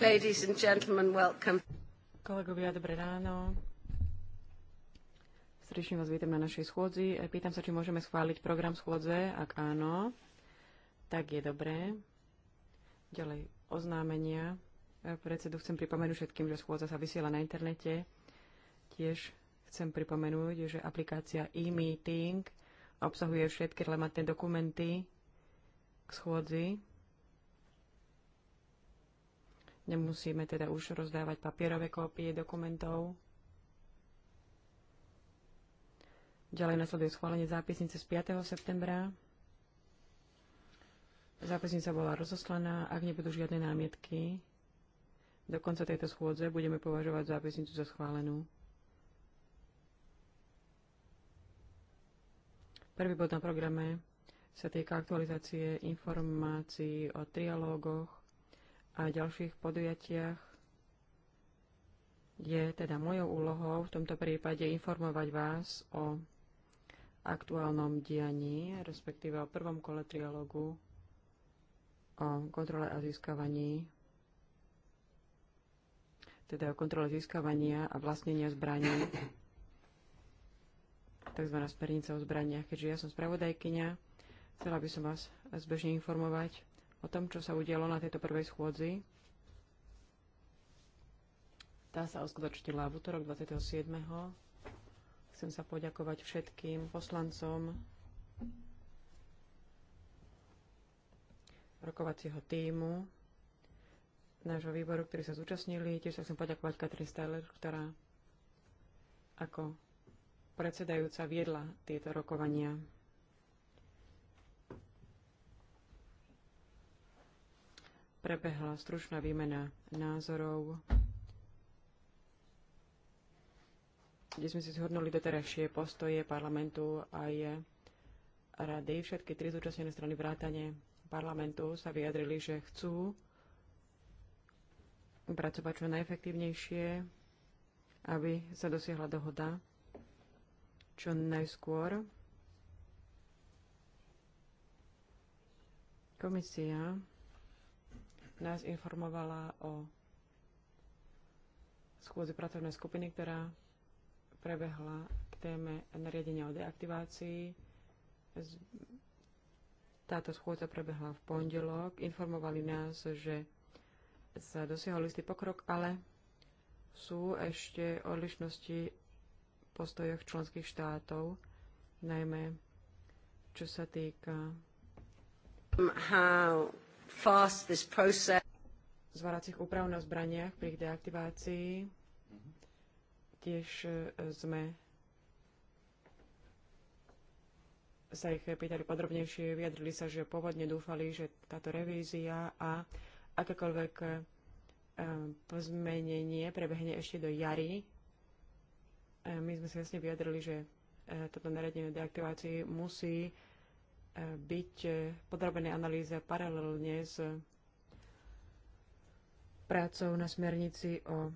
Ladies and gentlemen, welcome. Kolegovia, dobré ráno. Srdečne vás vítam na našej schôdzi. E, pýtam sa, či môžeme schváliť program schôdze. Ak áno, tak je dobré. Ďalej oznámenia. E, predsedu chcem pripomenúť všetkým, že schôdza sa vysiela na internete. Tiež chcem pripomenúť, že aplikácia e-meeting obsahuje všetky relevantné dokumenty k schôdzi Nemusíme teda už rozdávať papierové kópie dokumentov. Ďalej nasleduje schválenie zápisnice z 5. septembra. Zápisnica bola rozoslaná, ak nebudú žiadne námietky. Do konca tejto schôdze budeme považovať zápisnicu za schválenú. Prvý bod na programe sa týka aktualizácie informácií o trialógoch a ďalších podujatiach. Je teda mojou úlohou v tomto prípade informovať vás o aktuálnom dianí, respektíve o prvom kole trialógu o kontrole a získavaní teda o kontrole získavania a vlastnenia zbraní, tzv. smernica o zbraniach. Keďže ja som spravodajkyňa, chcela by som vás zbežne informovať o tom, čo sa udialo na tejto prvej schôdzi. Tá sa uskutočnila v útorok 27. Chcem sa poďakovať všetkým poslancom rokovacieho týmu nášho výboru, ktorí sa zúčastnili. Tiež sa chcem poďakovať Katrin Steller, ktorá ako predsedajúca viedla tieto rokovania. prebehla stručná výmena názorov, kde sme si zhodnuli doterajšie postoje parlamentu aj rady. Všetky tri zúčastnené strany vrátane parlamentu sa vyjadrili, že chcú pracovať čo najefektívnejšie, aby sa dosiahla dohoda čo najskôr. Komisia nás informovala o schôdzi pracovnej skupiny, ktorá prebehla k téme nariadenia o deaktivácii. Táto schôdza prebehla v pondelok. Informovali nás, že sa dosiahol istý pokrok, ale sú ešte odlišnosti postojoch členských štátov, najmä čo sa týka um, How fast this process. úprav na zbraniach pri ich deaktivácii. Tiež e, sme sa ich pýtali podrobnejšie, vyjadrili sa, že pôvodne dúfali, že táto revízia a akékoľvek pozmenenie e, prebehne ešte do jary. E, my sme si jasne vyjadrili, že toto nariadenie deaktivácii musí byť e, podrobené analýze paralelne s prácou na smernici o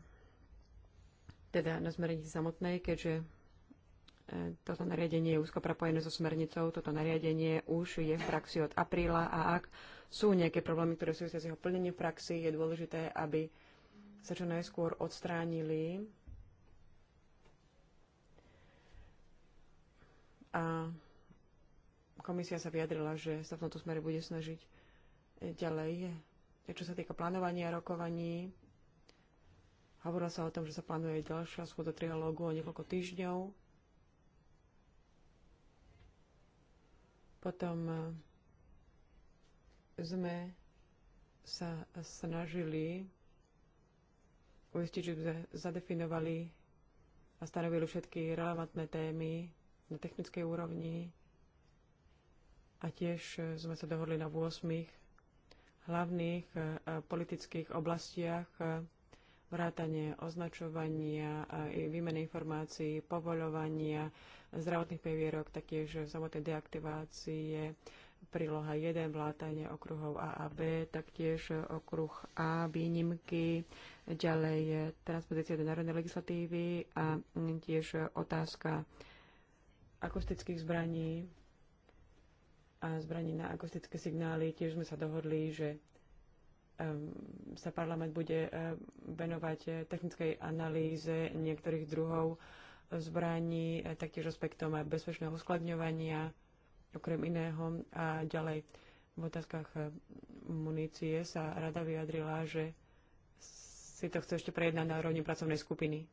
teda na smernici samotnej, keďže e, toto nariadenie je úzko prepojené so smernicou. Toto nariadenie už je v praxi od apríla a ak sú nejaké problémy, ktoré súvisia s jeho plnením v praxi, je dôležité, aby sa čo najskôr odstránili a komisia sa vyjadrila, že sa v tomto smere bude snažiť ďalej. Čo sa týka plánovania rokovaní, hovorilo sa o tom, že sa plánuje ďalšia schôdza trialógu o niekoľko týždňov. Potom eh, sme sa snažili uistiť, že sme zadefinovali a stanovili všetky relevantné témy na technickej úrovni, a tiež e, sme sa dohodli na 8 hlavných e, e, politických oblastiach vrátanie označovania, výmeny informácií, povoľovania zdravotných previerok, taktiež samotnej deaktivácie, príloha 1, vlátanie okruhov A a B, taktiež okruh A, výnimky, ďalej transpozícia do národnej legislatívy a tiež otázka akustických zbraní, a zbraní na akustické signály. Tiež sme sa dohodli, že sa parlament bude eh, venovať eh, technickej analýze niektorých druhov eh, zbraní, taktiež aspektom aj bezpečného uskladňovania, okrem iného. A ďalej v otázkach munície sa rada vyjadrila, že si to chce ešte prejednať na úrovni pracovnej skupiny.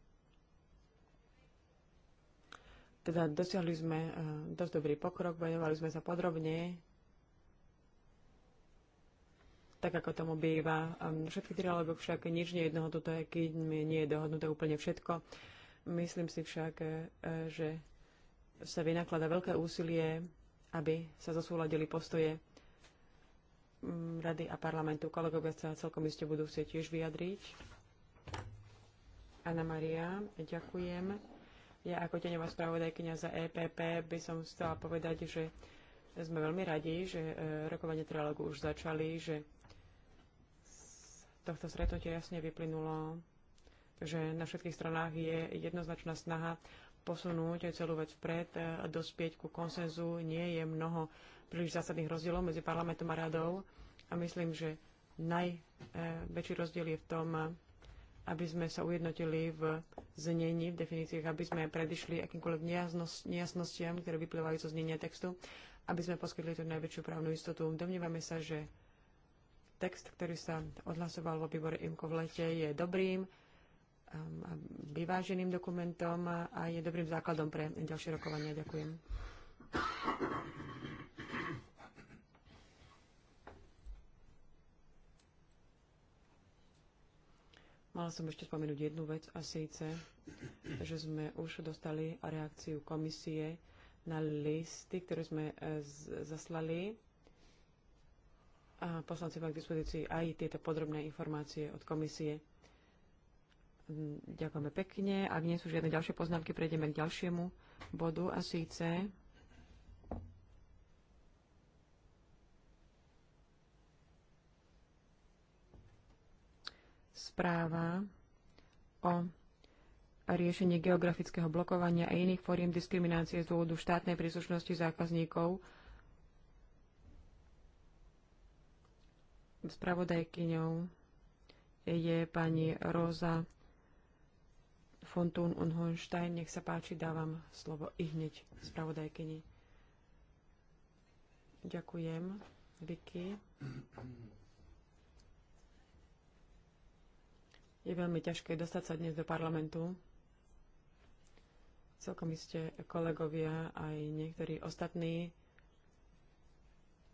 Teda dosiahli sme e, dosť dobrý pokrok, venovali sme sa podrobne, tak ako tomu býva. Všetky trialógy však nič nie je dohodnuté, keď nie je dohodnuté úplne všetko. Myslím si však, e, že sa vynaklada veľké úsilie, aby sa zasúladili postoje mm, rady a parlamentu. Kolegovia sa celkom iste budú chcieť tiež vyjadriť. Anna Maria, ďakujem. Ja ako tenová spravodajkynia za EPP by som chcela povedať, že sme veľmi radi, že e, rokovanie trialogu už začali, že z tohto stretnutia jasne vyplynulo, že na všetkých stranách je jednoznačná snaha posunúť celú vec vpred, e, dospieť ku konsenzu. Nie je mnoho príliš zásadných rozdielov medzi parlamentom a radou a myslím, že najväčší rozdiel je v tom, aby sme sa ujednotili v znení, v definíciách, aby sme predišli akýmkoľvek nejasnostiam, ktoré vyplývajú zo znenia textu, aby sme poskytli tú najväčšiu právnu istotu. Domnievame sa, že text, ktorý sa odhlasoval vo výbore IMKO v lete, je dobrým um, a vyváženým dokumentom a je dobrým základom pre ďalšie rokovania. Ďakujem. Mala som ešte spomenúť jednu vec a síce, že sme už dostali reakciu komisie na listy, ktoré sme e, zaslali. A poslanci mali k dispozícii aj tieto podrobné informácie od komisie. Ďakujeme pekne. Ak nie sú žiadne ďalšie poznámky, prejdeme k ďalšiemu bodu a síce správa o riešenie geografického blokovania a iných fóriem diskriminácie z dôvodu štátnej príslušnosti zákazníkov. Spravodajkyňou je pani Róza Fontún Unhonstein. Nech sa páči, dávam slovo i hneď spravodajkyni. Ďakujem, Vicky. Je veľmi ťažké dostať sa dnes do parlamentu. Celkom iste kolegovia aj niektorí ostatní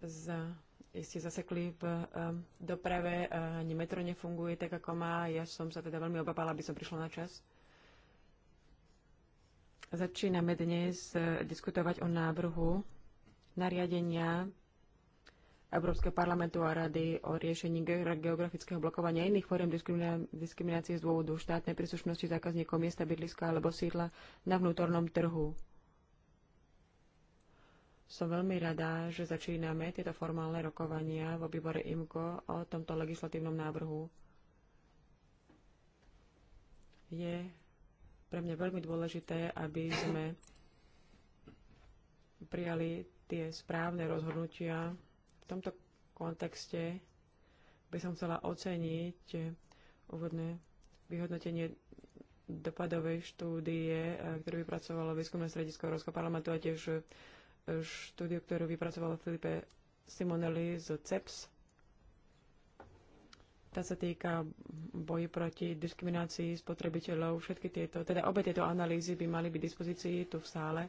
za, ste zasekli v um, doprave, eh, ani metro nefunguje tak, ako má. Ja som sa teda veľmi obávala, aby som prišla na čas. Začíname dnes eh, diskutovať o návrhu nariadenia Európskeho parlamentu a rady o riešení geografického blokovania iných fóriem diskriminácie z dôvodu štátnej príslušnosti zákazníkov miesta bydliska alebo sídla na vnútornom trhu. Som veľmi rada, že začíname tieto formálne rokovania vo výbore IMKO o tomto legislatívnom návrhu. Je pre mňa veľmi dôležité, aby sme prijali tie správne rozhodnutia tomto kontexte by som chcela oceniť úvodné vyhodnotenie dopadovej štúdie, eh, ktorú vypracovalo výskumné stredisko Európskeho parlamentu a tiež eh, štúdiu, ktorú vypracovalo Filipe Simonelli z CEPS. Tá sa týka boji proti diskriminácii spotrebiteľov. Všetky tieto, teda obe tieto analýzy by mali byť dispozícii tu v sále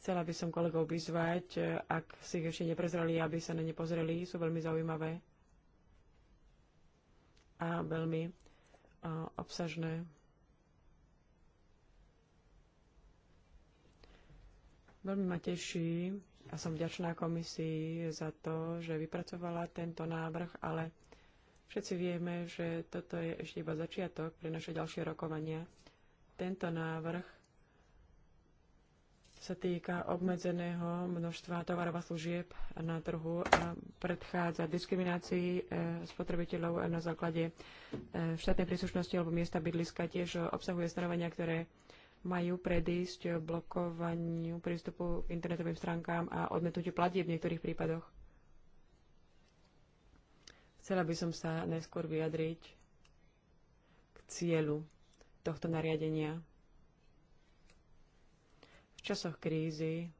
Chcela by som kolegov vyzvať, e, ak si ich ešte neprezreli, aby sa na ne pozreli. Sú veľmi zaujímavé a veľmi e, obsažné. Veľmi ma teší a som vďačná komisii za to, že vypracovala tento návrh, ale všetci vieme, že toto je ešte iba začiatok pre naše ďalšie rokovania. Tento návrh sa týka obmedzeného množstva tovarov a služieb na trhu a predchádza diskriminácii eh, spotrebiteľov eh, na základe eh, štátnej príslušnosti alebo miesta bydliska. Tiež obsahuje stanovenia, ktoré majú predísť blokovaniu prístupu k internetovým stránkám a odmetnutiu platieb v niektorých prípadoch. Chcela by som sa najskôr vyjadriť k cieľu tohto nariadenia časoch krízy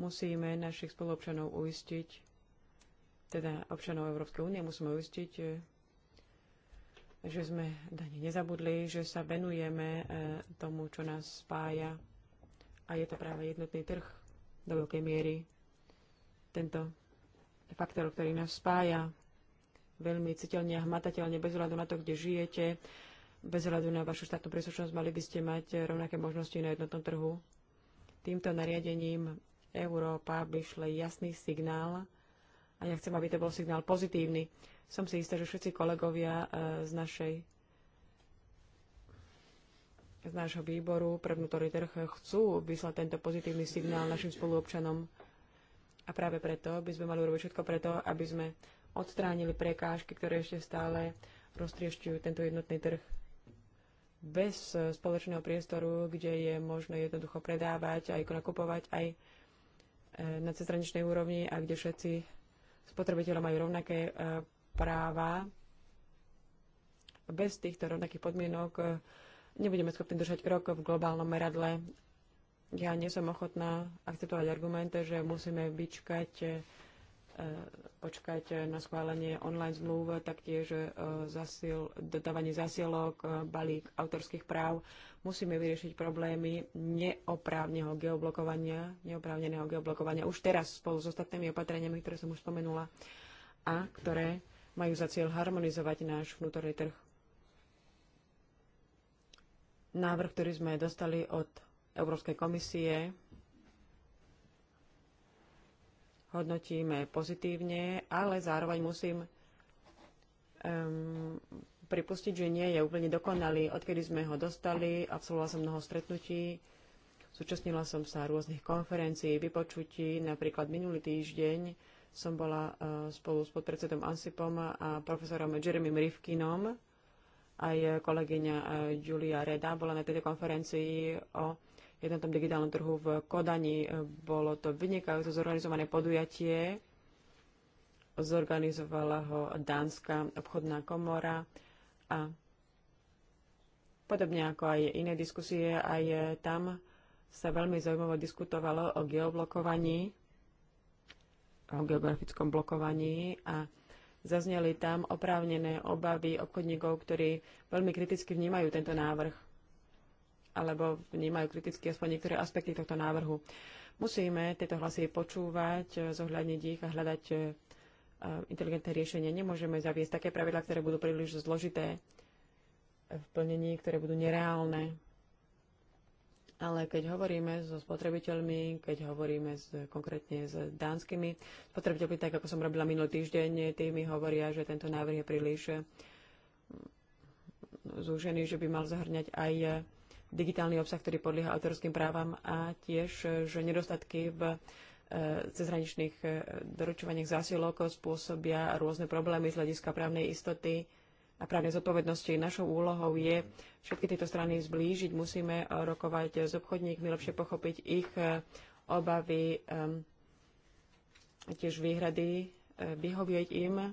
musíme našich spoluobčanov uistiť, teda občanov Európskej únie musíme uistiť, e, že sme na nezabudli, že sa venujeme e, tomu, čo nás spája. A je to práve jednotný trh do veľkej miery. Tento faktor, ktorý nás spája veľmi citeľne a hmatateľne, bez hľadu na to, kde žijete, bez hľadu na vašu štátnu príslušnosť, mali by ste mať rovnaké možnosti na jednotnom trhu Týmto nariadením Európa šle jasný signál a ja chcem, aby to bol signál pozitívny. Som si istá, že všetci kolegovia eh, z našej z nášho výboru pre vnútorný trh chcú vyslať tento pozitívny signál našim spoluobčanom. A práve preto by sme mali urobiť všetko preto, aby sme odstránili prekážky, ktoré ešte stále roztriešťujú tento jednotný trh bez e, spoločného priestoru, kde je možné jednoducho predávať, aj nakupovať, aj e, na cestraničnej úrovni a kde všetci spotrebitelia majú rovnaké e, práva, bez týchto rovnakých podmienok nebudeme schopní držať krok v globálnom meradle. Ja nie som ochotná akceptovať argument, že musíme vyčkať E, počkať na schválenie online zmluv, taktiež e, zasil, dodávanie zasielok, e, balík autorských práv. Musíme vyriešiť problémy neoprávneho geoblokovania, neoprávneného geoblokovania už teraz spolu s ostatnými opatreniami, ktoré som už spomenula a ktoré majú za cieľ harmonizovať náš vnútorný trh. Návrh, ktorý sme dostali od Európskej komisie, hodnotíme pozitívne, ale zároveň musím um, pripustiť, že nie je úplne dokonalý. Odkedy sme ho dostali, absolvovala som mnoho stretnutí, zúčastnila som sa rôznych konferencií, vypočutí. Napríklad minulý týždeň som bola uh, spolu s podpredsedom Ansipom a profesorom Jeremym Rifkinom Aj kolegyňa uh, Julia Reda bola na tejto konferencii o tom digitálnom trhu v Kodani. Bolo to vynikajúce zorganizované podujatie. Zorganizovala ho Dánska obchodná komora a podobne ako aj iné diskusie, aj tam sa veľmi zaujímavo diskutovalo o geoblokovaní, o geografickom blokovaní a zazneli tam oprávnené obavy obchodníkov, ktorí veľmi kriticky vnímajú tento návrh alebo vnímajú kriticky aspoň niektoré aspekty tohto návrhu. Musíme tieto hlasy počúvať, eh, zohľadniť ich a hľadať eh, eh, inteligentné riešenie. Nemôžeme zaviesť také pravidlá, ktoré budú príliš zložité v plnení, ktoré budú nereálne. Ale keď hovoríme so spotrebiteľmi, keď hovoríme s, konkrétne s dánskymi spotrebiteľmi, tak ako som robila minulý týždeň, tí mi hovoria, že tento návrh je príliš mm, zúžený, že by mal zahrňať aj digitálny obsah, ktorý podlieha autorským právam a tiež, že nedostatky v e, cezhraničných e, doručovaniach zásilok spôsobia rôzne problémy z hľadiska právnej istoty a právnej zodpovednosti. Našou úlohou je všetky tieto strany zblížiť. Musíme rokovať s obchodníkmi, lepšie pochopiť ich e, obavy, tiež výhrady, vyhovieť im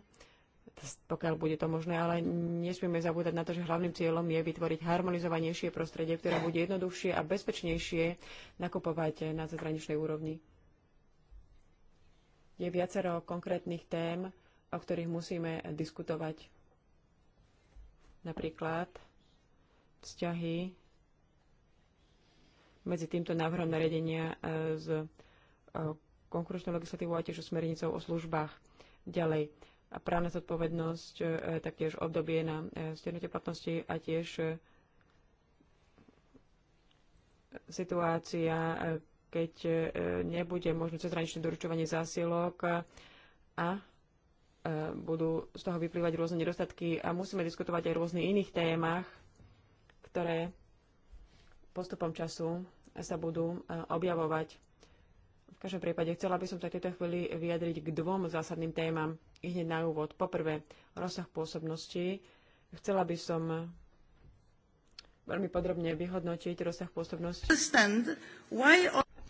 pokiaľ bude to možné, ale nesmieme zabúdať na to, že hlavným cieľom je vytvoriť harmonizovanejšie prostredie, ktoré bude jednoduchšie a bezpečnejšie nakupovať na zahraničnej úrovni. Je viacero konkrétnych tém, o ktorých musíme diskutovať. Napríklad vzťahy medzi týmto návrhom nariadenia e, s e, konkurenčnou legislatívou a tiež smernicou o službách. Ďalej, a právna zodpovednosť, e, taktiež obdobie na e, stiahnutie platnosti a tiež e, situácia, keď nebude možno cezhraničné doručovanie zásielok a budú z toho vyplývať rôzne nedostatky a musíme diskutovať aj o rôznych iných témach, ktoré postupom času sa budú objavovať. V každom prípade chcela by som sa tejto chvíli vyjadriť k dvom zásadným témam hneď na úvod. Poprvé, rozsah pôsobnosti. Chcela by som veľmi podrobne vyhodnotiť rozsah pôsobnosti.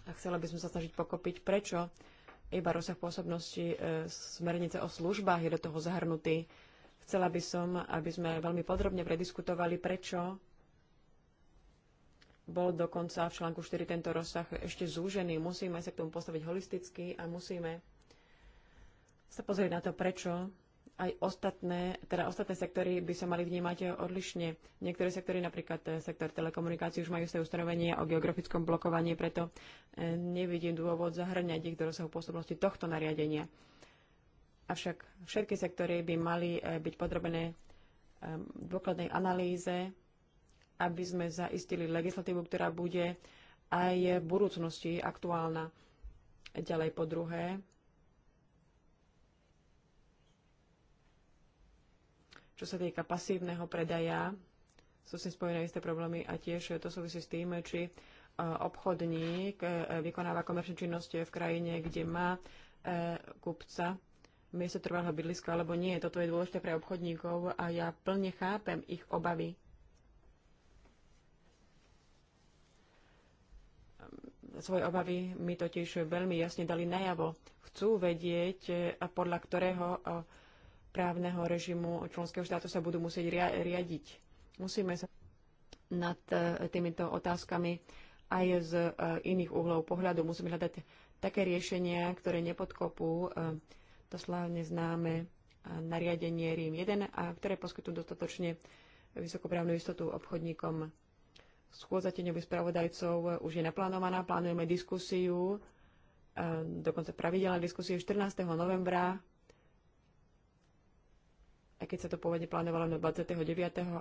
A chcela by som sa snažiť pokopiť, prečo iba rozsah pôsobnosti e, smernice o službách je do toho zahrnutý. Chcela by som, aby sme veľmi podrobne prediskutovali, prečo bol dokonca v článku 4 tento rozsah ešte zúžený. Musíme sa k tomu postaviť holisticky a musíme sa pozrieť na to, prečo aj ostatné, teda ostatné sektory by sa mali vnímať odlišne. Niektoré sektory, napríklad eh, sektor telekomunikácií, už majú svoje ustanovenie o geografickom blokovaní, preto eh, nevidím dôvod zahrňať ich do rozsahu pôsobnosti tohto nariadenia. Avšak všetky sektory by mali eh, byť podrobené ehm, dôkladnej analýze, aby sme zaistili legislatívu, ktorá bude aj v budúcnosti aktuálna. Ďalej po druhé, Čo sa týka pasívneho predaja, sú si spojené isté problémy a tiež to súvisí s tým, či e, obchodník e, vykonáva komerčné činnosť v krajine, kde má e, kupca miesto trvalého bydliska alebo nie. Toto je dôležité pre obchodníkov a ja plne chápem ich obavy. Svoje obavy mi totiž veľmi jasne dali najavo. Chcú vedieť, podľa ktorého právneho režimu členského štátu sa budú musieť riadiť. Musíme sa nad e, týmito otázkami aj z e, iných uhlov pohľadu. Musíme hľadať také riešenia, ktoré nepodkopú e, to slávne známe nariadenie Rím 1 a ktoré poskytujú dostatočne vysokoprávnu istotu obchodníkom. Schôdza teňových spravodajcov už je naplánovaná, plánujeme diskusiu, dokonca pravidelná diskusia 14. novembra aj keď sa to pôvodne plánovalo na 29.,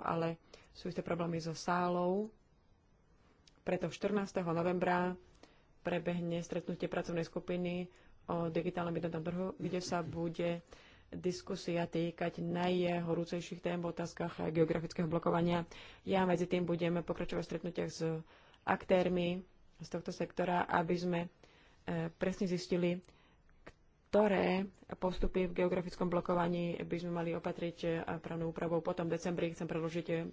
ale sú isté problémy so sálou. Preto 14. novembra prebehne stretnutie pracovnej skupiny o digitálnom jednotnom trhu, kde sa bude diskusia týkať najhorúcejších tém v otázkach geografického blokovania. Ja medzi tým budem pokračovať v stretnutiach s aktérmi z tohto sektora, aby sme eh, presne zistili, ktoré postupy v geografickom blokovaní by sme mali opatriť eh, právnou úpravou. Potom v decembri chcem predložiť eh,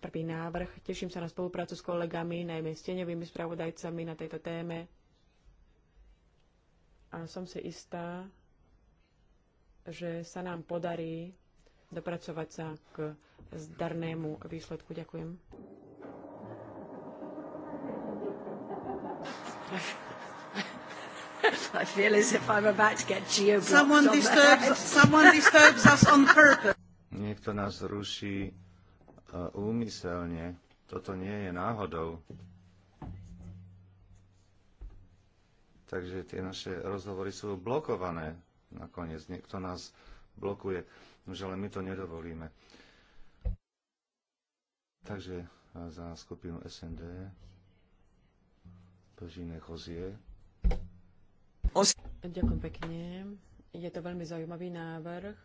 prvý návrh. Teším sa na spoluprácu s kolegami, najmä s tenevými spravodajcami na tejto téme. A som si istá, že sa nám podarí dopracovať sa k zdarnému výsledku. Ďakujem. I feel as if I'm about to get someone disturbs, someone disturbs us on purpose. Niekto nás ruší uh, úmyselne. Toto nie je náhodou. Takže tie naše rozhovory sú blokované nakoniec. Niekto nás blokuje, že ale my to nedovolíme. Takže uh, za skupinu SND Plžine Chozie. Ďakujem pekne. Je to veľmi zaujímavý návrh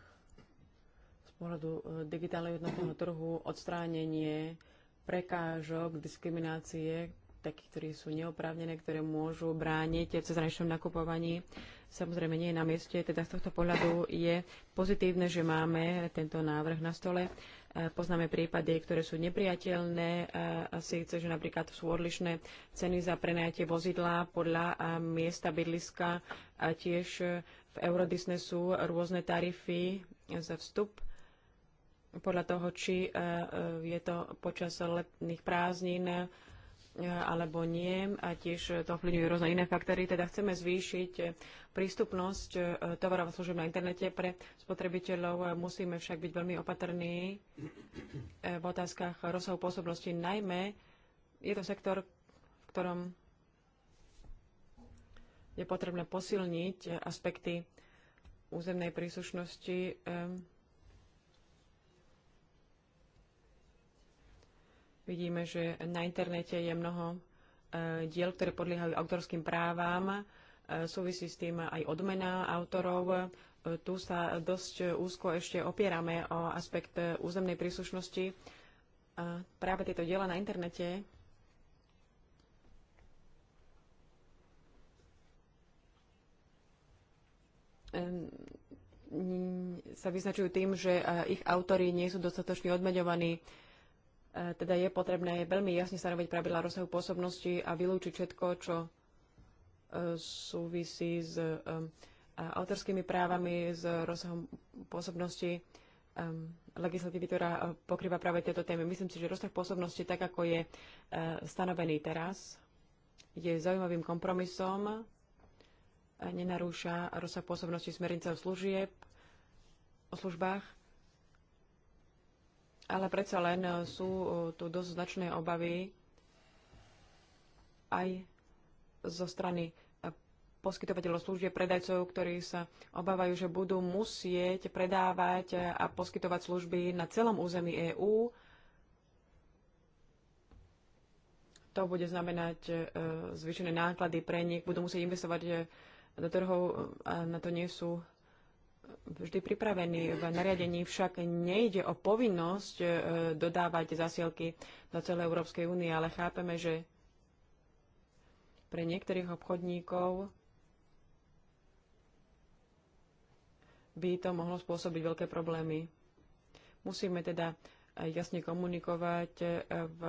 z pohľadu e, digitálneho jednotného trhu, odstránenie prekážok, diskriminácie, takých, ktorí sú neoprávnené, ktoré môžu brániť v cezhraničnom nakupovaní. Samozrejme nie je na mieste, teda z tohto pohľadu je pozitívne, že máme tento návrh na stole. Poznáme prípady, ktoré sú nepriateľné, síce, že napríklad sú odlišné ceny za prenajatie vozidla podľa miesta bydliska a tiež e, v Eurodisne sú rôzne tarify za vstup podľa toho, či e, e, je to počas letných prázdnin alebo nie. A tiež to ovplyvňujú rôzne iné faktory. Teda chceme zvýšiť prístupnosť e, tovarov a služieb na internete pre spotrebiteľov. Musíme však byť veľmi opatrní e, v otázkach rozsahu pôsobnosti. Najmä je to sektor, v ktorom je potrebné posilniť aspekty územnej príslušnosti e, Vidíme, že na internete je mnoho e, diel, ktoré podliehajú autorským právam. E, súvisí s tým aj odmena autorov. E, tu sa dosť úzko ešte opierame o aspekt územnej príslušnosti. A práve tieto diela na internete sa vyznačujú tým, že ich autory nie sú dostatočne odmeňovaní Eh, teda je potrebné veľmi jasne stanoviť pravidlá rozsahu pôsobnosti a vylúčiť všetko, čo eh, súvisí s eh, autorskými právami, s rozsahom pôsobnosti legislatívy, ktorá pokrýva práve tieto témy. Myslím si, že rozsah pôsobnosti, tak ako je stanovený teraz, je zaujímavým kompromisom, nenarúša rozsah pôsobnosti smernice o služieb, o službách ale predsa len e, sú e, tu dosť značné obavy aj zo strany e, poskytovateľov služieb, predajcov, ktorí sa obávajú, že budú musieť predávať a poskytovať služby na celom území EÚ. To bude znamenať zvyšené náklady pre nich, budú musieť investovať do trhov a na to nie sú vždy pripravený V nariadení však nejde o povinnosť e, dodávať zasielky do celej Európskej únie, ale chápeme, že pre niektorých obchodníkov by to mohlo spôsobiť veľké problémy. Musíme teda jasne komunikovať e, v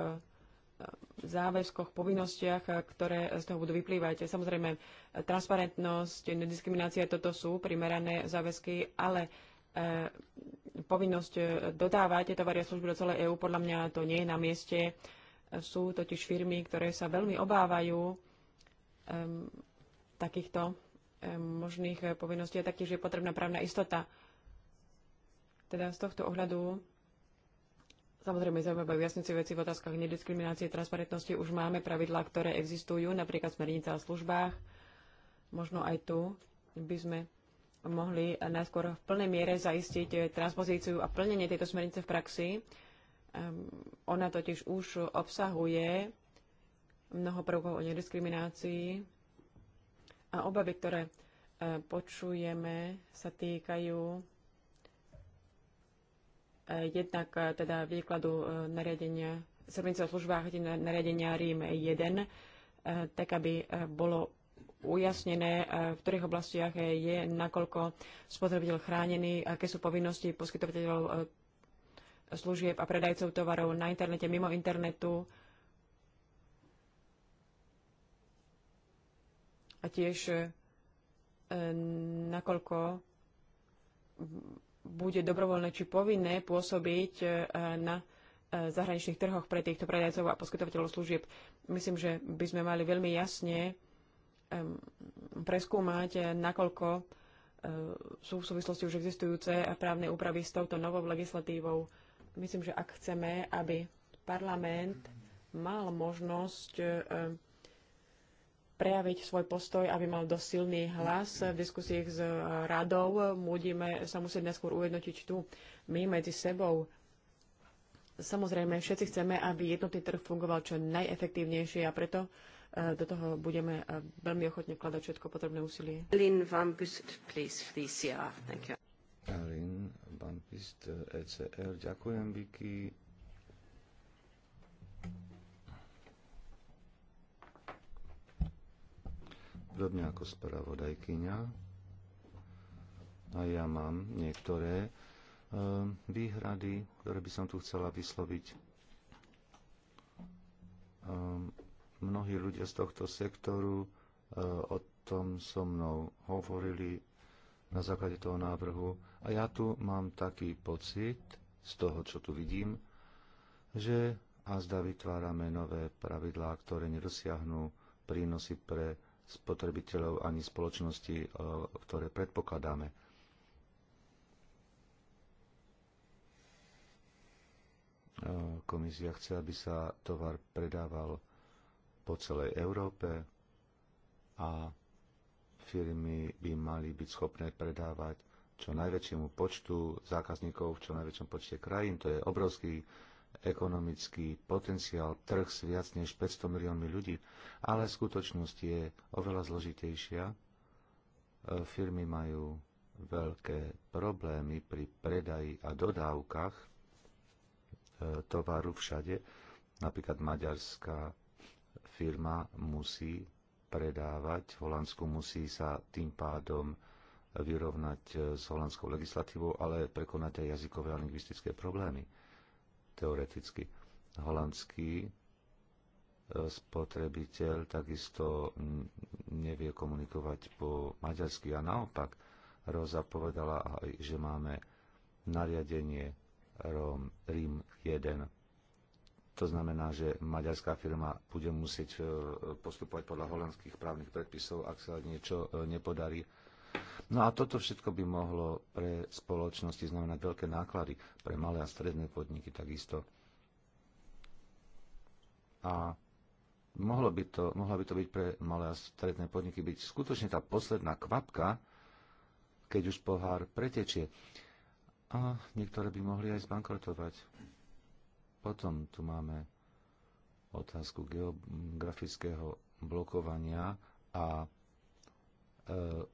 záväzkoch, povinnostiach, ktoré z toho budú vyplývať. Samozrejme, transparentnosť, nediskriminácia, toto sú primerané záväzky, ale e, povinnosť e, dodávať tovary a služby do celej EÚ, podľa mňa to nie je na mieste. Sú totiž firmy, ktoré sa veľmi obávajú um, takýchto um, možných povinností a taktiež je potrebná právna istota. Teda z tohto ohľadu Samozrejme, zaujímavé vyjasňujúce veci v otázkach nediskriminácie, transparentnosti už máme pravidlá, ktoré existujú, napríklad smernica o službách. Možno aj tu by sme mohli najskôr v plnej miere zaistiť transpozíciu a plnenie tejto smernice v praxi. Ehm, ona totiž už obsahuje mnoho prvkov o nediskriminácii a obavy, ktoré eh, počujeme, sa týkajú jednak e, teda výkladu e, nariadenia smernice o službách nariadenia Rím 1, e, tak aby bolo ujasnené, v ktorých oblastiach je nakoľko spotrebiteľ chránený, aké sú povinnosti poskytovateľov služieb a predajcov tovarov na internete, mimo internetu. A tiež nakoľko bude dobrovoľné či povinné pôsobiť e, na e, zahraničných trhoch pre týchto predajcov a poskytovateľov služieb. Myslím, že by sme mali veľmi jasne preskúmať, e, nakoľko sú v súvislosti už existujúce právne úpravy s touto novou legislatívou. Myslím, že ak chceme, aby parlament mal možnosť prejaviť svoj postoj, aby mal dosť silný hlas v diskusiách s eh, radou. Budeme sa musieť neskôr ujednotiť tu, my medzi sebou. Samozrejme, všetci chceme, aby jednotný trh fungoval čo najefektívnejšie a preto eh, do toho budeme eh, veľmi ochotne vkladať všetko potrebné úsilie. Lynn Van Bust, please, for the ECR. Thank you. Lynn Van Bust, ECR. Ďakujem, Vicky. podobne ako spravodajkyňa. A ja mám niektoré e, výhrady, ktoré by som tu chcela vysloviť. E, mnohí ľudia z tohto sektoru e, o tom so mnou hovorili na základe toho návrhu a ja tu mám taký pocit z toho, čo tu vidím, že a zda vytvárame nové pravidlá, ktoré nedosiahnu prínosy pre spotrebiteľov ani spoločnosti, eh, ktoré predpokladáme. Eh, komisia chce, aby sa tovar predával po celej Európe a firmy by mali byť schopné predávať čo najväčšiemu počtu zákazníkov v čo najväčšom počte krajín. To je obrovský ekonomický potenciál trh s viac než 500 miliónmi ľudí, ale skutočnosť je oveľa zložitejšia. E, firmy majú veľké problémy pri predaji a dodávkach e, tovaru všade. Napríklad maďarská firma musí predávať, v Holandsku musí sa tým pádom vyrovnať e, s holandskou legislatívou, ale prekonať aj jazykové a lingvistické problémy teoreticky. Holandský e, spotrebiteľ takisto nevie komunikovať po maďarsky a naopak Roza povedala aj, že máme nariadenie Róm, Rím 1. To znamená, že maďarská firma bude musieť e, postupovať podľa holandských právnych predpisov, ak sa niečo e, nepodarí No a toto všetko by mohlo pre spoločnosti znamenať veľké náklady, pre malé a stredné podniky takisto. A mohlo by to, mohla by to byť pre malé a stredné podniky byť skutočne tá posledná kvapka, keď už pohár pretečie. A niektoré by mohli aj zbankrotovať. Potom tu máme otázku geografického blokovania a e,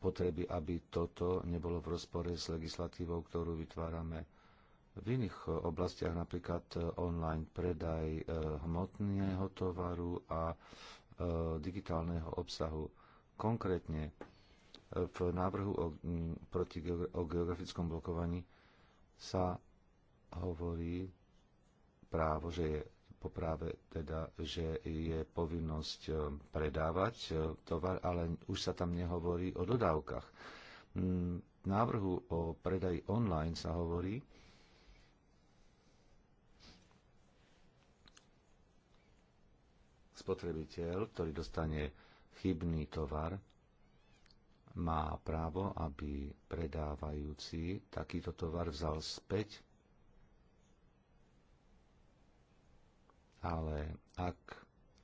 potreby, aby toto nebolo v rozpore s legislatívou, ktorú vytvárame v iných oblastiach, napríklad e, online predaj e, hmotného tovaru a e, digitálneho obsahu. Konkrétne v návrhu o, proti, o geografickom blokovaní sa hovorí právo, že je poprave teda, že je povinnosť e, predávať e, tovar, ale už sa tam nehovorí o dodávkach. Mm, v návrhu o predaji online sa hovorí, spotrebiteľ, ktorý dostane chybný tovar, má právo, aby predávajúci takýto tovar vzal späť ale ak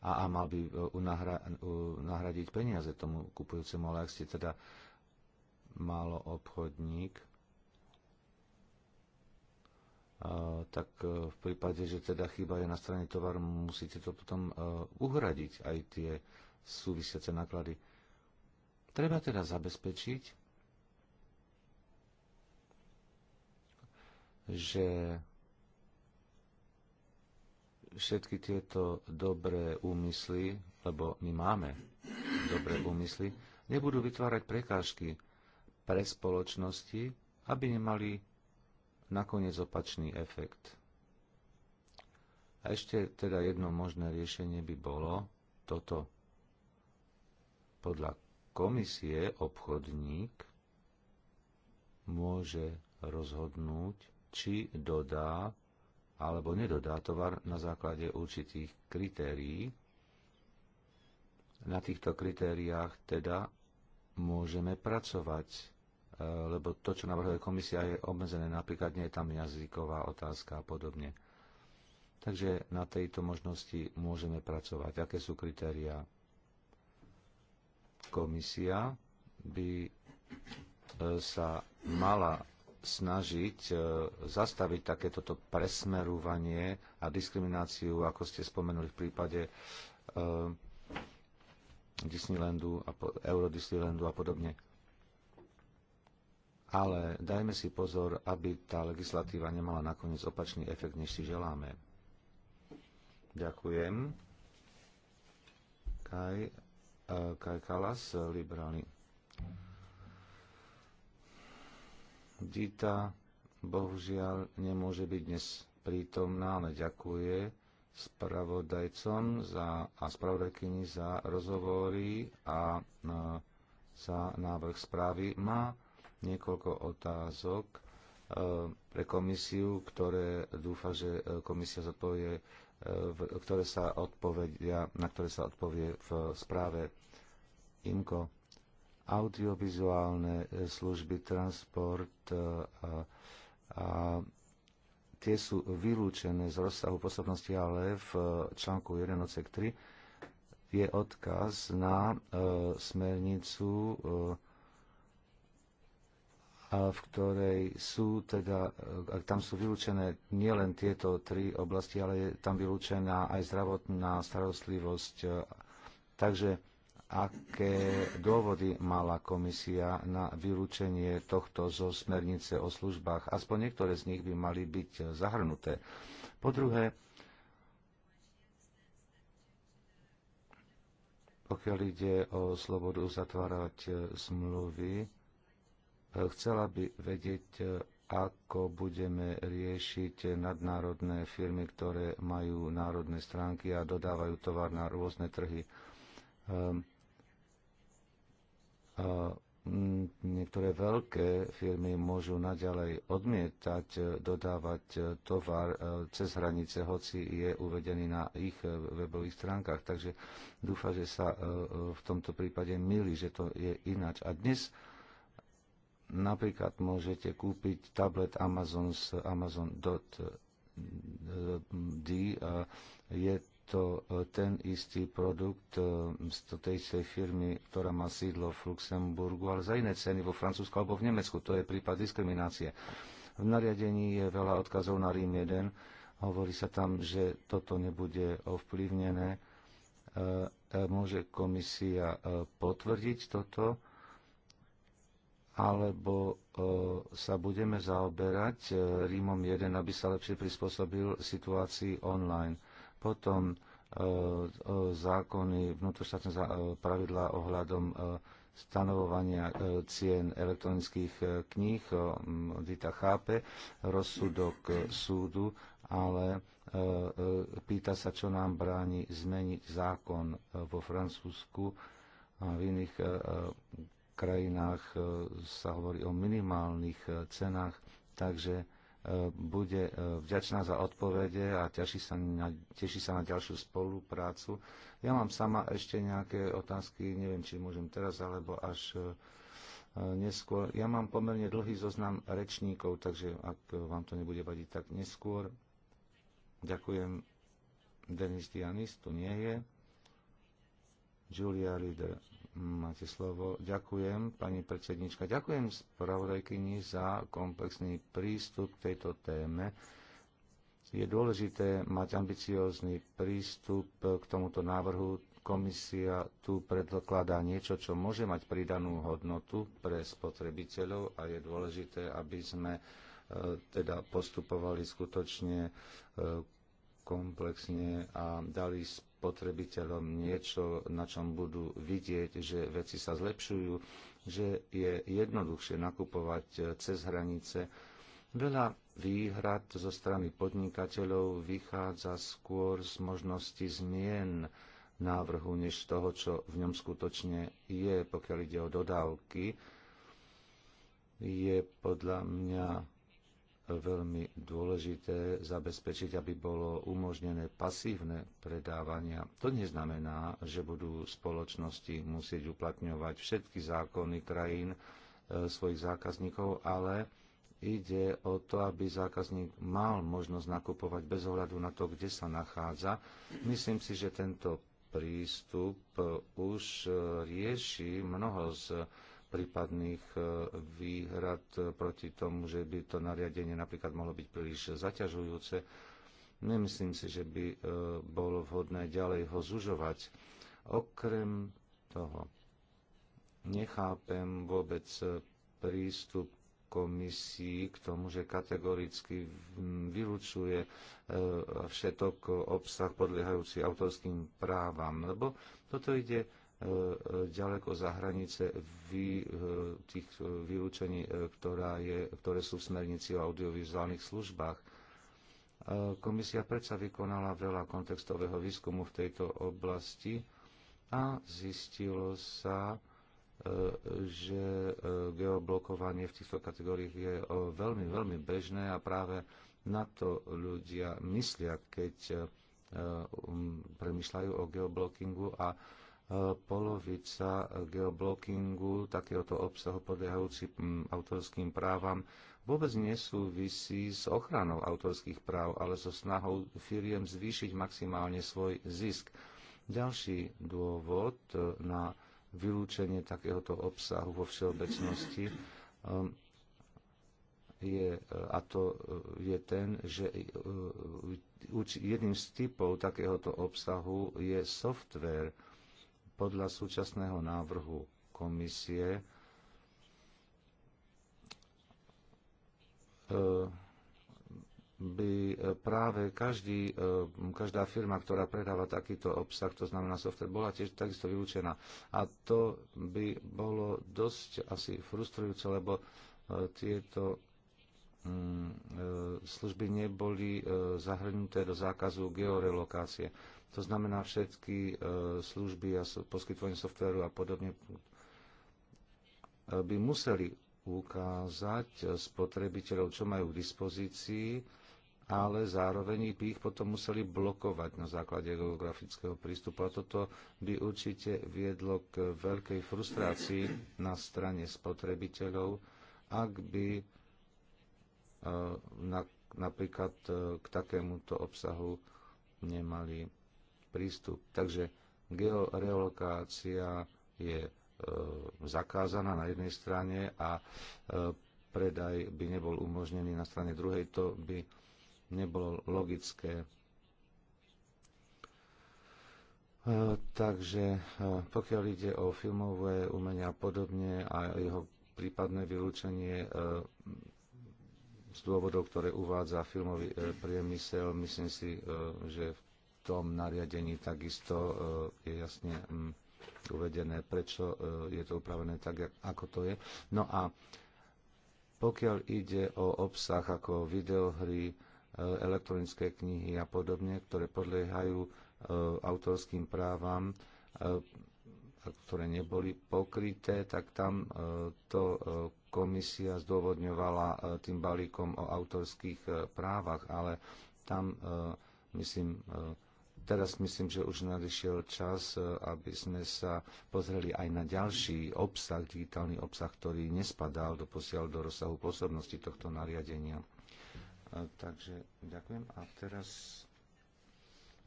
a, a mal by e, uh, nahradiť peniaze tomu kupujúcemu, ale ak ste teda malo obchodník, e, tak e, v prípade, že teda chyba je na strane tovaru, musíte to potom uhradiť aj tie súvisiace náklady. Treba teda zabezpečiť, že všetky tieto dobré úmysly, lebo my máme dobré úmysly, nebudú vytvárať prekážky pre spoločnosti, aby nemali nakoniec opačný efekt. A ešte teda jedno možné riešenie by bolo toto. Podľa komisie obchodník môže rozhodnúť, či dodá alebo nedodá tovar na základe určitých kritérií. Na týchto kritériách teda môžeme pracovať, e, lebo to, čo navrhuje komisia, je obmedzené. Napríklad nie je tam jazyková otázka a podobne. Takže na tejto možnosti môžeme pracovať. Aké sú kritériá? Komisia by e, sa mala snažiť e, zastaviť takéto presmerovanie a diskrimináciu, ako ste spomenuli v prípade e, Disneylandu a Euro Disneylandu a podobne. Ale dajme si pozor, aby tá legislatíva nemala nakoniec opačný efekt, než si želáme. Ďakujem. Kaj, e, Kaj Kalas, liberálny Dita bohužiaľ nemôže byť dnes prítomná, ale ďakuje spravodajcom za, a spravodajkyni za rozhovory a, na, e, za návrh správy. Má niekoľko otázok e, pre komisiu, ktoré dúfa, že e, komisia zodpovie, ktoré sa na ktoré sa odpovie v správe IMKO audiovizuálne e, služby, transport e, a, a tie sú vylúčené z rozsahu pôsobnosti, ale v e, článku 1 odsek 3 je odkaz na e, smernicu, e, a v ktorej sú teda, e, tam sú vylúčené nielen tieto tri oblasti, ale je tam vylúčená aj zdravotná starostlivosť. E, takže aké dôvody mala komisia na vylúčenie tohto zo smernice o službách. Aspoň niektoré z nich by mali byť zahrnuté. Po druhé, pokiaľ ide o slobodu zatvárať e, zmluvy, e, chcela by vedieť, e, ako budeme riešiť nadnárodné firmy, ktoré majú národné stránky a dodávajú tovar na rôzne trhy. Um, Mm, niektoré veľké firmy môžu naďalej odmietať e, dodávať e, tovar e, cez hranice, hoci je uvedený na ich webových stránkach. Takže dúfa, že sa v tomto prípade milí, že to je ináč. A dnes napríklad môžete kúpiť tablet Amazon z Amazon.d. Je to e, ten istý produkt e, z tej istej firmy, ktorá má sídlo v Luxemburgu, ale za iné ceny vo Francúzsku alebo v Nemecku. To je prípad diskriminácie. V nariadení je veľa odkazov na Rím 1. Hovorí sa tam, že toto nebude ovplyvnené. E, môže komisia potvrdiť toto? alebo sa budeme zaoberať Rímom 1, aby sa lepšie prispôsobil situácii online. Potom e, e, zákony, vnútroštátne e, pravidlá ohľadom stanovovania cien elektronických kníh. Dita chápe rozsudok súdu, ale pýta sa, čo nám bráni zmeniť zákon vo Francúzsku a v iných krajinách sa hovorí o minimálnych cenách, takže bude e, vďačná za odpovede a teší sa, na, teší sa na ďalšiu spoluprácu. Ja mám sama ešte nejaké otázky, neviem, či môžem teraz alebo až e, e, neskôr. Ja mám pomerne dlhý zoznam rečníkov, takže ak vám to nebude vadiť, tak neskôr. Ďakujem. Denis Dianis tu nie je. Julia Rieder Máte slovo. Ďakujem, pani predsednička. Ďakujem spravodajkyni za komplexný prístup k tejto téme. Je dôležité mať ambiciózny prístup k tomuto návrhu. Komisia tu predkladá niečo, čo môže mať pridanú hodnotu pre spotrebiteľov a je dôležité, aby sme e, teda postupovali skutočne e, komplexne a dali spotrebiteľom niečo, na čom budú vidieť, že veci sa zlepšujú, že je jednoduchšie nakupovať eh, cez hranice. Veľa výhrad zo strany podnikateľov vychádza skôr z možnosti zmien návrhu, než toho, čo v ňom skutočne je, pokiaľ ide o dodávky. Je podľa mňa veľmi dôležité zabezpečiť, aby bolo umožnené pasívne predávania. To neznamená, že budú spoločnosti musieť uplatňovať všetky zákony krajín e, svojich zákazníkov, ale ide o to, aby zákazník mal možnosť nakupovať bez ohľadu na to, kde sa nachádza. Myslím si, že tento prístup e, už e, rieši mnoho z prípadných e, výhrad e, proti tomu, že by to nariadenie napríklad mohlo byť príliš zaťažujúce. Nemyslím si, že by e, bolo vhodné ďalej ho zužovať. Okrem toho, nechápem vôbec prístup komisii k tomu, že kategoricky vylúčuje všetok obsah podliehajúci autorským právam, lebo toto ide E, e, ďaleko za hranice vy, e, tých vylúčení, ktorá je, ktoré sú v smernici o audiovizuálnych službách. Komisia predsa vykonala veľa kontextového výskumu v tejto oblasti a zistilo sa, že geoblokovanie v týchto kategóriách je veľmi, veľmi bežné a práve na to ľudia myslia, keď um, premyšľajú o geoblockingu a polovica geoblockingu takéhoto obsahu podliehajúci mm, autorským právam vôbec nesúvisí s ochranou autorských práv, ale so snahou firiem zvýšiť maximálne svoj zisk. Ďalší dôvod e, na vylúčenie takéhoto obsahu vo všeobecnosti e, je, e, a to je ten, že jedným z typov takéhoto obsahu je software, podľa súčasného návrhu komisie e, by práve každý, e, každá firma, ktorá predáva takýto obsah, to znamená software, bola tiež takisto vylúčená. A to by bolo dosť asi frustrujúce, lebo e, tieto mm, služby neboli zahrnuté do zákazu georelokácie. To znamená všetky e, služby a poskytovanie softvéru a podobne e, by museli ukázať e, spotrebiteľov, čo majú k dispozícii, ale zároveň by ich potom museli blokovať na základe geografického prístupu. A toto by určite viedlo k veľkej frustrácii na strane spotrebiteľov, ak by na, napríklad k takémuto obsahu nemali prístup. Takže georeolokácia je e, zakázaná na jednej strane a e, predaj by nebol umožnený na strane druhej. To by nebolo logické. E, takže pokiaľ ide o filmové umenia a podobne a jeho prípadné vylúčenie z dôvodov, ktoré uvádza filmový priemysel, myslím si, že v tom nariadení takisto e, je jasne mm, uvedené, prečo e, je to upravené tak, ako to je. No a pokiaľ ide o obsah ako videohry, e, elektronické knihy a podobne, ktoré podliehajú autorským právam, ktoré neboli pokryté, tak tam to komisia zdôvodňovala tým balíkom o autorských právach, ale tam, myslím, teraz myslím, že už nadešiel čas, e, aby sme sa pozreli aj na ďalší obsah, digitálny obsah, ktorý nespadal do posiaľ do rozsahu pôsobnosti tohto nariadenia. E, takže ďakujem. A teraz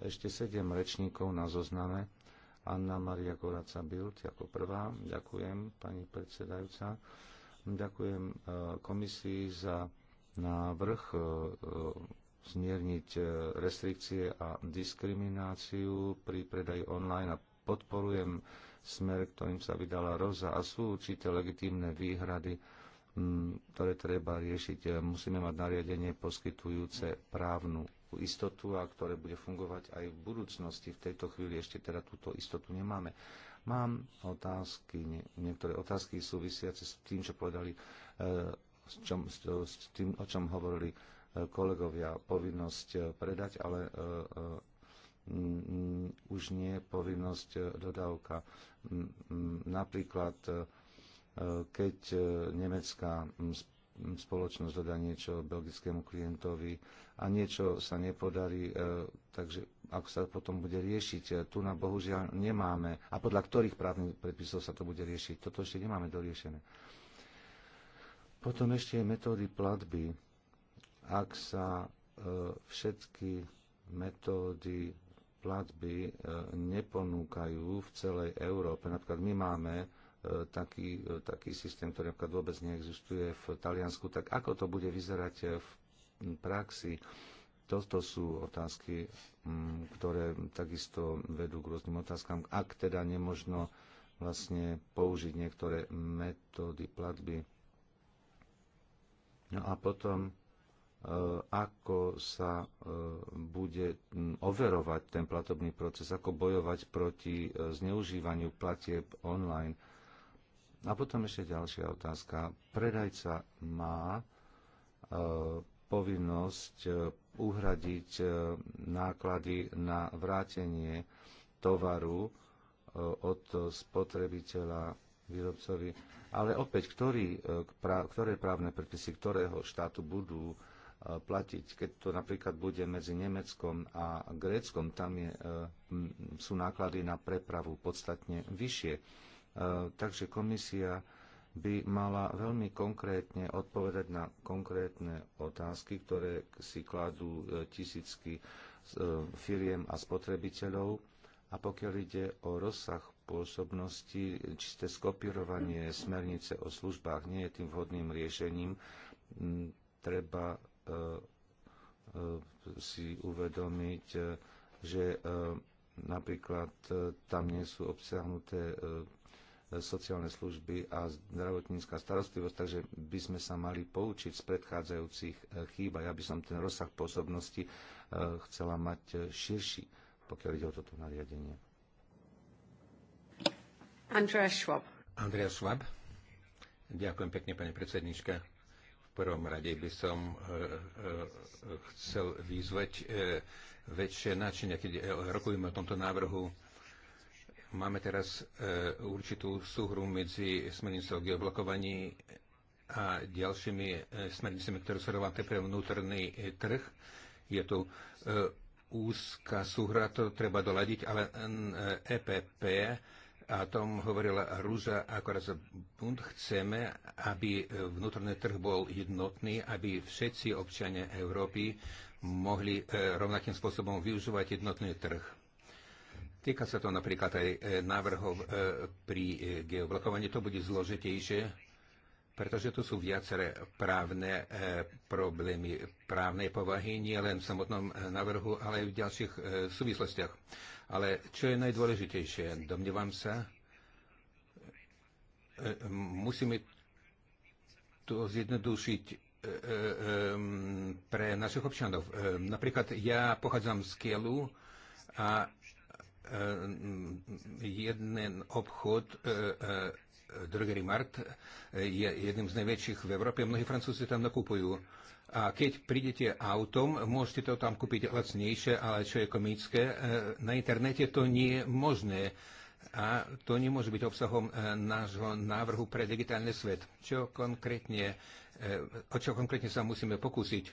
ešte sedem rečníkov na zozname. Anna Maria Koraca Bild ako prvá. Ďakujem, pani predsedajúca. Ďakujem e, komisii za návrh zmierniť e, restrikcie a diskrimináciu pri predaji online a podporujem smer, ktorým sa vydala Roza a sú určité legitímne výhrady, ktoré treba riešiť. E, musíme mať nariadenie poskytujúce právnu istotu a ktoré bude fungovať aj v budúcnosti. V tejto chvíli ešte teda túto istotu nemáme. Mám otázky, niektoré otázky súvisiace s tým, čo povedali, e, s, čom, s tým, o čom hovorili kolegovia povinnosť eh, predať, ale eh, eh, už nie povinnosť dodávka. Napríklad, keď nemecká spoločnosť dodá niečo belgickému klientovi a niečo sa nepodarí, takže ako sa potom bude riešiť. Tu na bohužiaľ nemáme, a podľa ktorých právnych predpisov sa to bude riešiť, toto ešte nemáme doriešené. Potom ešte metódy platby ak sa e, všetky metódy platby e, neponúkajú v celej Európe. Napríklad my máme e, taký, taký systém, ktorý napríklad vôbec neexistuje v Taliansku, tak ako to bude vyzerať v praxi? Toto sú otázky, mm, ktoré takisto vedú k rôznym otázkam. Ak teda nemožno vlastne použiť niektoré metódy platby. No a potom E, ako sa e, bude overovať ten platobný proces, ako bojovať proti e, zneužívaniu platieb online. A potom ešte ďalšia otázka. Predajca má povinnosť uhradiť náklady na vrátenie tovaru od spotrebiteľa výrobcovi. Ale opäť, ktorý, ktoré právne predpisy ktorého štátu budú Eh, platiť. Keď to napríklad bude medzi Nemeckom a Gréckom, tam je, eh, sú náklady na prepravu podstatne vyššie. Eh, takže komisia by mala veľmi konkrétne odpovedať na konkrétne otázky, ktoré si kladú tisícky firiem a spotrebiteľov. A pokiaľ ide o rozsah pôsobnosti, čisté skopírovanie smernice o službách nie je tým vhodným riešením. Treba E, e, si uvedomiť, e, že napríklad tam nie sú obsiahnuté sociálne služby a zdravotnícká starostlivosť, takže by sme sa mali poučiť z predchádzajúcich chýb a ja by som ten rozsah pôsobnosti chcela mať širší, pokiaľ ide o toto nariadenie. Andrea Schwab. Andrea Schwab. Ďakujem pekne, pani predsednička prvom rade by som e, e, chcel vyzvať e, väčšie načenia, keď rokujeme o tomto návrhu. Máme teraz určitú súhru medzi smernicou geoblokovaní a ďalšími smernicami, ktoré sú relevantné pre vnútorný trh. Je tu úzka súhra, to treba doladiť, ale EPP a o tom hovorila Rúža Akoraz Bund, chceme, aby vnútorný trh bol jednotný, aby všetci občania Európy mohli e, rovnakým spôsobom využívať jednotný trh. Týka sa to napríklad aj e, návrhov e, pri geoblokovaní. To bude zložitejšie, pretože tu sú viaceré právne e, problémy právnej povahy, nie len v samotnom e, návrhu, ale aj v ďalších e, súvislostiach. Ale čo je najdôležitejšie, domnievam sa, musíme to zjednodušiť pre našich občanov. Napríklad ja pochádzam z Kielu a jeden obchod Drogery Mart e, je jedným z najväčších v Európe. Mnohí Francúzi tam nakupujú. A keď prídete autom, môžete to tam kúpiť lacnejšie, ale čo je komické, e, na internete to nie je možné. A to nemôže byť obsahom e, nášho návrhu pre digitálny svet. Čo konkrétne, o čo konkrétne sa musíme pokúsiť,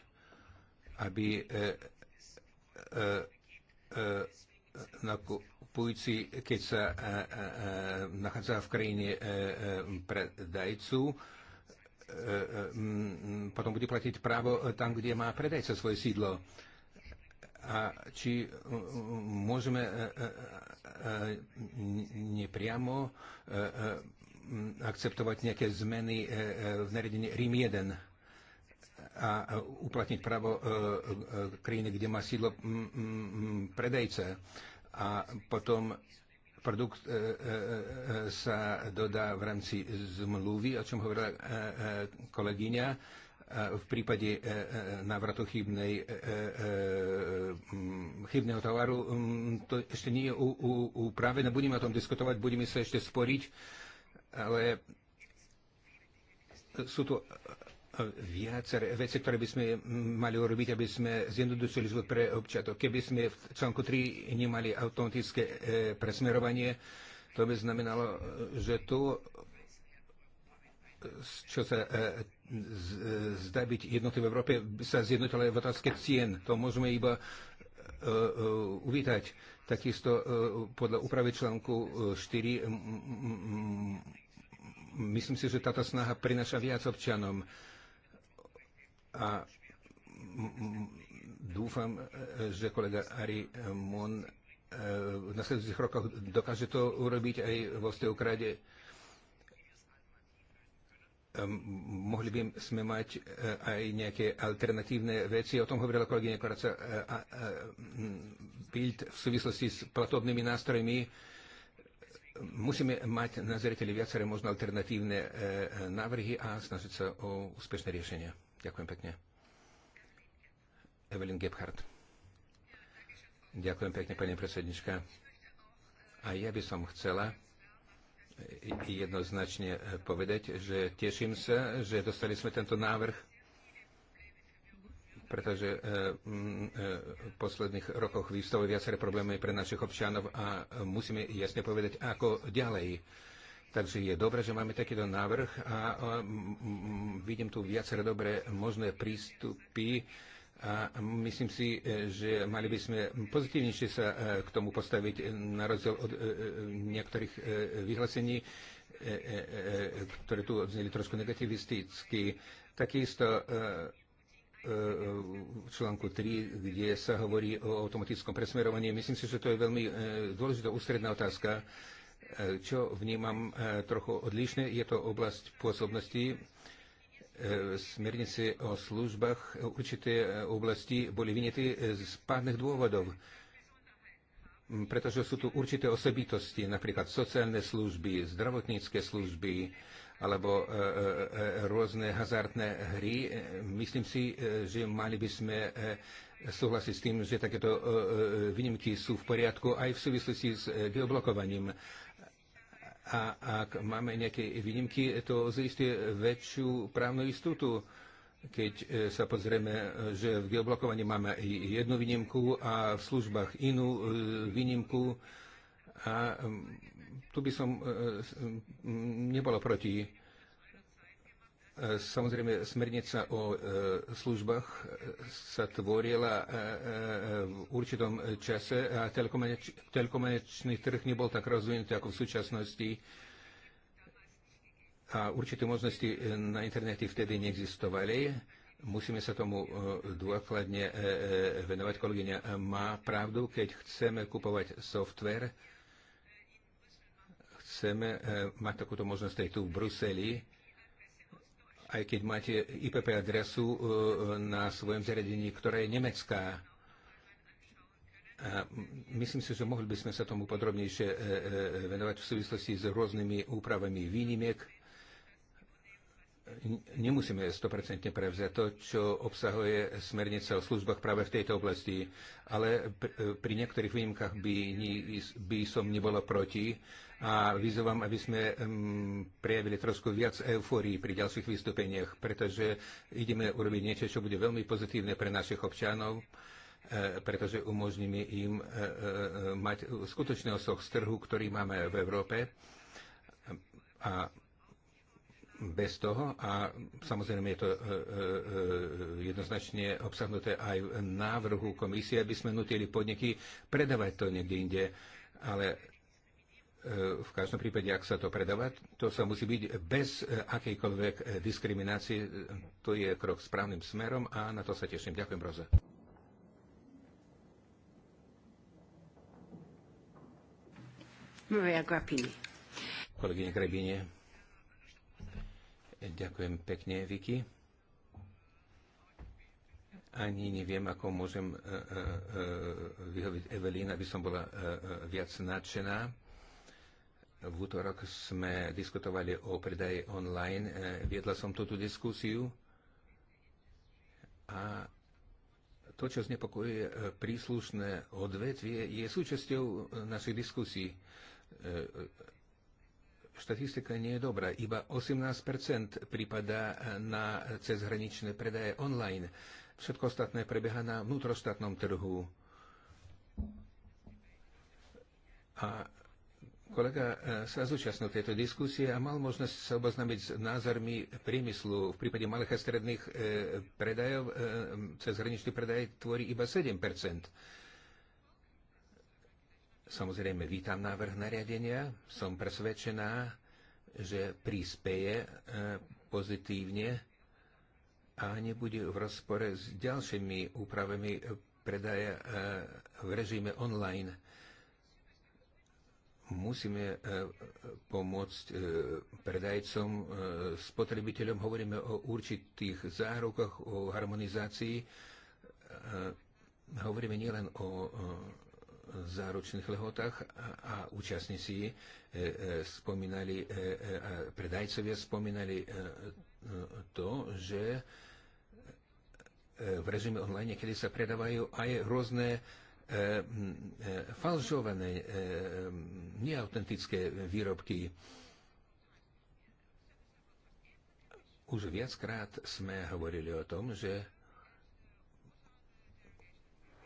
aby na kupujúci, keď sa e, e, e, nachádza v krajine predajcu, potom bude platiť právo tam, kde má predajca svoje sídlo. A či môžeme nepriamo akceptovať nejaké zmeny v nariadení RIM 1? a uplatniť právo e, e, krajiny, kde má sídlo predajca a potom produkt e, sa dodá v rámci zmluvy, o čom hovorila kolegyňa, v prípade návratu chybnej, chybného tovaru, to ešte nie je upravené. Budeme o tom diskutovať, budeme sa ešte sporiť, ale sú tu viaceré veci, ktoré by sme mali urobiť, aby sme zjednodušili život pre občatov. Keby sme v článku 3 nemali automatické e, presmerovanie, to by znamenalo, že to, čo sa e, z, e, zdá byť jednoty v Európe, sa zjednotilo v otázke cien. To môžeme iba e, e, uvítať. Takisto podľa úpravy článku 4 myslím si, že táto snaha prináša viac občanom a dúfam, že kolega Ari Mon eh, v nasledujúcich rokoch dokáže to urobiť aj vo vzťahu ukrade. Ehm, mohli by sme mať eh, aj nejaké alternatívne veci. O tom hovorila kolegyňa Koraca Bild eh, v súvislosti s platobnými nástrojmi. Musíme mať na zreteli viaceré možno alternatívne návrhy a snažiť sa o úspešné riešenia. Ďakujem pekne. Evelyn Gebhardt. Ďakujem pekne, pani predsednička. A ja by som chcela jednoznačne e, povedať, že teším sa, že dostali sme tento návrh, pretože e, e, v posledných rokoch výstavujú viaceré problémy pre našich občanov a musíme jasne povedať, ako ďalej Takže je dobré, že máme takýto návrh a, vidím tu viacero dobré možné prístupy a myslím si, e, že mali by sme pozitívnejšie sa e, k tomu postaviť na rozdiel od e, niektorých vyhlásení, ktoré tu odzneli trošku negativisticky. Takisto v článku 3, kde sa hovorí o automatickom presmerovaní. Myslím si, že to je veľmi dôležitá ústredná otázka čo vnímam e, trochu odlišne, je to oblasť pôsobnosti e, smernice o službách. E, určité oblasti boli vynieté z pádnych dôvodov, pretože sú tu určité osobitosti, napríklad sociálne služby, zdravotnícke služby, alebo rôzne hazardné hry. Myslím si, že mali by sme súhlasiť s tým, že takéto výnimky sú v poriadku aj v súvislosti s geoblokovaním. A ak máme nejaké výnimky, to zistuje väčšiu právnu istotu. Keď e, sa pozrieme, že v geoblokovaní máme jednu výnimku a v službách inú e, výnimku, a tu by som e, nebola proti Samozrejme, smernica o e, službách e, sa tvorila e, v určitom čase a telekomunikačný trh nebol tak rozvinutý ako v súčasnosti a určité možnosti na internete vtedy neexistovali. Musíme sa tomu dôkladne venovať. Kolegyňa má pravdu, keď chceme kupovať software, chceme mať takúto možnosť aj tu v Bruseli, aj keď máte IPP adresu e, na svojom zariadení, ktorá je nemecká. A myslím si, že mohli by sme sa tomu podrobnejšie e, e, venovať v súvislosti s rôznymi úpravami výnimiek. Nemusíme 100% prevziať to, čo obsahuje smernica o službách práve v tejto oblasti, ale pri niektorých výnimkách by, by som nebola proti a vyzývam, aby sme prejavili trošku viac eufórii pri ďalších vystúpeniach, pretože ideme urobiť niečo, čo bude veľmi pozitívne pre našich občanov e, pretože umožníme im e, e, mať skutočný osoch z trhu, ktorý máme v Európe. A bez toho, a samozrejme je to jednoznačne obsahnuté aj v návrhu komisie, aby sme nutili podniky predávať to niekde inde, ale E, v každom prípade, ak sa to predáva, to sa musí byť bez e, akejkoľvek e, diskriminácie. To je krok správnym smerom a na to sa teším. Ďakujem, Roza. Maria Grappini. Kolegyne Grabine. Ďakujem pekne, Viki. Ani neviem, ako môžem vyhoviť Evelín, aby som bola viac nadšená v útorok sme diskutovali o predaji online. E, viedla som túto diskusiu a to, čo znepokojuje e, príslušné odvetvie, je súčasťou e, našich diskusí. Štatistika nie je dobrá. Iba 18% prípada na cezhraničné predaje online. Všetko ostatné prebieha na vnútroštátnom trhu. A Kolega e, sa zúčastnil tejto diskusie a mal možnosť sa oboznámiť s názormi priemyslu. V prípade malých a stredných e, predajov e, cez hraničný predaj tvorí iba 7 Samozrejme, vítam návrh nariadenia. Som presvedčená, že prispieje pozitívne a nebude v rozpore s ďalšími úpravami predaja v režime online musíme e, pomôcť e, predajcom, e, spotrebiteľom. Hovoríme o určitých zárukoch, o harmonizácii. Hovoríme nielen o záručných lehotách a účastníci spomínali, a predajcovia spomínali to, že v režime online, kedy sa predávajú aj rôzne E, e, falšované, e, neautentické výrobky. Už viackrát sme hovorili o tom, že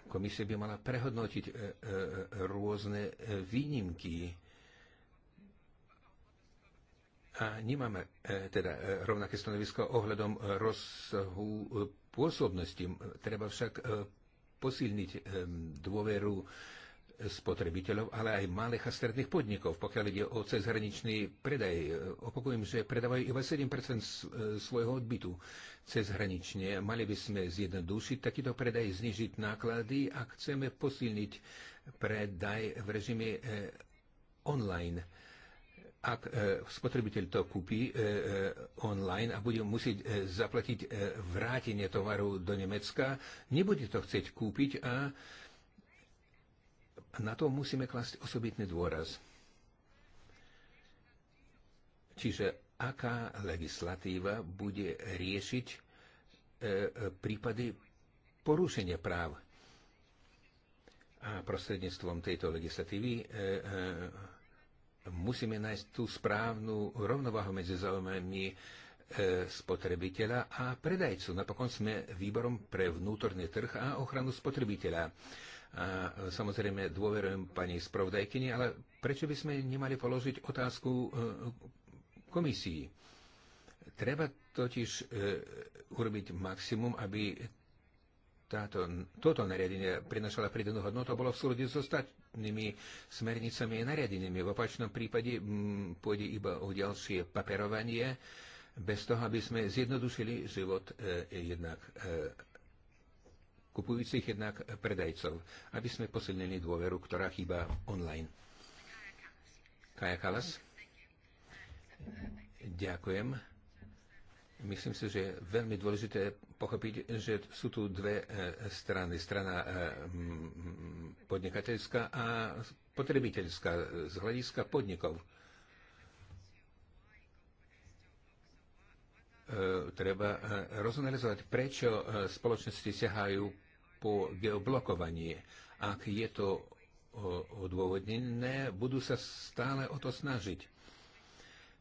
komisia by mala prehodnotiť e, e, rôzne výnimky a nemáme teda rovnaké stanovisko ohľadom rozsahu pôsobnosti. Treba však posilniť ehm, dôveru e, spotrebiteľov, ale aj malých a stredných podnikov, pokiaľ ide o cezhraničný predaj. E, opakujem, že predávajú iba 7 e, svojho odbytu cezhranične. Mali by sme zjednodušiť takýto predaj, znižiť náklady a chceme posilniť predaj v režime online ak e, spotrebiteľ to kúpi e, e, online a bude musieť zaplatiť vrátenie tovaru do Nemecka, nebude to chcieť kúpiť a na to musíme klasť osobitný dôraz. Čiže aká legislatíva bude riešiť prípady porušenia práv. A prostredníctvom tejto legislatívy musíme nájsť tú správnu rovnováhu medzi záujmami e, spotrebiteľa a predajcu. Napokon sme výborom pre vnútorný trh a ochranu spotrebiteľa. A e, samozrejme dôverujem pani spravodajkyni, ale prečo by sme nemali položiť otázku e, komisii? Treba totiž urobiť maximum, aby táto, toto nariadenie prinašala pridanú hodnotu bolo v súlade s ostatnými smernicami a nariadeniami. V opačnom prípade m, mm, pôjde iba o ďalšie paperovanie, bez toho, aby sme zjednodušili život e, jednak e, kupujúcich, jednak predajcov, aby sme posilnili dôveru, ktorá chýba online. Kaja Kalas. Ďakujem. Myslím si, že je veľmi dôležité pochopiť, že sú tu dve e, strany. Strana e, podnikateľská a potrebiteľská z hľadiska podnikov. E, treba rozanalizovať, prečo spoločnosti siahajú po geoblokovanie. Ak je to odôvodnené, budú sa stále o to snažiť.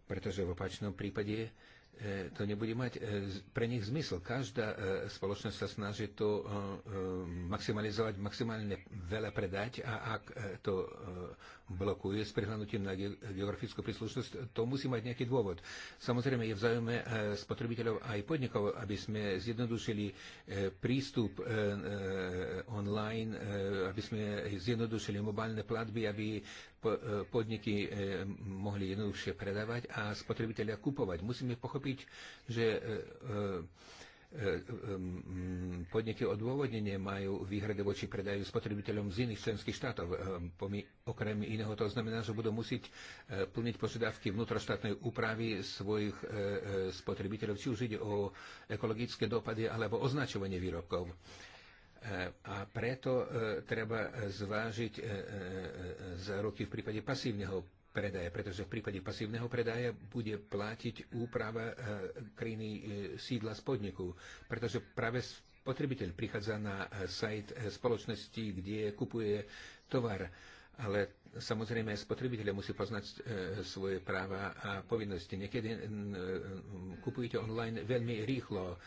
Pretože v opačnom prípade E, to nebude mať e, pre nich zmysel. Každá e, spoločnosť sa snaží to maximalizovať, maximálne veľa predať a ak to blokuje s prihľadnutím na geografickú príslušnosť, to musí mať nejaký dôvod. Samozrejme je v záujme spotrebiteľov aj podnikov, aby sme zjednodušili prístup online, aby sme zjednodušili mobilné platby, aby E, podniky e, mohli jednoduchšie predávať a spotrebitelia kupovať. Musíme pochopiť, že e, podniky odôvodnenie majú výhrady voči predajú spotrebiteľom z iných členských štátov. Okrem iného to znamená, že budú musieť plniť požiadavky vnútroštátnej úpravy svojich spotrebiteľov, či už ide o ekologické dopady alebo označovanie výrobkov. A preto e, treba e, zvážiť e, záruky v prípade pasívneho predaja, pretože v prípade pasívneho predaja bude platiť úprava krajiny sídla z podniku, pretože práve spotrebiteľ prichádza na sajt spoločnosti, kde kupuje tovar. Ale samozrejme spotrebiteľ musí poznať e, svoje práva a povinnosti. Niekedy e, kupujete online veľmi rýchlo,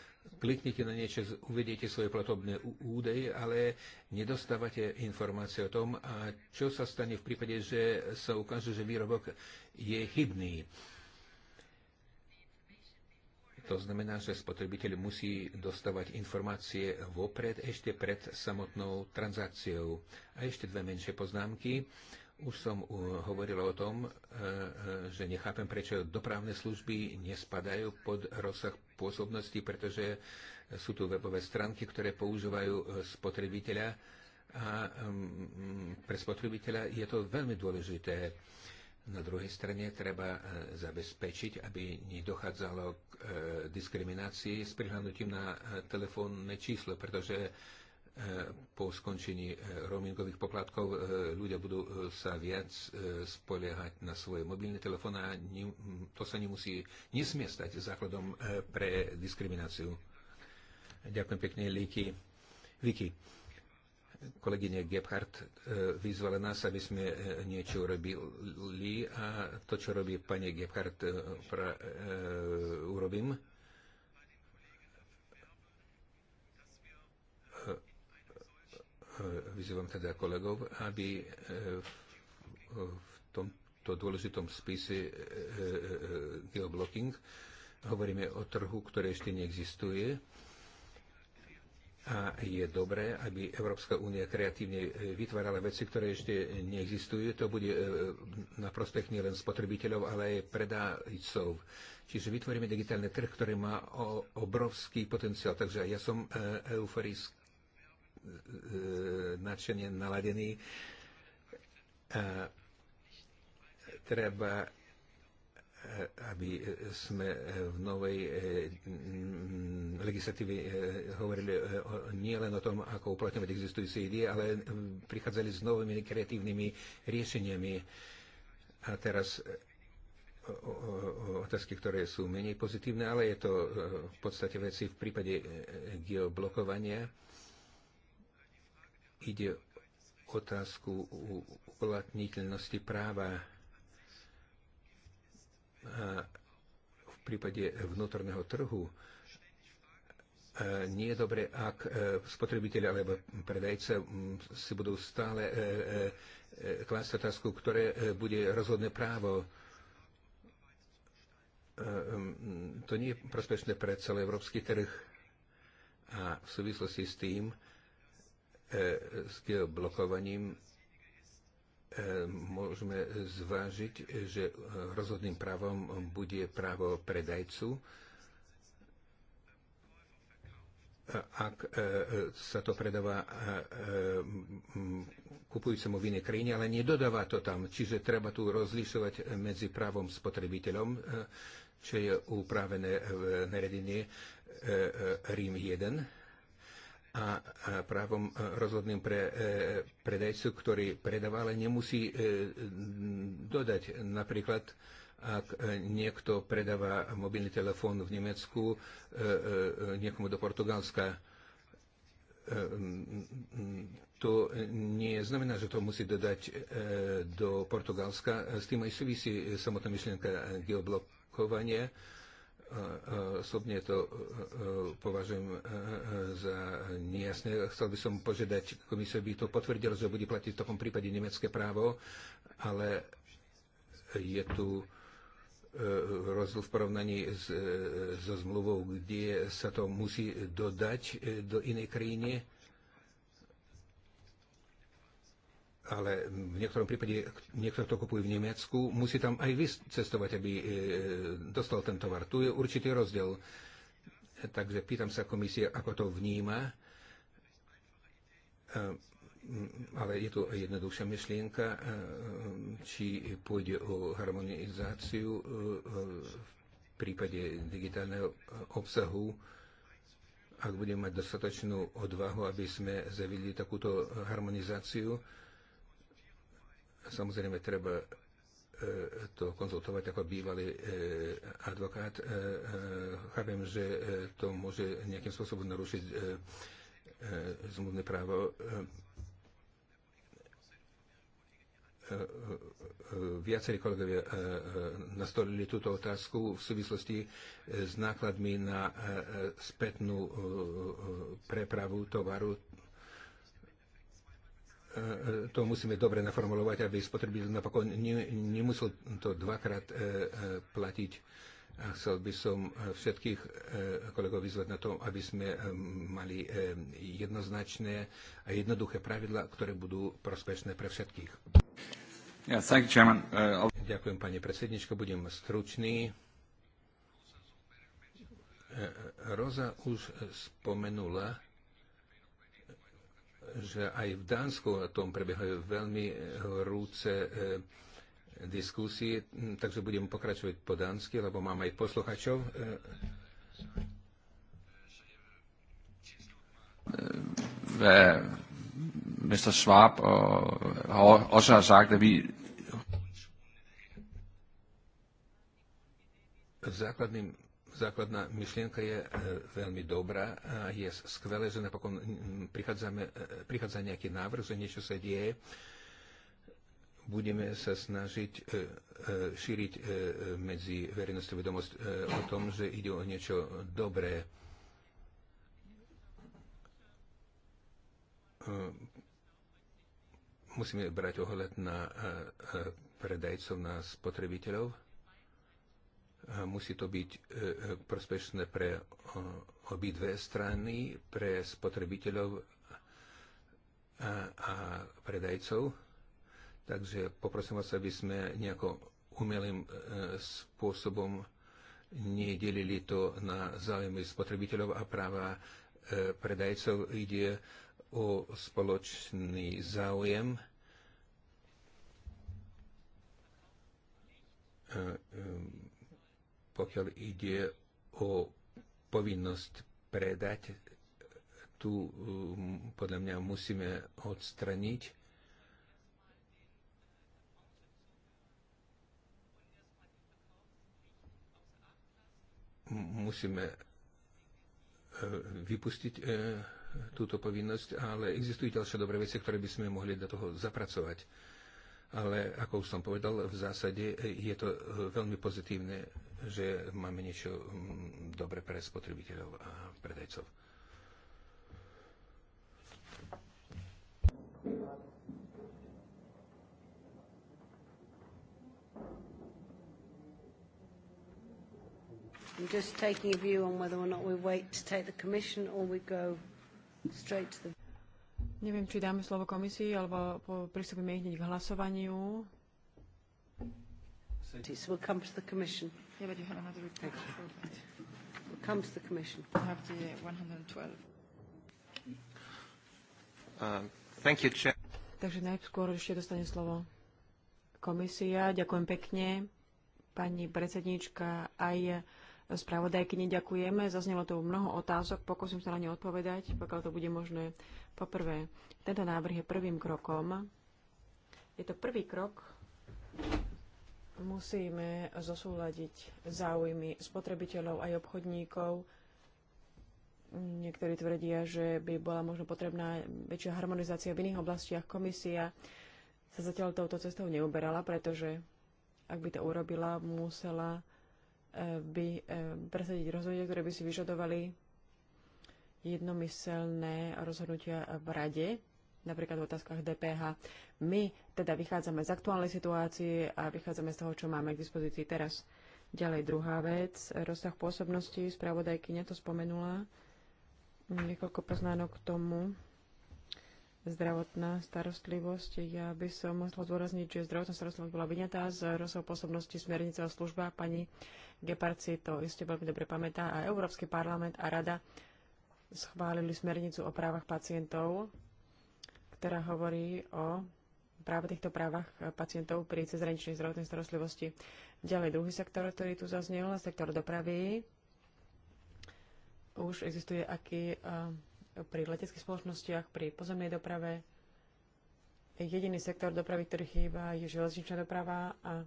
Kliknite na niečo, uvediete svoje platobné údaje, ale nedostávate informácie o tom, a čo sa stane v prípade, že sa ukáže, že výrobok je chybný. To znamená, že spotrebiteľ musí dostávať informácie vopred, ešte pred samotnou transakciou. A ešte dve menšie poznámky. Už som uh, hovoril o tom, uh, uh, že nechápem, prečo dopravné služby nespadajú pod rozsah pôsobnosti, pretože sú tu webové stránky, ktoré používajú eh, spotrebiteľa a mm, mm, pre spotrebiteľa je to veľmi dôležité. Na druhej strane treba eh, zabezpečiť, aby nedochádzalo k eh, diskriminácii s prihľadnutím na telefónne číslo, pretože Eh, po skončení eh, roamingových poplatkov eh, ľudia budú sa viac spoliehať na svoje mobilné telefóny a to sa nemusí, nesmie stať základom pre diskrimináciu. Ďakujem pekne, Liki. Viki, kolegyne Gebhardt vyzvala nás, aby sme niečo robili a to, čo robí pani Gebhardt, pra, urobím E, vyzývam teda kolegov, aby e, v tomto dôležitom spise e, geoblocking hovoríme o trhu, ktorý ešte neexistuje a je dobré, aby Európska únia kreatívne vytvárala veci, ktoré ešte neexistujú. To bude na prospech nielen spotrebiteľov, ale aj predajcov. Čiže vytvoríme digitálny trh, ktorý má obrovský potenciál. Takže ja som euforisk E, e, nadšenie naladení. E, treba e, aby sme v novej legislatíve hovorili nielen o tom, ako uplatňovať existujúce ideje, ale prichádzali s novými kreatívnymi riešeniami. A teraz otázky, ktoré sú menej pozitívne, ale je to v podstate veci v prípade geoblokovania ide otázku uplatniteľnosti práva a v prípade vnútorného trhu nie je dobre, ak e, spotrebiteľ alebo predajca si budú stále e, e, klásť otázku, ktoré bude rozhodné právo. To nie je prospešné pre celý európsky trh. A v súvislosti s tým, E, s geoblokovaním e, môžeme zvážiť, že rozhodným právom bude právo predajcu, ak e, sa to predáva kupujúcemu v inej krajine, ale nedodáva to tam. Čiže treba tu rozlišovať medzi právom spotrebiteľom, čo je upravené v naredenie Rím 1 a právom e, rozhodným pre e, predajcu, ktorý predáva, ale nemusí e, dodať. Napríklad, ak niekto predáva mobilný telefón v Nemecku niekomu do Portugalska, to nie znamená, že to musí dodať do Portugalska. S tým aj súvisí samotná myšlienka geoblokovania osobne to považujem za nejasné. Chcel by som požiadať komisiu, aby to potvrdil, že bude platiť v takom prípade nemecké právo, ale je tu e, rozdiel v porovnaní s, e, so zmluvou, kde sa to musí dodať e, do inej krajine ale v niektorom prípade niektorí to kupujú v Nemecku, musí tam aj vycestovať, aby e, dostal ten tovar. Tu je určitý rozdiel. Takže pýtam sa komisie, ako to vníma. E, ale je to jednoduchšia myšlienka, e, či pôjde o harmonizáciu v prípade digitálneho obsahu, ak budeme mať dostatočnú odvahu, aby sme zavili takúto harmonizáciu Samozrejme, treba e, to konzultovať ako bývalý e, advokát. E, chápem, že to môže nejakým spôsobom narušiť zmluvné právo. Viacerí kolegovia nastolili túto otázku v súvislosti s nákladmi na spätnú prepravu tovaru to musíme dobre naformulovať, aby spotrebiteľ napokon ne, nemusel to dvakrát e, e, platiť. A chcel by som e, všetkých kolegov vyzvať na to, aby sme mali jednoznačné a jednoduché pravidla, ktoré budú prospešné pre všetkých. Yeah, thank you, Chairman. Uh, Ďakujem, pani predsednička, budem stručný. Roza už spomenula že aj v Dánsku o tom prebiehajú veľmi rúce e, diskusie, takže budem pokračovať po dánsky, lebo mám aj posluchačov. Hvad e. e, e, Mr. Schwab og, har også har sagt, at vi... Základným základná myšlienka je e, veľmi dobrá a je skvelé, že napokon e, e, prichádza nejaký návrh, že niečo sa deje. Budeme sa snažiť šíriť medzi verejnosťou vedomosť o tom, že ide o niečo dobré. Musíme brať ohľad na predajcov, na spotrebiteľov Musí to byť e, e, prospešné pre e, obidve strany, pre spotrebiteľov a predajcov. Takže poprosím vás, aby sme nejako umelým spôsobom nedelili to na záujmy spotrebiteľov a práva predajcov. Ide o spoločný záujem. E, pokiaľ ide o povinnosť predať, tu mm, podľa mňa musíme odstraniť. Musíme e, vypustiť e, túto povinnosť, ale existujú ďalšie dobré veci, ktoré by sme mohli do toho zapracovať. Ale ako už som povedal, v zásade e, je to veľmi pozitívne že máme niečo mm, dobre pre spotrebiteľov a predajcov. I'm just taking a view on whether or not we wait to take the commission or we go straight to the... Neviem, či dáme slovo komisii, alebo pristúpime hneď k hlasovaniu. So we'll come to the commission. Yeah, but you have another report. Thank you. We'll come to the commission. You have the 112. Uh, um, thank you, Chair. Takže najskôr ešte dostane slovo komisia. Ďakujem pekne. Pani predsednička, aj spravodajkyne ďakujeme. Zaznelo tu mnoho otázok, pokúsim sa na ne odpovedať, pokiaľ to bude možné. Poprvé, tento návrh je prvým krokom. Je to prvý krok musíme zosúľadiť záujmy spotrebiteľov aj obchodníkov. Niektorí tvrdia, že by bola možno potrebná väčšia harmonizácia v iných oblastiach. Komisia sa zatiaľ touto cestou neuberala, pretože ak by to urobila, musela e, by e, presadiť rozhodnutia, ktoré by si vyžadovali jednomyselné rozhodnutia v rade napríklad v otázkach DPH. My teda vychádzame z aktuálnej situácie a vychádzame z toho, čo máme k dispozícii teraz. Ďalej druhá vec, rozsah pôsobnosti, spravodajkyňa to spomenula. Niekoľko poznánok k tomu. Zdravotná starostlivosť. Ja by som mohla zdôrazniť, že zdravotná starostlivosť bola vyňatá z rozsahu pôsobnosti smernice o službách. Pani Geparci to iste veľmi dobre pamätá a Európsky parlament a Rada schválili smernicu o právach pacientov ktorá hovorí o práve týchto právach pacientov pri cezhraničnej zdravotnej starostlivosti. Ďalej druhý sektor, ktorý tu zaznel, sektor dopravy. Už existuje aký eh, pri leteckých spoločnostiach, pri pozemnej doprave. Jediný sektor dopravy, ktorý chýba, je železničná doprava a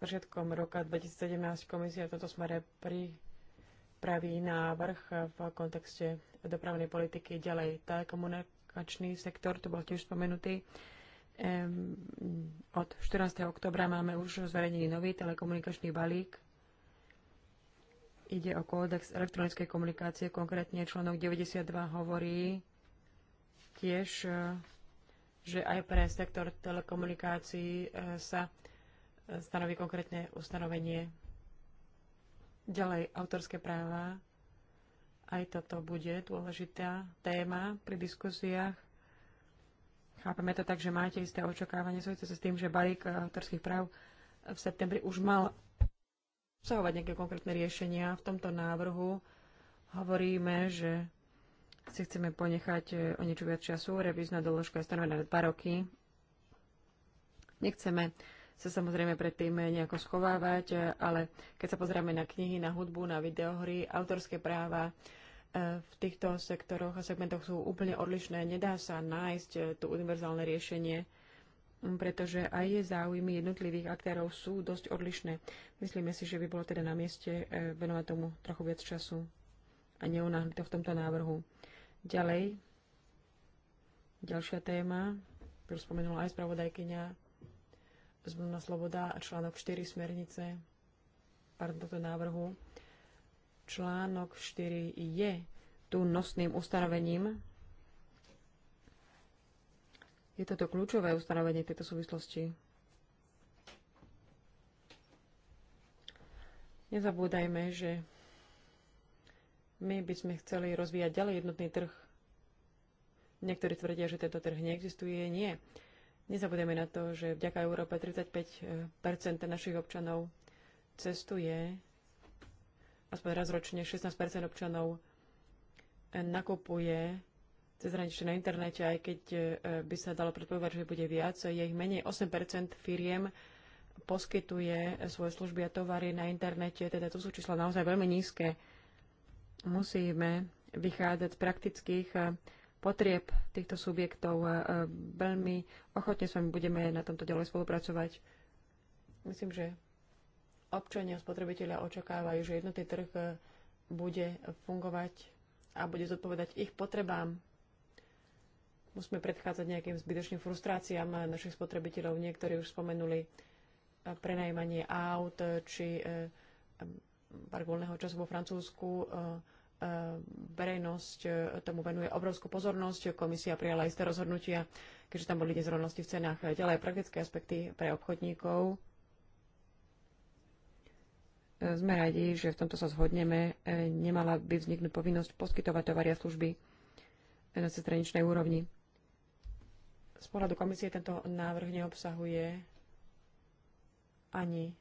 začiatkom roka 2017 komisia v tomto smere pripraví návrh v kontexte dopravnej politiky ďalej. Tá telekomunikačný sektor, to bol tiež spomenutý. Od 14. oktobra máme už zverejnený nový telekomunikačný balík. Ide o kódex elektronickej komunikácie, konkrétne článok 92 hovorí tiež, e, že aj pre sektor telekomunikácií e, sa e, stanoví konkrétne ustanovenie. Ďalej, autorské práva aj toto bude dôležitá téma pri diskusiách. Chápeme to tak, že máte isté očakávanie sa s tým, že balík eh, autorských práv v septembri už mal obsahovať nejaké konkrétne riešenia. V tomto návrhu hovoríme, že si chceme ponechať eh, o niečo viac času. revizná doložka je stanovená na roky. Nechceme sa samozrejme predtým nejako schovávať, eh, ale keď sa pozrieme na knihy, na hudbu, na videohry, autorské práva, v týchto sektoroch a segmentoch sú úplne odlišné. Nedá sa nájsť eh, to univerzálne riešenie, mm, pretože aj záujmy jednotlivých aktérov sú dosť odlišné. Myslíme si, že by bolo teda na mieste eh, venovať tomu trochu viac času a neunáhliť to v tomto návrhu. Ďalej, ďalšia téma, ktorú spomenula aj spravodajkyňa, zmluvná sloboda a článok 4 smernice, pardon, tohto návrhu Článok 4 je tu nosným ustanovením. Je toto kľúčové ustanovenie tejto súvislosti. Nezabúdajme, že my by sme chceli rozvíjať ďalej jednotný trh. Niektorí tvrdia, že tento trh neexistuje. Nie. Nezabúdajme na to, že vďaka Európe 35 eh, našich občanov cestuje aspoň raz ročne 16 občanov eh, nakupuje cez hranične na internete, aj keď eh, by sa dalo predpovedať, že bude viac, je ich menej 8 firiem poskytuje eh, svoje služby a tovary na internete, teda to sú čísla naozaj veľmi nízke. Musíme vychádzať z praktických potrieb týchto subjektov. Veľmi ochotne s vami budeme na tomto ďalej spolupracovať. Myslím, že občania, spotrebitelia očakávajú, že jednotný trh e, bude fungovať a bude zodpovedať ich potrebám. Musíme predchádzať nejakým zbytočným frustráciám našich spotrebiteľov. Niektorí už spomenuli e, prenajmanie aut e, či park voľného času vo Francúzsku. Verejnosť tomu venuje obrovskú pozornosť. Komisia prijala isté rozhodnutia, keďže tam boli nezrovnosti v cenách. Ďalej praktické aspekty pre obchodníkov sme radi, že v tomto sa zhodneme. E, nemala by vzniknúť povinnosť poskytovať tovaria služby na cestraničnej úrovni. Z pohľadu komisie tento návrh neobsahuje ani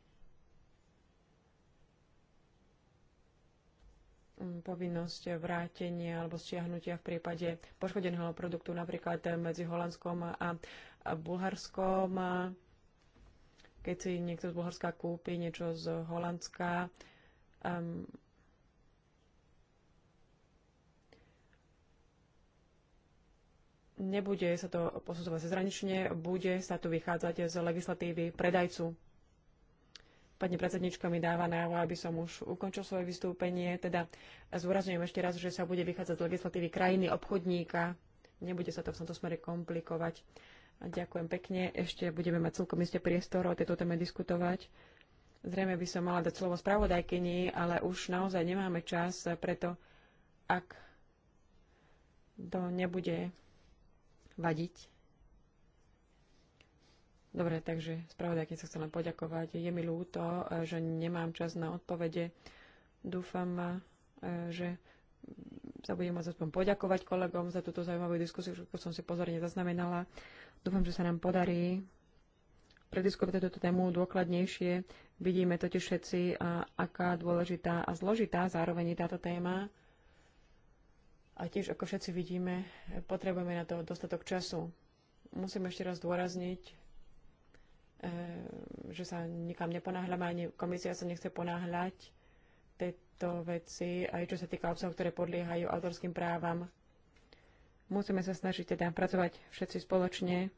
mm, povinnosť vrátenia alebo stiahnutia v prípade poškodeného produktu napríklad medzi Holandskom a Bulharskom keď si niekto z Bulharska kúpi niečo z Holandska, um, nebude sa to posudzovať zranične, bude sa tu vychádzať z legislatívy predajcu. Pani predsednička mi dáva návo, aby som už ukončil svoje vystúpenie. Teda zúrazňujem ešte raz, že sa bude vychádzať z legislatívy krajiny obchodníka. Nebude sa to v tomto smere komplikovať ďakujem pekne. Ešte budeme mať celkom iste priestor o tejto téme diskutovať. Zrejme by som mala dať slovo spravodajkyni, ale už naozaj nemáme čas, preto ak to nebude vadiť. Dobre, takže spravodajkyni sa chcem len poďakovať. Je mi ľúto, že nemám čas na odpovede. Dúfam, že sa budem môcť aspoň poďakovať kolegom za túto zaujímavú diskusiu, ktorú som si pozorne zaznamenala. Dúfam, že sa nám podarí prediskutovať túto tému dôkladnejšie. Vidíme totiž všetci, a aká dôležitá a zložitá zároveň je táto téma. A tiež, ako všetci vidíme, potrebujeme na to dostatok času. Musím ešte raz dôrazniť, e, že sa nikam neponáhľame, ani komisia sa nechce ponáhľať tejto veci, aj čo sa týka obsahov, ktoré podliehajú autorským právam Musíme sa snažiť teda pracovať všetci spoločne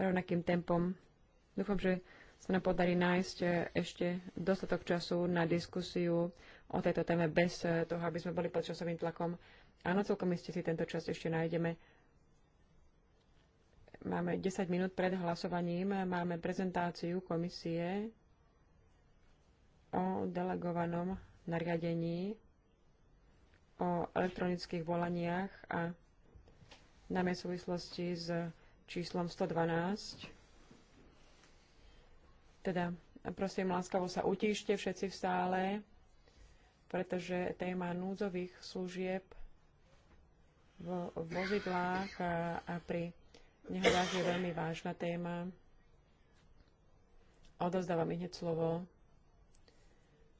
rovnakým tempom. Dúfam, že sa nám podarí nájsť e, ešte dostatok času na diskusiu o tejto téme bez e, toho, aby sme boli pod časovým tlakom. Áno, celkom iste si tento čas ešte nájdeme. Máme 10 minút pred hlasovaním, máme prezentáciu komisie o delegovanom nariadení o elektronických volaniach a najmä v súvislosti s číslom 112. Teda, prosím, láskavo sa utíšte všetci v sále, pretože téma núdzových služieb v vozidlách a, a pri nehodách je veľmi vážna téma. Odozdávam hneď slovo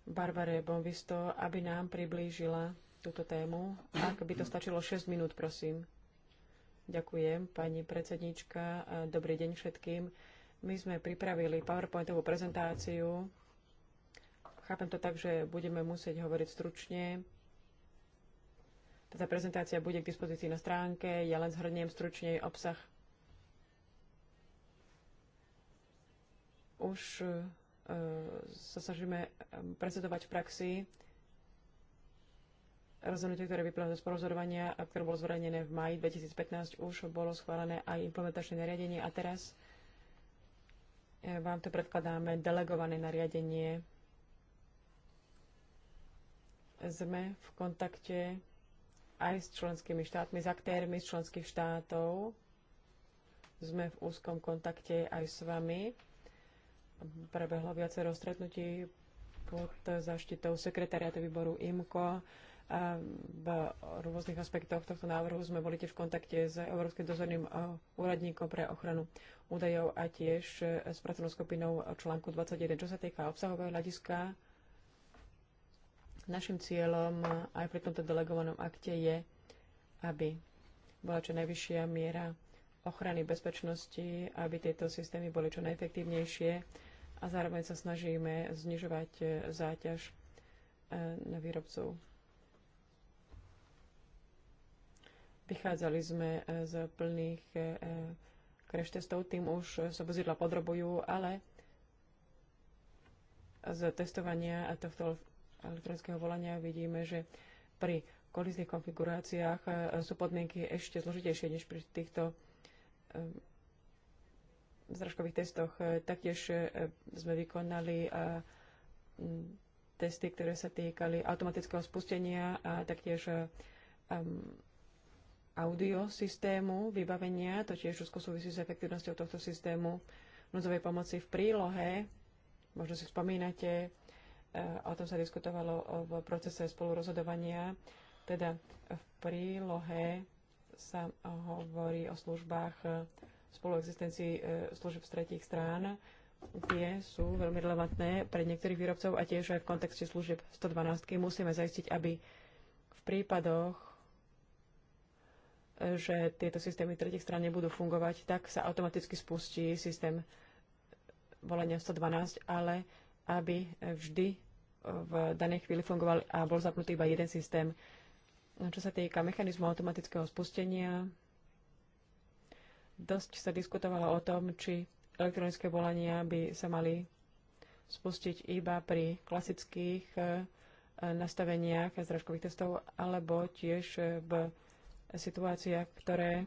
Barbare Bonvisto, aby nám priblížila túto tému. Ak by to stačilo 6 minút, prosím. Ďakujem, pani predsednička. Dobrý deň všetkým. My sme pripravili PowerPointovú prezentáciu. Chápem to tak, že budeme musieť hovoriť stručne. Tá prezentácia bude k dispozícii na stránke. Ja len zhrniem stručne jej obsah. Už e, sa snažíme e, prezentovať v praxi Rozhodnutie, ktoré vyplýva z porozhodovania, ktoré bolo zverejnené v maji 2015, už bolo schválené aj implementačné nariadenie a teraz e, vám tu predkladáme delegované nariadenie. Sme v kontakte aj s členskými štátmi, s aktérmi z členských štátov. Sme v úzkom kontakte aj s vami. Prebehlo viacero stretnutí pod zaštitou sekretariátu výboru IMCO v rôznych aspektoch tohto návrhu sme boli tiež v kontakte s Európskym dozorným e, úradníkom pre ochranu údajov a tiež e, s pracovnou skupinou článku 21. Čo sa týka obsahového hľadiska, našim cieľom aj pri tomto delegovanom akte je, aby bola čo najvyššia miera ochrany bezpečnosti, aby tieto systémy boli čo najefektívnejšie a zároveň sa snažíme znižovať e, záťaž na výrobcov. Vychádzali sme e, z plných kreštestov, e, e, tým už sa vozidla podrobujú, ale z testovania tohto elektronického volania vidíme, že pri kolizných konfiguráciách sú podmienky ešte zložitejšie než pri týchto zdražkových testoch. Taktiež sme vykonali testy, ktoré sa týkali automatického spustenia a taktiež audio systému vybavenia, to tiež úzko súvisí s efektivnosťou tohto systému núdzovej pomoci v prílohe. Možno si spomínate, e, o tom sa diskutovalo v procese spolurozhodovania, teda v prílohe sa hovorí o službách e, spoluexistencii e, služieb z tretích strán. Tie sú veľmi relevantné pre niektorých výrobcov a tiež aj v kontexte služieb 112. Musíme zaistiť, aby v prípadoch že tieto systémy tretich strán nebudú fungovať, tak sa automaticky spustí systém volenia 112, ale aby vždy v danej chvíli fungoval a bol zapnutý iba jeden systém. No, čo sa týka mechanizmu automatického spustenia, dosť sa diskutovalo o tom, či elektronické volania by sa mali spustiť iba pri klasických eh, nastaveniach zrážkových testov alebo tiež v situáciách, ktoré e,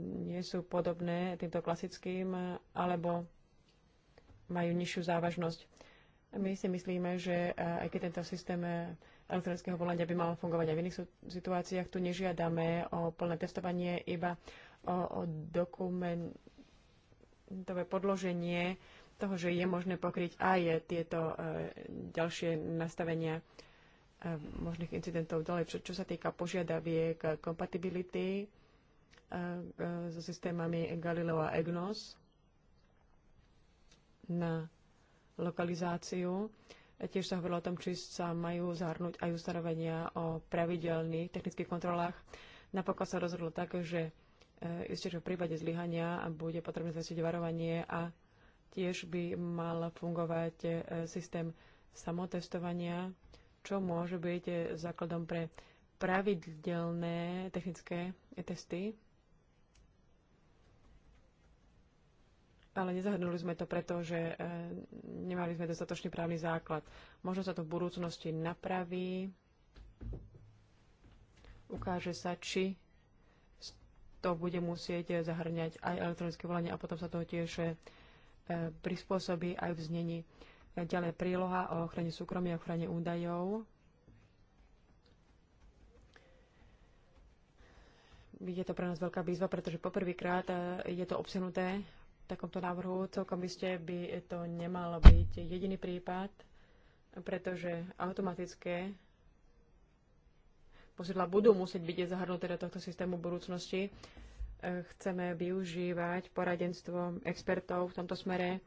nie sú podobné týmto klasickým alebo majú nižšiu závažnosť. My si myslíme, že e, aj keď tento systém e, elektronického volania by mal fungovať aj v iných situáciách, tu nežiadame o plné testovanie, iba o, o dokumentové podloženie toho, že je možné pokryť aj tieto ďalšie nastavenia možných incidentov ďalej. Čo, čo sa týka požiadaviek kompatibility so systémami Galileo a EGNOS na lokalizáciu, Tiež sa hovorilo o tom, či sa majú zahrnúť aj ustanovenia o pravidelných technických kontrolách. Napokon sa rozhodlo tak, že e, isté, že v prípade zlyhania bude potrebné zvesiť varovanie a tiež by mal fungovať e, systém samotestovania čo môže byť eh, základom pre pravidelné technické testy. Ale nezahrnuli sme to preto, že eh, nemali sme dostatočný právny základ. Možno sa to v budúcnosti napraví. Ukáže sa, či to bude musieť eh, zahrňať aj elektronické volanie a potom sa to tiež prispôsobí aj v znení Ďalej príloha o ochrane súkromia a ochrane údajov. Je to pre nás veľká výzva, pretože poprvýkrát eh, je to obsenuté v takomto návrhu. Celkom by ste by to nemalo byť jediný prípad, pretože automatické posiedla budú musieť byť zahrnuté do tohto systému budúcnosti. Eh, chceme využívať poradenstvo expertov v tomto smere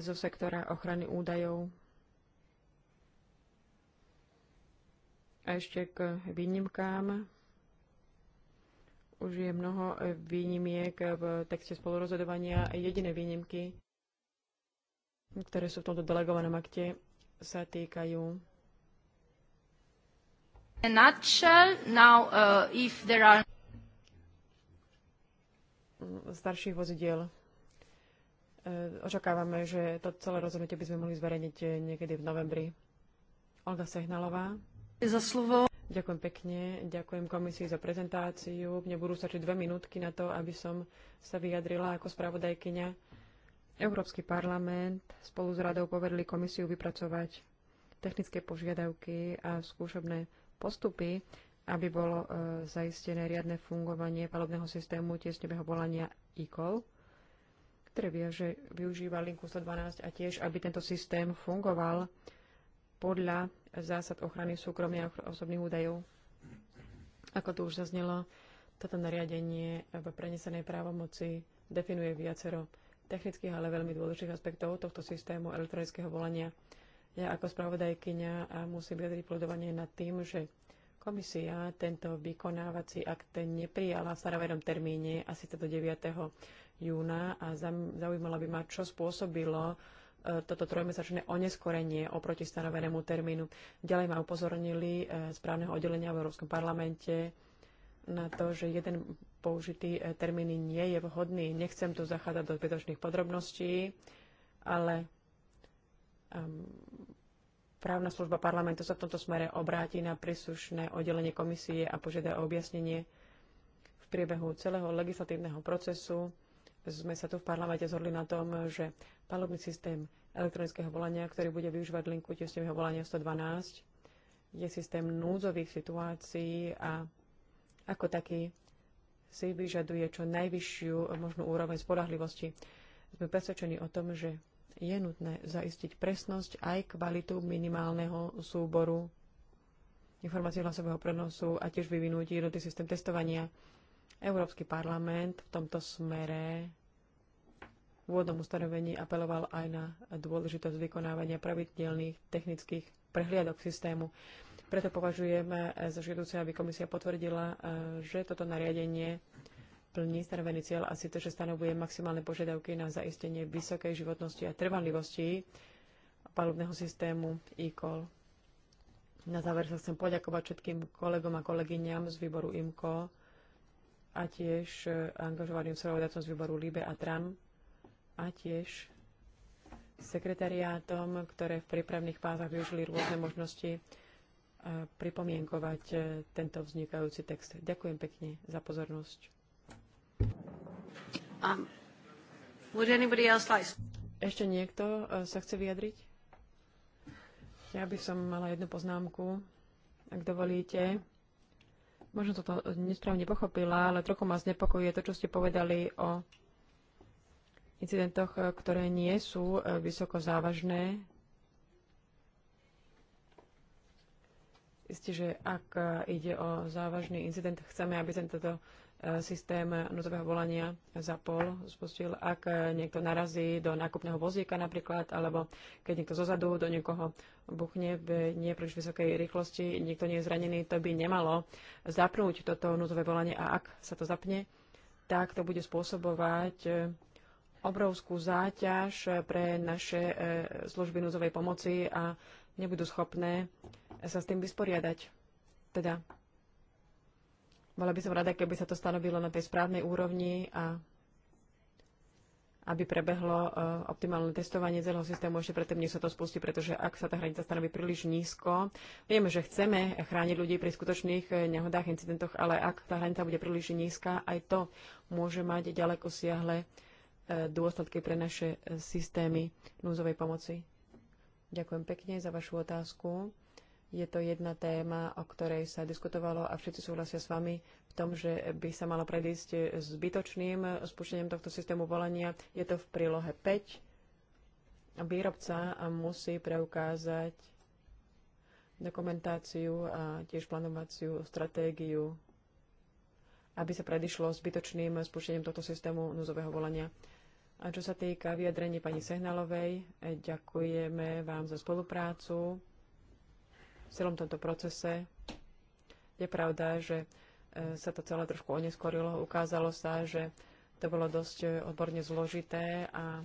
zo sektora ochrany údajov. A ešte k výnimkám. Už je mnoho výnimiek v texte spolurozhodovania. Jediné výnimky, ktoré sú v tomto delegovanom akte, sa týkajú uh, starších vozidiel. E, očakávame, že to celé rozhodnutie by sme mohli zverejniť e, niekedy v novembri. Olga Sehnalová. Za slovo. Ďakujem pekne, ďakujem komisii za prezentáciu. Mne budú stačiť dve minútky na to, aby som sa vyjadrila ako spravodajkyňa. Európsky parlament spolu s radou poverili komisiu vypracovať technické požiadavky a skúšobné postupy, aby bolo e, zaistené riadne fungovanie palobného systému tiesňového volania e-call ktoré vie, že využíva linku 112 a tiež, aby tento systém fungoval podľa zásad ochrany súkromia a osobných údajov. Ako tu už zaznelo, toto nariadenie v prenesenej právomoci definuje viacero technických, ale veľmi dôležitých aspektov tohto systému elektronického volania. Ja ako spravodajkyňa musím vyjadriť plodovanie nad tým, že Komisia tento vykonávací akt neprijala v stanovenom termíne, asi to do 9. júna a zaujímalo by ma, čo spôsobilo e, toto trojmesačné oneskorenie oproti stanovenému termínu. Ďalej ma upozornili správneho e, oddelenia v Európskom parlamente na to, že jeden použitý e, termín nie je vhodný. Nechcem tu zachádzať do zbytočných podrobností, ale Právna služba parlamentu sa v tomto smere obráti na príslušné oddelenie komisie a požiada o objasnenie. V priebehu celého legislatívneho procesu sme sa tu v parlamente zhodli na tom, že palubný systém elektronického volania, ktorý bude využívať linku tiesňového volania 112, je systém núdzových situácií a ako taký si vyžaduje čo najvyššiu možnú úroveň spolahlivosti. Sme presvedčení o tom, že je nutné zaistiť presnosť aj kvalitu minimálneho súboru informácií hlasového prenosu a tiež vyvinúť jednotný systém testovania. Európsky parlament v tomto smere v úvodnom ustanovení apeloval aj na dôležitosť vykonávania pravidelných technických prehliadok systému. Preto považujeme za žiaduce, aby komisia potvrdila, eh, že toto nariadenie plní stanovený cieľ a síce, že stanovuje maximálne požiadavky na zaistenie vysokej životnosti a trvanlivosti palubného systému e-call. Na záver sa chcem poďakovať všetkým kolegom a kolegyňam z výboru IMCO a tiež e, angažovaným spravodajcom z výboru LIBE a TRAM a tiež sekretariátom, ktoré v prípravných fázach využili rôzne možnosti e, pripomienkovať e, tento vznikajúci text. Ďakujem pekne za pozornosť. Um, would anybody else like... Ešte niekto e, sa chce vyjadriť? Ja by som mala jednu poznámku, ak dovolíte. Možno toto nesprávne pochopila, ale trochu ma znepokojuje to, čo ste povedali o incidentoch, e, ktoré nie sú e, vysoko závažné. Isté, že ak ide o závažný incident, chceme, aby tento E, systém nutového volania za pol spustil, ak e, niekto narazí do nákupného vozíka napríklad, alebo keď niekto zozadu do niekoho buchne v nie príliš vysokej rýchlosti, niekto nie je zranený, to by nemalo zapnúť toto nutové volanie a ak sa to zapne, tak to bude spôsobovať e, obrovskú záťaž pre naše služby núzovej pomoci a nebudú schopné sa s tým vysporiadať. Teda bola by som rada, keby sa to stanovilo na tej správnej úrovni a aby prebehlo e, optimálne testovanie celého systému ešte predtým, než sa to spustí, pretože ak sa tá hranica stanoví príliš nízko, vieme, že chceme chrániť ľudí pri skutočných e, nehodách, incidentoch, ale ak tá hranica bude príliš nízka, aj to môže mať ďaleko siahle e, dôsledky pre naše systémy núzovej pomoci. Ďakujem pekne za vašu otázku. Je to jedna téma, o ktorej sa diskutovalo a všetci súhlasia s vami v tom, že by sa malo predísť zbytočným spúšťaním tohto systému volania. Je to v prílohe 5. Výrobca musí preukázať dokumentáciu a tiež plánovaciu stratégiu, aby sa predišlo zbytočným spúšťaním tohto systému núzového volania. A čo sa týka vyjadrení pani Sehnalovej, ďakujeme vám za spoluprácu v celom tomto procese. Je pravda, že e, sa to celé trošku oneskorilo. Ukázalo sa, že to bolo dosť e, odborne zložité a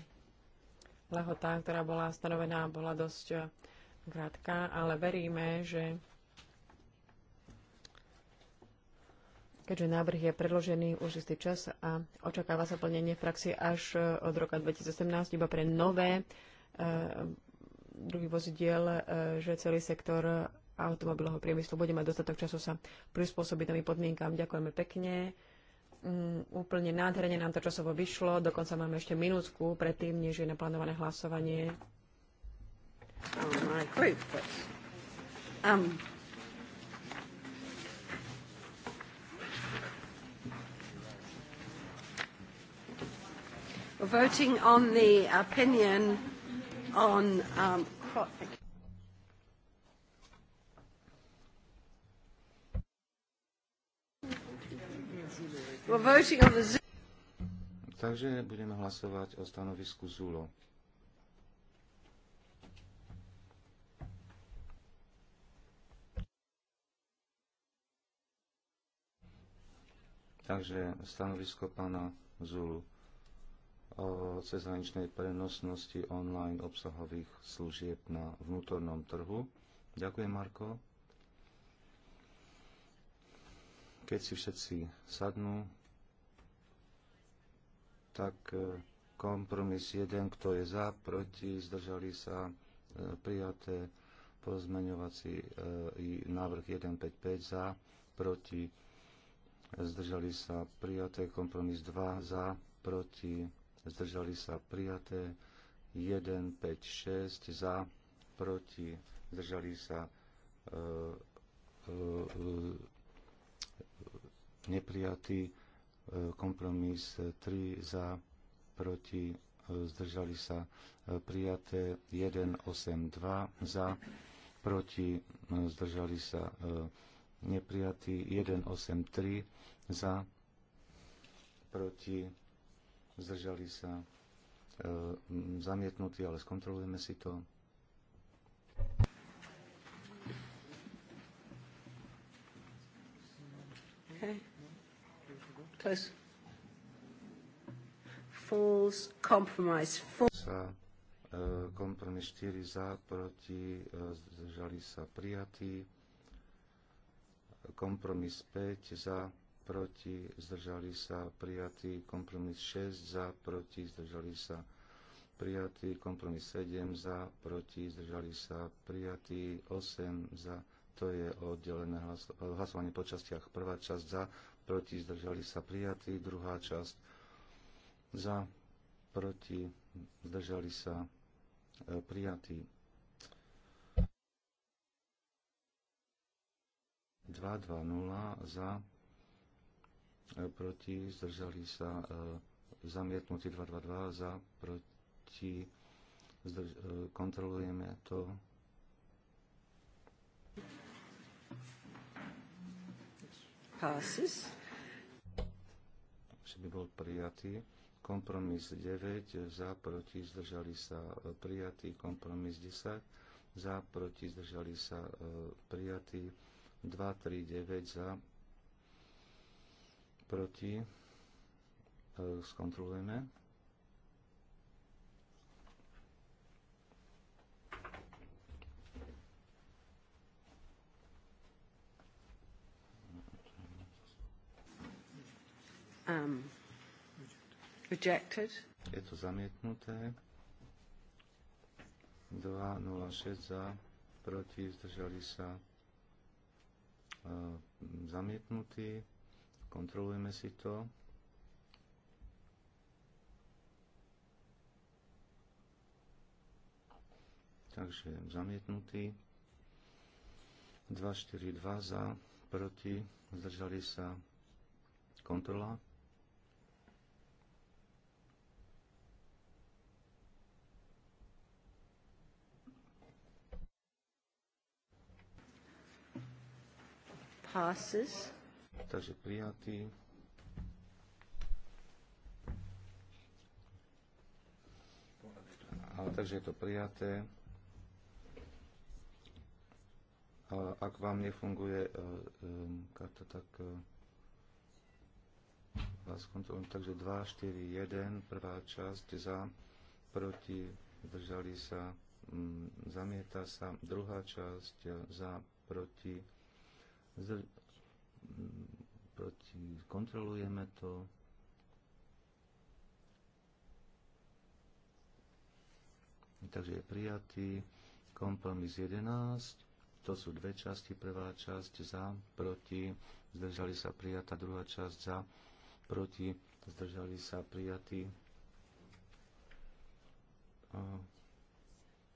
lehota, ktorá bola stanovená, bola dosť e, krátka, ale veríme, že keďže návrh je predložený už istý čas a očakáva sa plnenie v praxi až od roka 2017 iba pre nové druhý vozidiel, e, že celý sektor automobilového priemyslu bude mať dostatok času sa prispôsobiť novým podmienkám. Ďakujeme pekne. Mm, úplne nádherne nám to časovo vyšlo. Dokonca máme ešte minútku predtým, než je naplánované hlasovanie. Um, voting on the opinion on um, We're voting on the Takže budeme hlasovať o stanovisku ZULO. Takže stanovisko pána Zulu o cezhraničnej prenosnosti online obsahových služieb na vnútornom trhu. Ďakujem, Marko. Keď si všetci sadnú, tak e, kompromis 1, kto je za, proti, zdržali sa, e, prijaté pozmeňovací e, návrh 155 za, proti, zdržali sa, prijaté kompromis 2 za, proti, zdržali sa prijaté, 1, 5, 6 za, proti, zdržali sa e, e, e neprijatý, e, kompromis 3 e, za, proti, e, zdržali sa prijaté, 1, 8, 2 za, proti, zdržali sa neprijatý, 1, 8, 3 za, proti, zdržali sa, e, zamietnutí, ale skontrolujeme si to. E, kompromis 4 za, proti, e, zdržali sa prijatí. Kompromis 5 za, proti, zdržali sa, prijatý kompromis 6 za, proti, zdržali sa, prijatý kompromis 7 za, proti, zdržali sa, prijatý 8 za, to je oddelené hlasovanie po častiach. Prvá časť za, proti, zdržali sa, prijatý, druhá časť za, proti, zdržali sa, e, prijatý. 2, 2, 0 za, E, proti, zdržali sa e, zamietnutí 222 za, proti, zdrž- e, kontrolujeme to. Passes. Že by bol prijatý. Kompromis 9 za, proti, zdržali sa prijatý. Kompromis 10 za, proti, zdržali sa prijatý. 239 za, proti, e, skontrolujeme. Um, rejected. Je to zamietnuté. 2,06 za, proti, zdržali sa zamietnutý. zamietnutí. Skontrolujeme si to. Takže zamietnutý. 2 za, proti, zdržali sa kontrola. passes takže prijatý. Ale takže je to prijaté. A ak vám nefunguje e, e, karta, tak e, vás kontrolujem. Takže 2, 4, 1, prvá časť za, proti, držali sa, mm, zamieta sa, druhá časť za, proti, zdr- proti, kontrolujeme to. Takže je prijatý kompromis 11. To sú dve časti. Prvá časť za, proti, zdržali sa prijatá. Druhá časť za, proti, zdržali sa prijatí.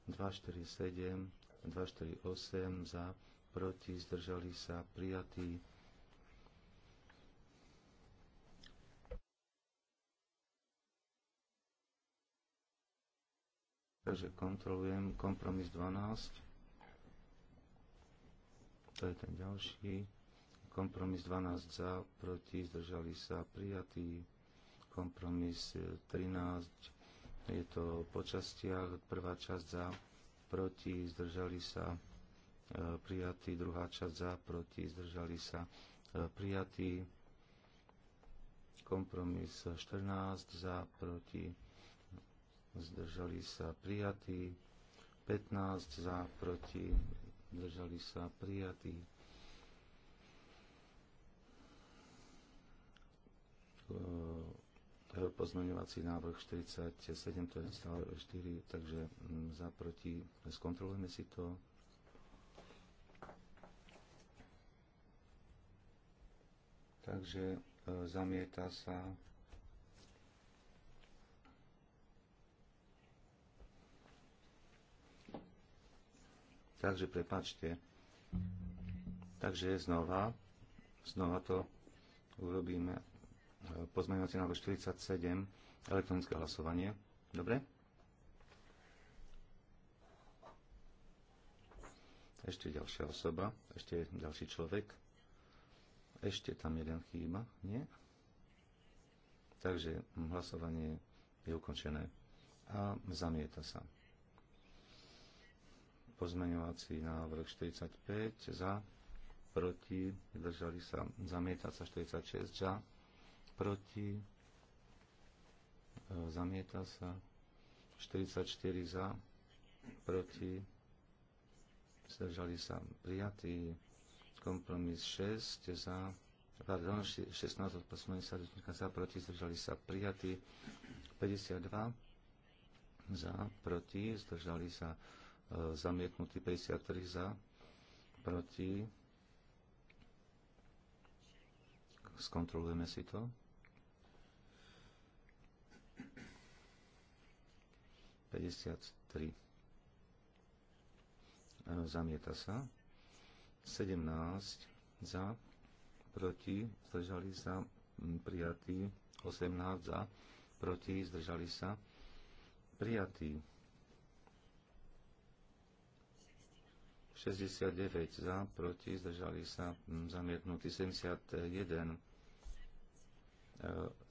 247, 248 za, proti, zdržali sa prijatí. Takže kontrolujem kompromis 12. To je ten ďalší. Kompromis 12 za, proti, zdržali sa, prijatý. Kompromis 13, je to po častiach, prvá časť za, proti, zdržali sa, e, prijatý, druhá časť za, proti, zdržali sa, e, prijatý. Kompromis 14 za, proti, zdržali sa prijatí, 15 za, proti, zdržali sa prijatí. Ehm, pozmeňovací návrh 47, to je stále 4, takže mm, za proti, skontrolujeme si to. Takže ehm, zamieta sa Takže prepačte. Takže znova, znova to urobíme. Pozmeňovací návrh 47, elektronické hlasovanie. Dobre? Ešte ďalšia osoba, ešte ďalší človek. Ešte tam jeden chýba, nie? Takže hlasovanie je ukončené a zamieta sa. Pozmeňovací návrh 45 za, proti, zdržali sa, zamieta sa 46 za, proti, e, zamieta sa 44 za, proti, zdržali sa prijatí, kompromis 6 za, pardon, 16 od posledníka za, proti, zdržali sa prijatí, 52 za, proti, zdržali sa E, zamietnutý 53 za, proti. Skontrolujeme si to. Päťdesiattri. E, zamieta sa. 17 za, proti, zdržali sa, prijatí. 18 za, proti, zdržali sa, prijatí. 69 za, proti, zdržali sa mm, zamietnutí 71,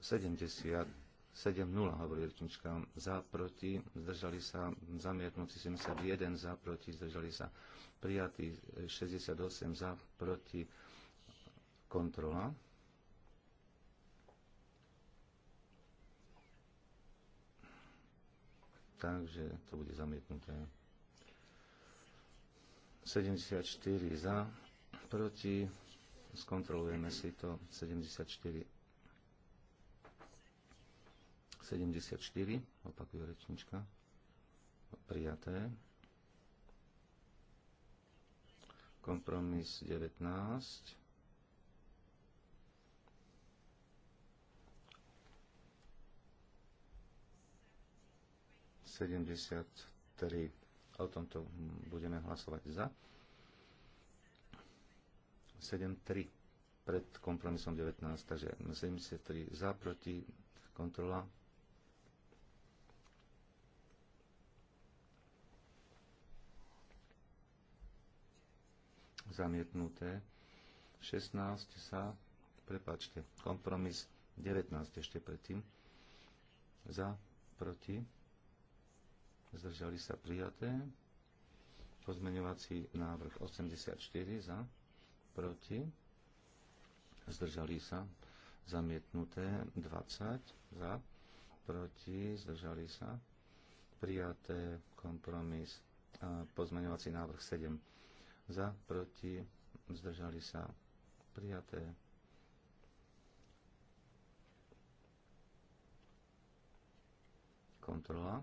70, 7-0 hovorí rečnička, za, proti, zdržali sa zamietnutí 71, za, proti, zdržali sa prijatí 68, za, proti, kontrola. Takže to bude zamietnuté. 74 za, proti, skontrolujeme si to, 74. 74, opakuje rečnička, prijaté. Kompromis 19. Sedemdesiat tri O tomto budeme hlasovať za. 7.3 pred kompromisom 19, takže 73 za, proti, kontrola. Zamietnuté. 16 sa, prepačte, kompromis 19 ešte predtým. Za, proti, zdržali sa prijaté. Pozmeňovací návrh 84 za, proti, zdržali sa zamietnuté 20 za, proti, zdržali sa prijaté kompromis pozmeňovací návrh 7 za, proti, zdržali sa prijaté kontrola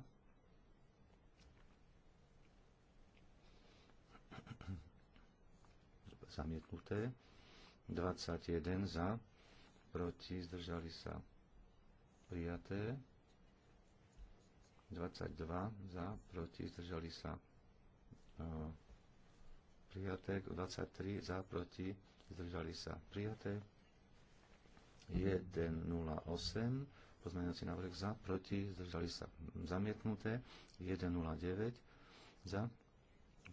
zamietnuté. 21 za, proti, zdržali sa prijaté. 22 e, za, proti, zdržali sa prijaté. 23 za, proti, zdržali sa prijaté. 108 pozmeňovací návrh za, proti, zdržali sa zamietnuté. 109 za,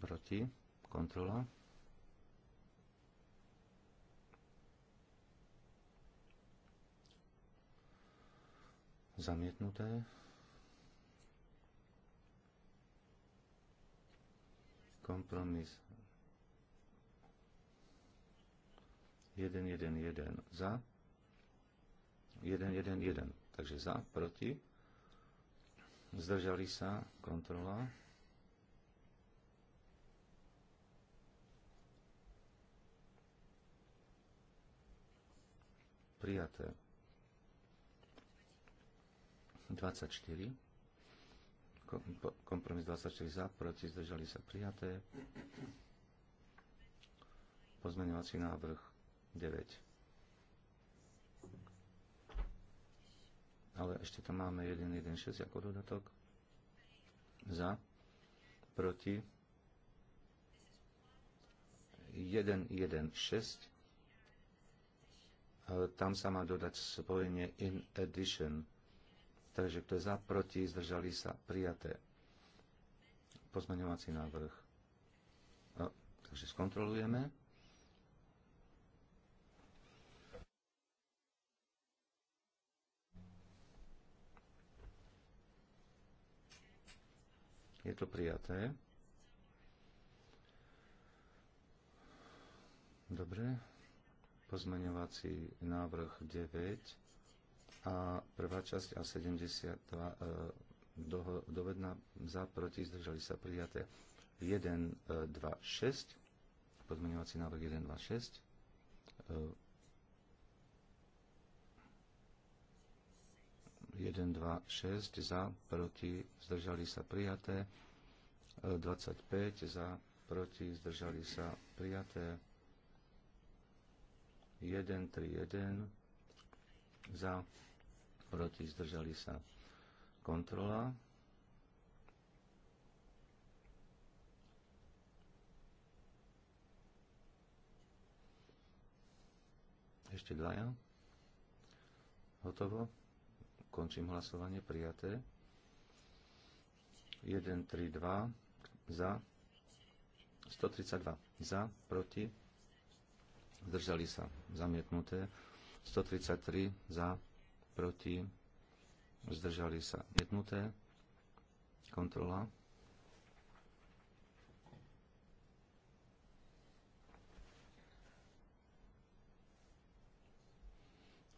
proti, kontrola. Zamietnuté. Kompromis 1-1-1 za. 1-1-1. Takže za, proti. Zdržali sa, kontrola. Prijaté. 24. Kompromis 24 za, proti, zdržali sa prijaté. Pozmeňovací návrh 9. Ale ešte tam máme 1, 1, 6 ako dodatok. Za, proti, 1, 1, 6. Tam sa má dodať spojenie in addition. 1, 1, Takže kto je za, proti, zdržali sa, prijaté. Pozmeňovací návrh. No, takže skontrolujeme. Je to prijaté. Dobre. Pozmeňovací návrh 9 a prvá časť a 72 e, do, dovedná za, proti, zdržali sa prijaté 1, 2, 6, pozmeňovací návrh 1, 2, 6, 1, 2, 6 za, proti, zdržali sa prijaté, 25, e, za, proti, zdržali sa prijaté, 1, 3, 1, za, proti, zdržali sa. Kontrola. Ešte dvaja. Hotovo. Končím hlasovanie. Prijaté. 1, 3, 2. Za. 132. Za. Proti. Zdržali sa. Zamietnuté. 133. Za proti, zdržali sa jednuté, kontrola.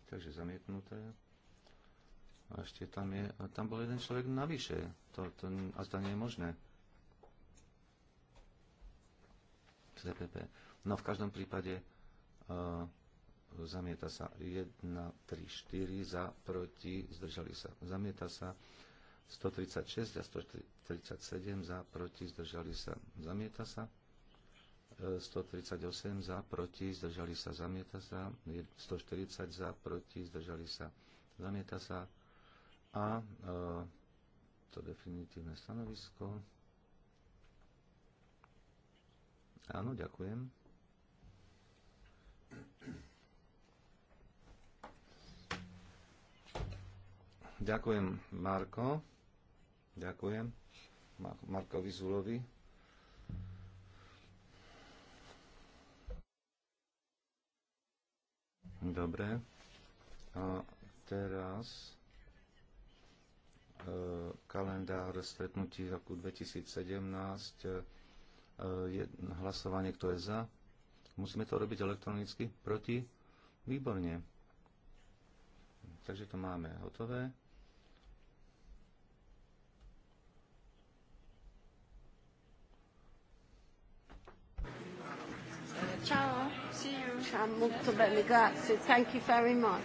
Takže zamietnuté. A ešte tam je, a tam bol jeden človek navyše. To, to, a to nie je možné. ZPP. E no v každom prípade uh, zamieta sa 1, 3, 4 za, proti, zdržali sa, zamieta sa 136 a 137 za, proti, zdržali sa, zamieta sa 138 e, za, proti, zdržali sa, zamieta sa 140 za, proti, zdržali sa, zamieta sa a e, to definitívne stanovisko. Áno, ďakujem. Ďakujem, Marko. Ďakujem Markovi Zulovi. Dobre. A teraz e, kalendár stretnutí roku 2017, e, je hlasovanie, kto je za. Musíme to robiť elektronicky, proti, výborne. Takže to máme hotové. Ciao, see you. Ciao, molto bene, grazie. Thank you very much.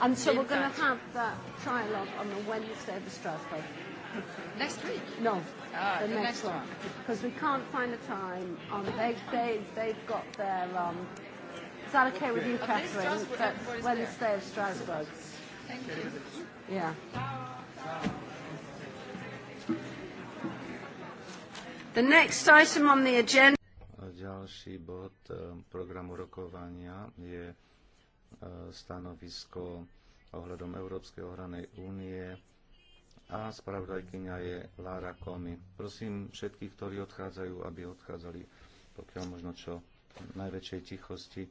And so we're going to have that trialogue on the Wednesday of Strasbourg. Next week? No, ah, the, the next, next one. Because we can't find a time. Um, they, they, they've got their... Um, is that okay with you, okay. Catherine? That's Wednesday of Strasbourg. Thank you. Yeah. The next item on the agenda ďalší bod e, programu rokovania je e, stanovisko ohľadom Európskej ohranej únie a spravodajkyňa je Lára Komi. Prosím všetkých, ktorí odchádzajú, aby odchádzali pokiaľ možno čo najväčšej tichosti.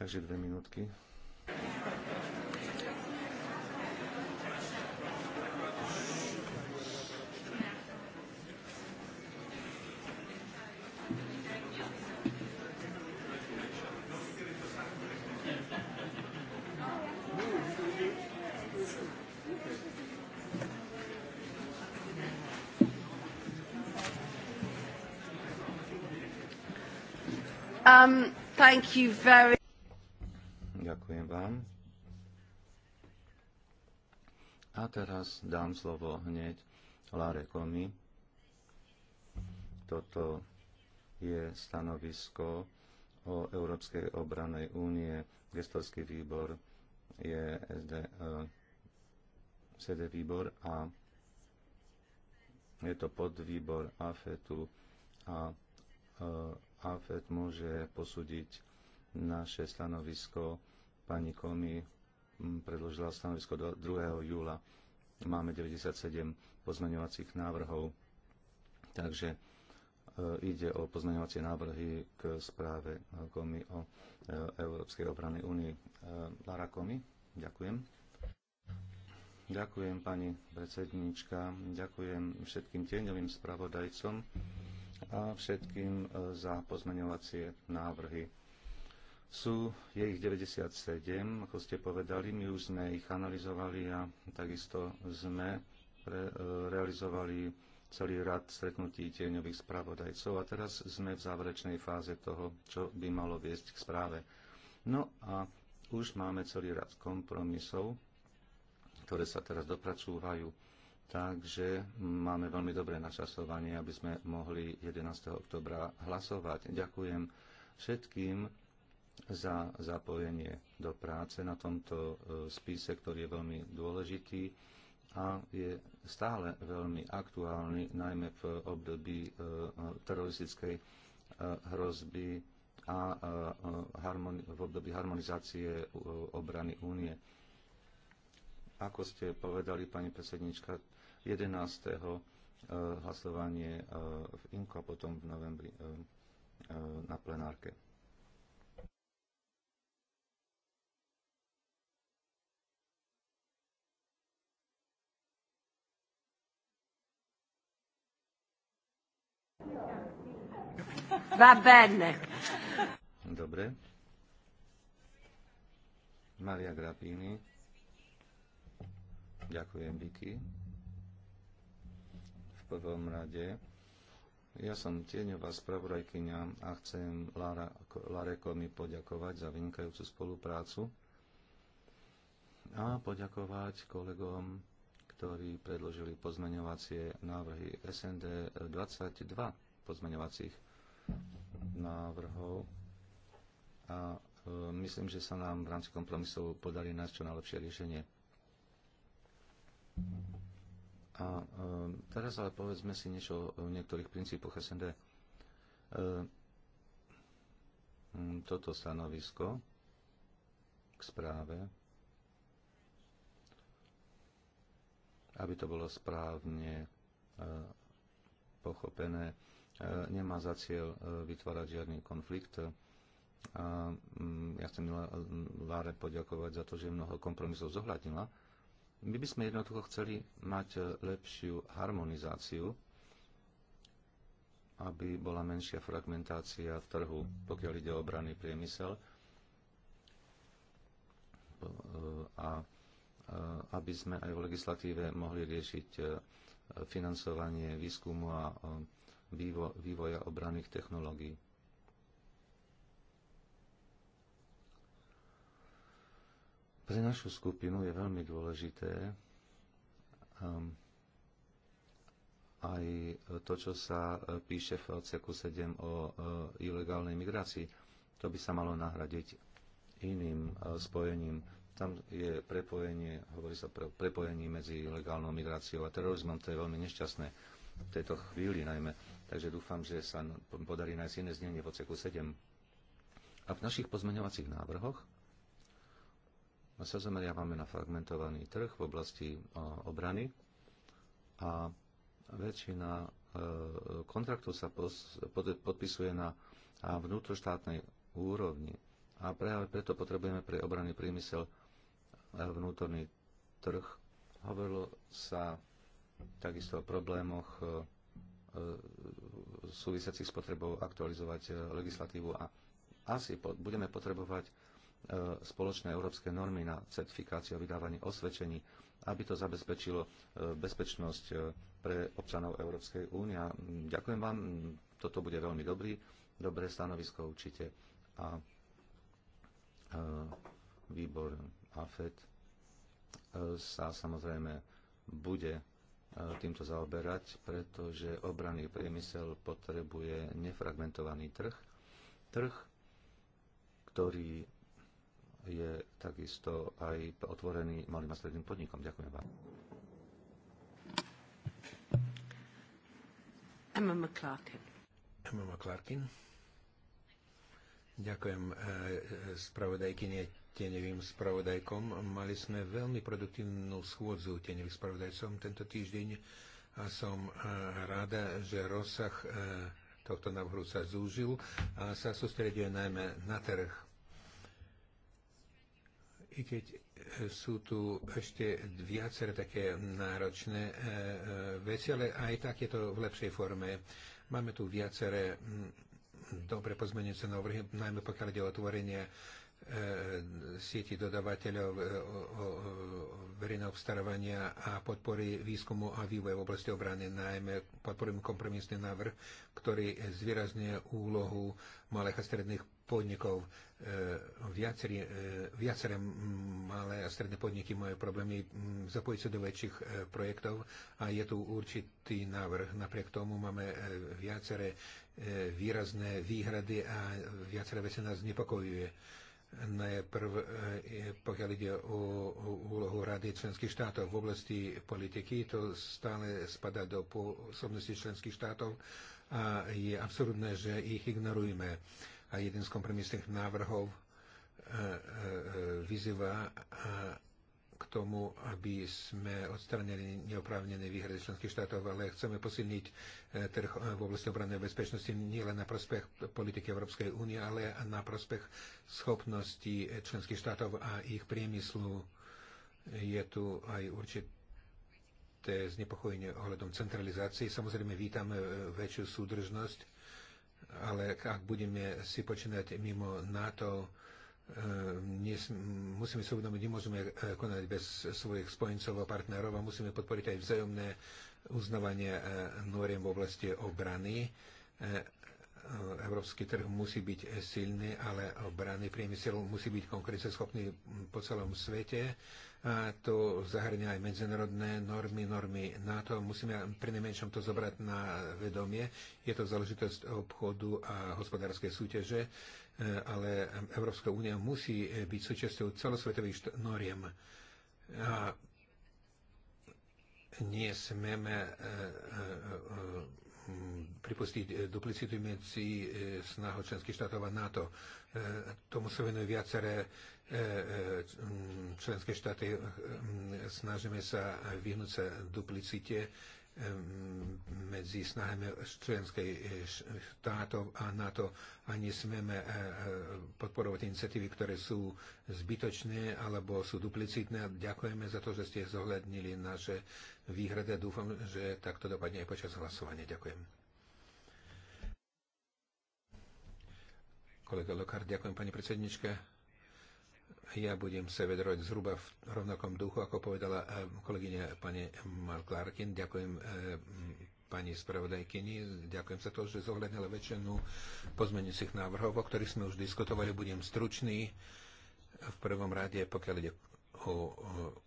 Takže dve minútky. Thank you very... Ďakujem vám. A teraz dám slovo hneď Lare Komi. Toto je stanovisko o Európskej obranej únie. Gestorský výbor je SD, e, CD výbor a je to podvýbor AFETu a AFED môže posúdiť naše stanovisko. Pani Komi mm, predložila stanovisko 2. júla. Máme 97 pozmeňovacích návrhov, takže e, ide o pozmeňovacie návrhy k správe Komi o e, Európskej obrany únii. E, Lara Komi, ďakujem. Ďakujem, pani predsedníčka. Ďakujem všetkým tieňovým spravodajcom a všetkým e, za pozmeňovacie návrhy. Sú, je ich 97, ako ste povedali, my už sme ich analyzovali a takisto sme pre, e, realizovali celý rad stretnutí tieňových spravodajcov a teraz sme v záverečnej fáze toho, čo by malo viesť k správe. No a už máme celý rad kompromisov, ktoré sa teraz dopracúvajú Takže máme veľmi dobré načasovanie, aby sme mohli 11. oktobra hlasovať. Ďakujem všetkým za zapojenie do práce na tomto e, spise, ktorý je veľmi dôležitý a je stále veľmi aktuálny, najmä v období e, teroristickej e, hrozby a v období harmonizácie obrany únie. Ako ste povedali, pani predsednička, 11. Eh, hlasovanie eh, v INKO a potom v novembri eh, na plenárke. Va bene. Dobre. Maria Grapini. Ďakujem, Vicky prvom rade. Ja som tieňová spravodajkynia a chcem Lara, Lareko mi poďakovať za vynikajúcu spoluprácu a poďakovať kolegom, ktorí predložili pozmeňovacie návrhy SND 22 pozmeňovacích návrhov a e, myslím, že sa nám v rámci kompromisov podarí nájsť čo najlepšie riešenie. A e, teraz ale povedzme si niečo o niektorých princípoch SND. E, toto stanovisko k správe, aby to bolo správne e, pochopené, nemá za cieľ vytvárať žiadny konflikt. A ja chcem Láre poďakovať za to, že mnoho kompromisov zohľadnila my by sme jednoducho chceli mať e, lepšiu harmonizáciu, aby bola menšia fragmentácia v trhu, pokiaľ ide o obranný priemysel e, a e, aby sme aj v legislatíve mohli riešiť financovanie výskumu a vývoja obranných technológií. Pre našu skupinu je veľmi dôležité um, aj to, čo sa e, píše v odseku 7 o e, ilegálnej migrácii. To by sa malo nahradiť iným e, spojením. Tam je prepojenie, hovorí sa o prepojení medzi ilegálnou migráciou a terorizmom. To je veľmi nešťastné v tejto chvíli najmä. Takže dúfam, že sa podarí nájsť iné znenie v odseku 7. A v našich pozmeňovacích návrhoch sa zameriavame na fragmentovaný trh v oblasti e, obrany a väčšina e, kontraktov sa podpisuje na vnútroštátnej úrovni. A práve preto potrebujeme pre obranný priemysel e, vnútorný trh. Hovorilo sa takisto o problémoch súvisiacich s potrebou aktualizovať legislatívu a asi budeme potrebovať E, spoločné európske normy na certifikáciu a vydávanie osvedčení, aby to zabezpečilo e, bezpečnosť e, pre občanov Európskej únie. Ďakujem vám, toto bude veľmi dobrý, dobré stanovisko určite. A výbor AFED sa samozrejme bude týmto zaoberať, pretože obranný priemysel potrebuje nefragmentovaný trh. Trh, ktorý je takisto aj otvorený malým a stredným podnikom. Ďakujem vám. Emma McClarkin. Emma McClarkin. Ďakujem eh, spravodajkyne tenevým spravodajkom. Mali sme veľmi produktívnu schôdzu tenevých spravodajcom tento týždeň a som eh, rada, že rozsah eh, tohto návrhu sa zúžil a sa sústreduje najmä na trh i keď e, sú tu ešte viaceré také náročné e, e, veci, ale aj tak je to v lepšej forme. Máme tu viaceré dobre pozmenujúce návrhy, najmä pokiaľ ide o otvorenie sieti dodávateľov verejného obstarávania a podpory výskumu a vývoja v oblasti obrany, najmä podporujem kompromisný návrh, ktorý zvýrazňuje úlohu malých a stredných podnikov. E, e, viaceré, viacere malé a stredné podniky majú problémy zapojiť sa do väčších e, projektov a je tu určitý návrh. Napriek tomu máme viaceré výrazné výhrady a viaceré veci nás nepokojuje. Najprv, pokiaľ ide o úlohu Rady členských štátov v oblasti politiky, to stále spada do pôsobnosti členských štátov a je absurdné, že ich ignorujeme a jeden z kompromisných návrhov e, e, e, vyzýva k tomu, aby sme odstranili neoprávnené výhrady členských štátov, ale chceme posilniť trh v oblasti obrannej bezpečnosti nielen na prospech politiky Európskej únie, ale na prospech schopnosti členských štátov a ich priemyslu. Je tu aj určité znepokojenie ohľadom centralizácie. Samozrejme, vítame väčšiu súdržnosť ale ak budeme si počínať mimo NATO, e, musíme si uvedomiť, nemôžeme e, konať bez svojich spojencov a partnerov a musíme podporiť aj vzájomné uznávanie e, noriem v oblasti obrany. Európsky trh musí byť silný, ale obranný priemysel musí byť konkurenceschopný po celom svete a to zahrňa aj medzinárodné normy, normy NATO. Musíme pri najmenšom to zobrať na vedomie. Je to záležitosť obchodu a hospodárskej súťaže, e, ale Európska únia musí e, byť súčasťou celosvetových noriem. A nie smeme e, Mm, pripustiť e, duplicitu medzi e, snahou členských štátov a NATO. E, tomu sa venujú viaceré mm, členské štáty. Mm, snažíme sa vyhnúť sa duplicite medzi snahami členskej štátov a NATO a nesmieme podporovať iniciatívy, ktoré sú zbytočné alebo sú duplicitné. Ďakujeme za to, že ste zohľadnili naše výhrade. dúfam, že takto dopadne aj počas hlasovania. Ďakujem. Kolega Lokár, ďakujem pani predsednička. Ja budem sa vedrovať zhruba v rovnakom duchu, ako povedala eh, kolegyňa pani Marklárkin. Ďakujem eh, pani spravodajkyni. Ďakujem za to, že zohľadnila väčšinu pozmeňujúcich návrhov, o ktorých sme už diskutovali. Budem stručný. V prvom rade, pokiaľ ide o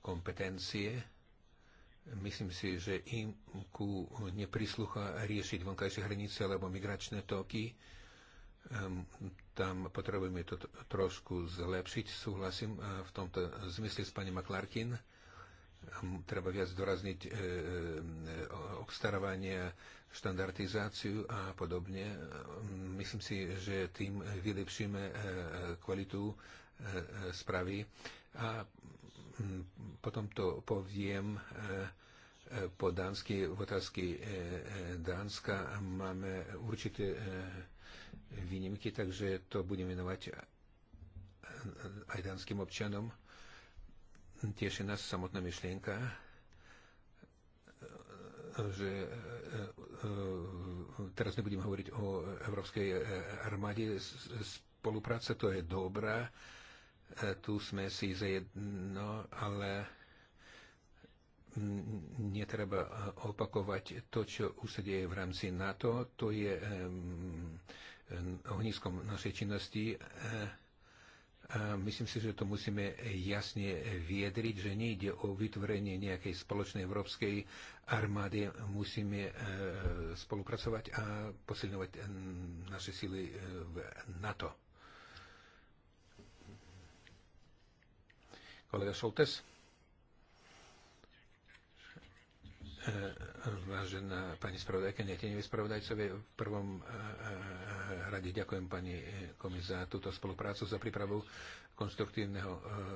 kompetencie, Myslím si, že im ku neprislucha riešiť vonkajšie hranice alebo migračné toky. Ehm, tam potrebujeme to trošku zlepšiť. Súhlasím e, v tomto zmysle s pani McClarkin. Ehm, treba viac dorazniť e, e, obstarávanie, štandardizáciu a podobne. Ehm, myslím si, že tým vylepšíme kvalitu správy a potom to poviem e, e, po dánsky, v otázky e, Dánska máme určité výnimky, takže to budem venovať aj dánskym občanom. Tieši nás samotná myšlienka, že teraz nebudem hovoriť o Európskej armáde, spolupráca to je dobrá, E, tu sme si zjedno, ale netreba e, opakovať to, čo už sa deje v rámci NATO. To je e, ohniskom našej činnosti. A myslím si, že to musíme jasne viedriť, že nejde o vytvorenie nejakej spoločnej európskej armády. Musíme spolupracovať a posilňovať naše sily v NATO. Kolega Šoltes. E, vážená pani spravodajka, netení spravodajcovia, v prvom e, e, rade ďakujem pani komis za túto spoluprácu, za prípravu konstruktívneho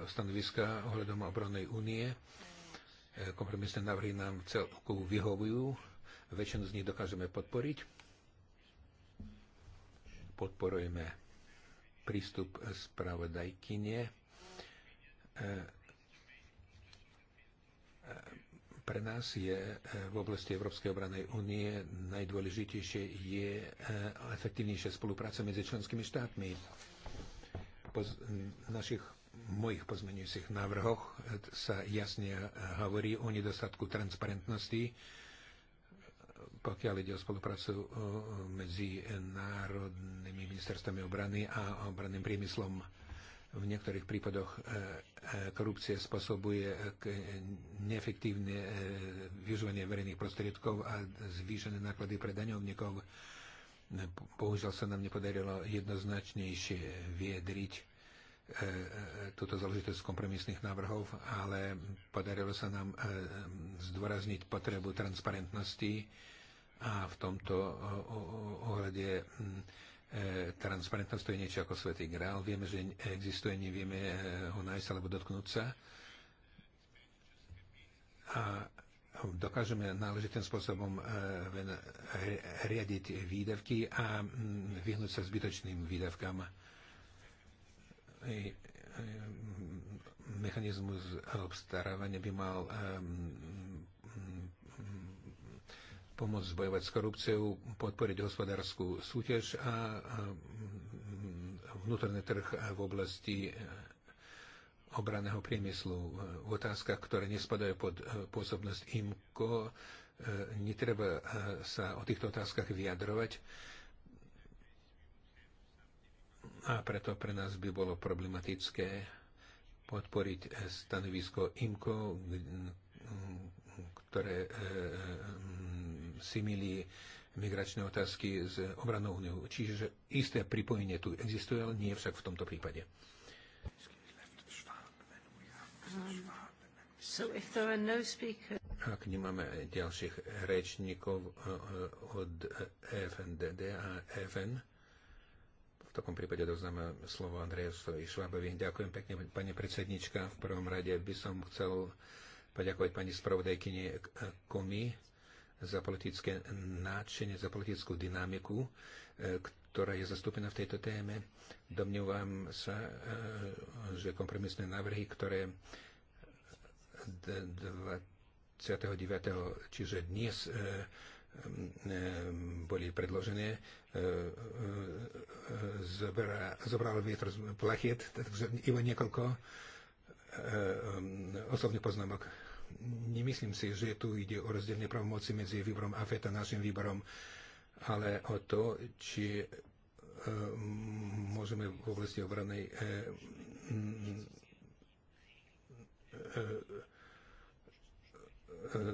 stanoviska ohľadom obrannej únie. Kompromisné návrhy nám celku vyhovujú, väčšinu z nich dokážeme podporiť. Podporujeme prístup spravodajkyne E, e, pre nás je e, v oblasti Európskej obranej únie najdôležitejšie je efektívnejšia spolupráca medzi členskými štátmi. Po našich mojich pozmenujúcich návrhoch sa jasne hovorí o nedostatku transparentnosti, pokiaľ ide o spoluprácu medzi národnými ministerstvami obrany a obranným priemyslom v niektorých prípadoch e, e, korupcia spôsobuje e, neefektívne využívanie verejných prostriedkov a zvýšené náklady pre daňovníkov. Bohužiaľ sa nám nepodarilo jednoznačnejšie viedriť túto záležitosť kompromisných návrhov, ale podarilo sa nám zdôrazniť potrebu transparentnosti a v tomto ohľade E, transparentnosť to je niečo ako svetý grál. Vieme, že existuje, nevieme e, ho nájsť alebo dotknúť sa. A dokážeme náležitým spôsobom e, riadiť výdavky a mm, vyhnúť sa zbytočným výdavkám. Mechanizmus obstarávania by mal pomôcť bojovať s korupciou, podporiť hospodárskú súťaž a vnútorný trh v oblasti eh, obraného priemyslu. V eh, otázkach, ktoré nespadajú pod eh, pôsobnosť IMCO, netreba sa o týchto otázkach vyjadrovať. A preto pre nás by bolo problematické podporiť stanovisko IMCO, ktoré simili migračné otázky s obranou úniou. Čiže isté pripojenie tu existuje, ale nie však v tomto prípade. No Ak nemáme ďalších rečníkov eh, eh, od FNDD a FN, v takom prípade doznáme slovo Andrejovi Švábovi. Ďakujem pekne, pani predsednička. V prvom rade by som chcel poďakovať pani spravodajkyni Komi za politické náčenie, za politickú dynamiku, e, ktorá je zastúpená v tejto téme. Domnievam sa, e, že kompromisné návrhy, ktoré 29. čiže dnes e, boli predložené, zobral vietor z plachiet, takže iba niekoľko osobných poznámok nemyslím si, že tu ide o rozdielne pravomoci medzi výborom AFET a našim výborom, ale o to, či e, môžeme v oblasti obranej e, e,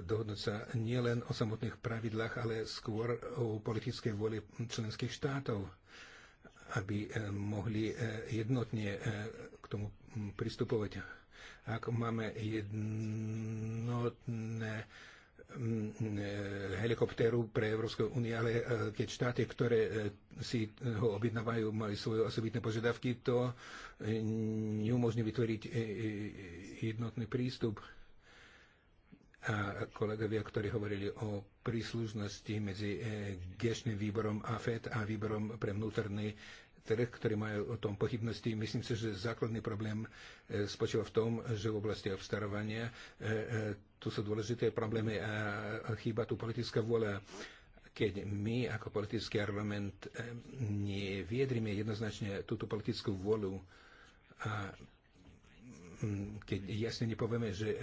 dohodnúť sa nielen o samotných pravidlách, ale skôr o politickej vôli členských štátov, aby mohli jednotne k tomu pristupovať ak máme jednotné helikoptéru pre Európsku úniu, ale keď štáty, ktoré si ho objednávajú, majú svoje osobitné požiadavky, to neumožní vytvoriť jednotný prístup. A kolegovia, ktorí hovorili o príslušnosti medzi gešným výborom AFED a výborom pre vnútorný trh, ktorí majú o tom pochybnosti. Myslím si, že základný problém e, spočíva v tom, že v oblasti obstarávania e, e, tu sú dôležité problémy a chýba tu politická vôľa keď my ako politický argument neviedrime jednoznačne túto politickú vôľu a keď jasne nepovieme, že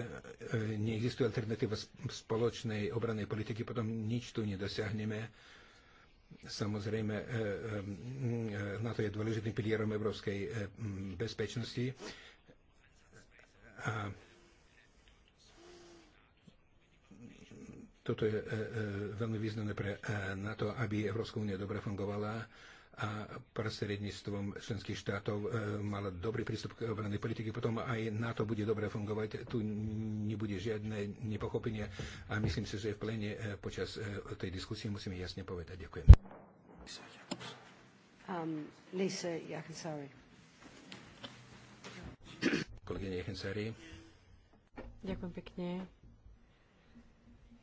neexistuje alternatíva spoločnej obranej politiky, potom nič tu nedosiahneme Samozrejme, eh, eh, na to je dôležitým pilierom európskej eh, bezpečnosti. A toto je veľmi významné pre NATO, aby Európska únia dobre fungovala a prostredníctvom členských štátov e, mal dobrý prístup k obrannej politike. Potom aj na to bude dobre fungovať, tu nebude žiadne nepochopenie a myslím si, že v plene e, počas e, tej diskusie musíme jasne povedať. Ďakujem. Um, Lisa Jachensari. Kolegyne Jachensari. Ďakujem pekne.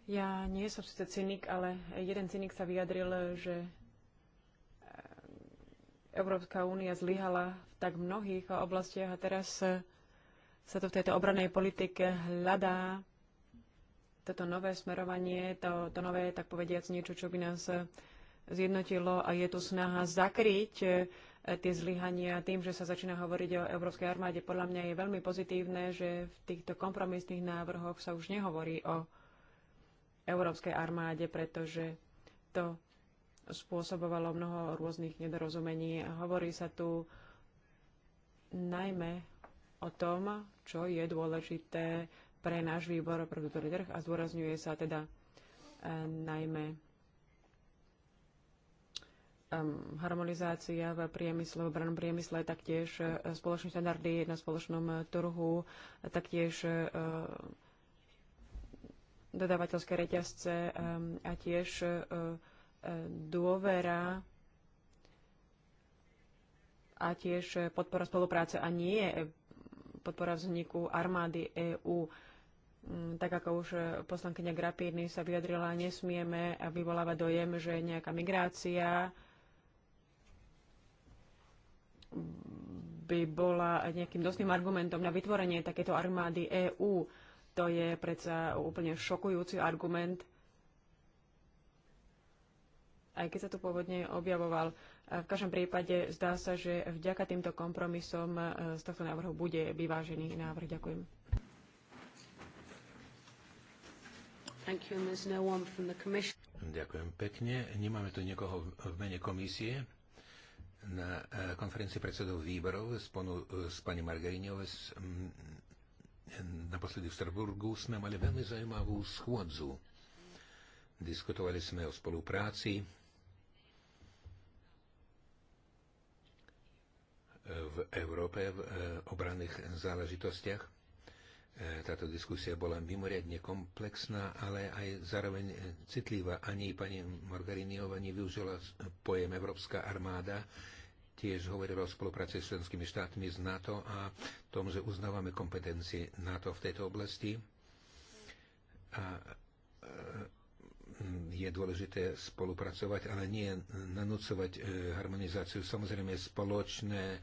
Ja nie som sice cynik, ale jeden cynik sa vyjadril, že Európska únia zlyhala v tak mnohých oblastiach a teraz sa to v tejto obranej politike hľadá toto nové smerovanie, to, to nové, tak povediac, niečo, čo by nás zjednotilo a je tu snaha zakryť e, tie zlyhania tým, že sa začína hovoriť o Európskej armáde. Podľa mňa je veľmi pozitívne, že v týchto kompromisných návrhoch sa už nehovorí o Európskej armáde, pretože to spôsobovalo mnoho rôznych nedorozumení. Hovorí sa tu najmä o tom, čo je dôležité pre náš výbor pre vnútorný trh a zdôrazňuje sa teda e, najmä um, harmonizácia v priemysle, v obranom priemysle, taktiež eh, spoločné štandardy na spoločnom eh, trhu, taktiež e, dodávateľské reťazce e, a tiež e, dôvera a tiež podpora spolupráce a nie podpora vzniku armády EÚ. Mm, tak ako už poslankyňa Grapírny sa vyjadrila, nesmieme vyvolávať dojem, že nejaká migrácia by bola nejakým dosným argumentom na vytvorenie takéto armády EÚ. To je predsa úplne šokujúci argument, aj keď sa tu pôvodne objavoval. V každom prípade zdá sa, že vďaka týmto kompromisom e, z tohto návrhu bude vyvážený návrh. Ďakujem. No Ďakujem pekne. Nemáme tu niekoho v mene komisie. Na e, konferencii predsedov výborov spolu e, s pani Margariniovou naposledy v Strasburgu sme mali veľmi zaujímavú schôdzu. Diskutovali sme o spolupráci v Európe v e, obranných záležitostiach. E, táto diskusia bola mimoriadne komplexná, ale aj zároveň citlivá. Ani pani Margariniova nevyužila pojem Európska armáda, tiež hovorila o spolupráci s členskými štátmi z NATO a tom, že uznávame kompetencie NATO v tejto oblasti. A e, je dôležité spolupracovať, ale nie nanúcovať e, harmonizáciu. Samozrejme, spoločné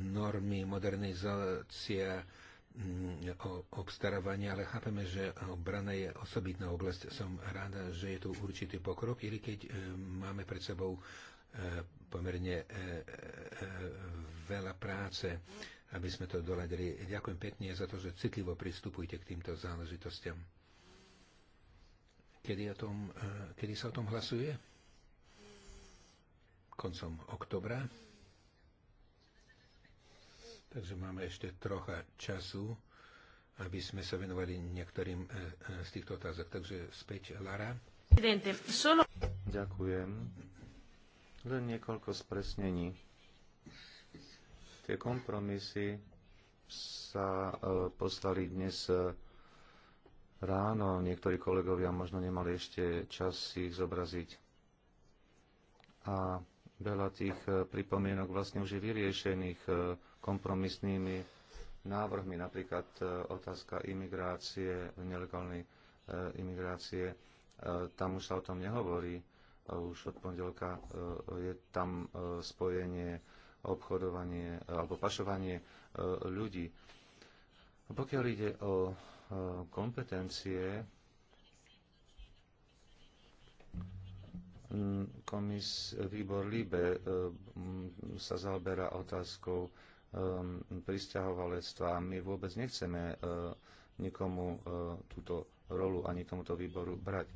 normy, modernizácia, mm, obstarávania, ale chápeme, že obrana je osobitná oblasť. Som rada, že je tu určitý pokrok, i keď e, máme pred sebou e, pomerne veľa práce, aby sme to doladili. Ďakujem pekne za to, že citlivo pristupujte k týmto záležitostiam. Kedy, o tom, e, kedy sa o tom hlasuje? Koncom oktobra. Takže máme ešte trocha času, aby sme sa venovali niektorým e, e, z týchto otázok. Takže späť Lara. Ďakujem. Len niekoľko spresnení. Tie kompromisy sa poslali dnes ráno. Niektorí kolegovia možno nemali ešte čas si ich zobraziť. A veľa tých e, pripomienok vlastne už je vyriešených e, kompromisnými návrhmi, napríklad e, otázka imigrácie, nelegálnej imigrácie. Tam už sa o tom nehovorí. Už od pondelka je tam spojenie, obchodovanie alebo pašovanie ľudí. Pokiaľ ide o kompetencie komis, výbor LIBE eh, sa zaoberá otázkou eh, pristahovalectva. My vôbec nechceme eh, nikomu túto rolu ani tomuto výboru brať.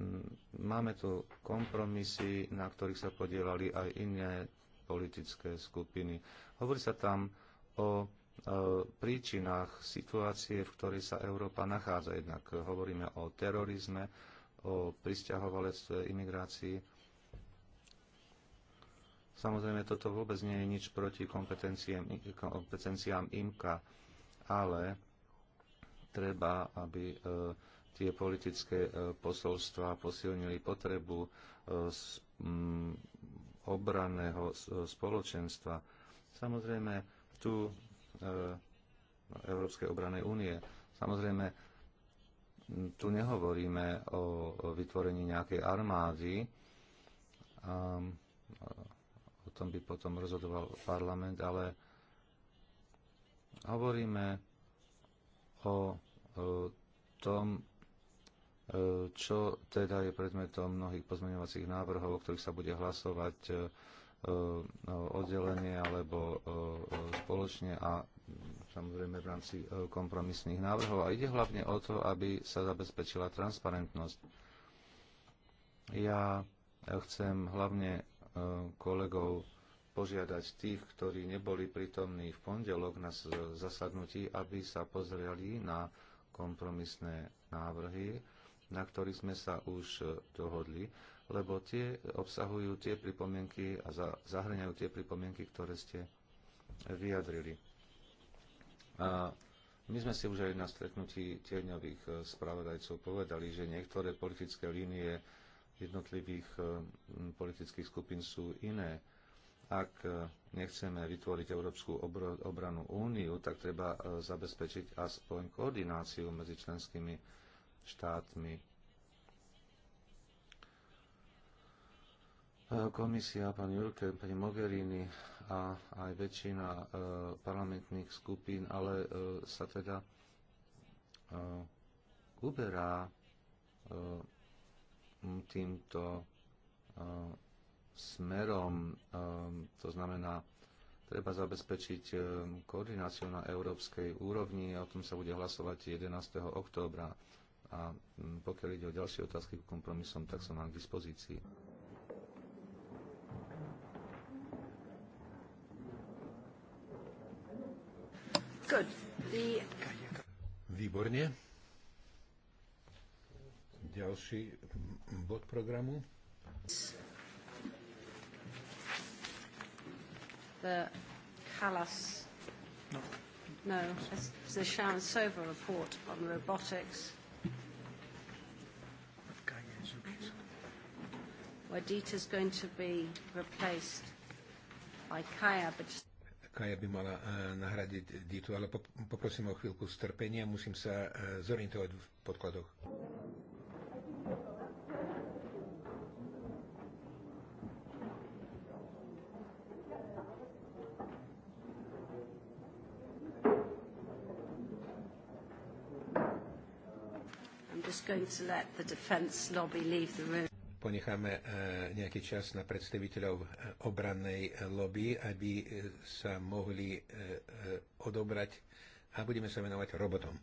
Mm, máme tu kompromisy, na ktorých sa podielali aj iné politické skupiny. Hovorí sa tam o E, príčinách situácie, v ktorej sa Európa nachádza. Jednak hovoríme o terorizme, o pristahovalectve, imigrácii. Samozrejme, toto vôbec nie je nič proti kompetenciám IMKA, ale treba, aby e, tie politické e, posolstva posilnili potrebu obranného spoločenstva. Samozrejme, tu E, Európskej obranej únie. Samozrejme, tu nehovoríme o vytvorení nejakej armády. O tom by potom rozhodoval parlament, ale hovoríme o tom, e, čo teda je predmetom mnohých pozmeňovacích návrhov, o ktorých sa bude hlasovať e, oddelenie alebo spoločne a samozrejme v rámci e, kompromisných návrhov. A ide hlavne o to, aby sa zabezpečila transparentnosť. Ja e, chcem hlavne e, kolegov požiadať tých, ktorí neboli prítomní v pondelok na zasadnutí, aby sa pozreli na kompromisné návrhy, na ktorých sme sa už dohodli, lebo tie obsahujú tie pripomienky a zahrňajú tie pripomienky, ktoré ste vyjadrili. A my sme si už aj na stretnutí tieňových eh, spravodajcov povedali, že niektoré politické línie jednotlivých eh, politických skupín sú iné. Ak eh, nechceme vytvoriť Európsku obranú úniu, tak treba zabezpečiť aspoň koordináciu medzi členskými štátmi. Komisia, pán Jurke, pani Mogherini a aj väčšina e, parlamentných skupín, ale e, sa teda e, uberá týmto smerom. To znamená, treba zabezpečiť koordináciu na európskej úrovni a o tom sa bude hlasovať 11. októbra. A pokiaľ ide o ďalšie otázky k kompromisom, tak som vám k dispozícii. Výborne. Ďalší bod programu. The Kalas. No. No, the Sharon Sova report on robotics. Where Dieter's going to be replaced by Kaya, but just Kaja by mala e, nahradiť Ditu, ale poprosím o chvíľku strpenia, musím sa e, zorientovať v podkladoch. I'm just going to let the defense lobby leave the room ponecháme e, nejaký čas na predstaviteľov e, obrannej e, lobby, aby sa mohli odobrať a budeme sa venovať robotom.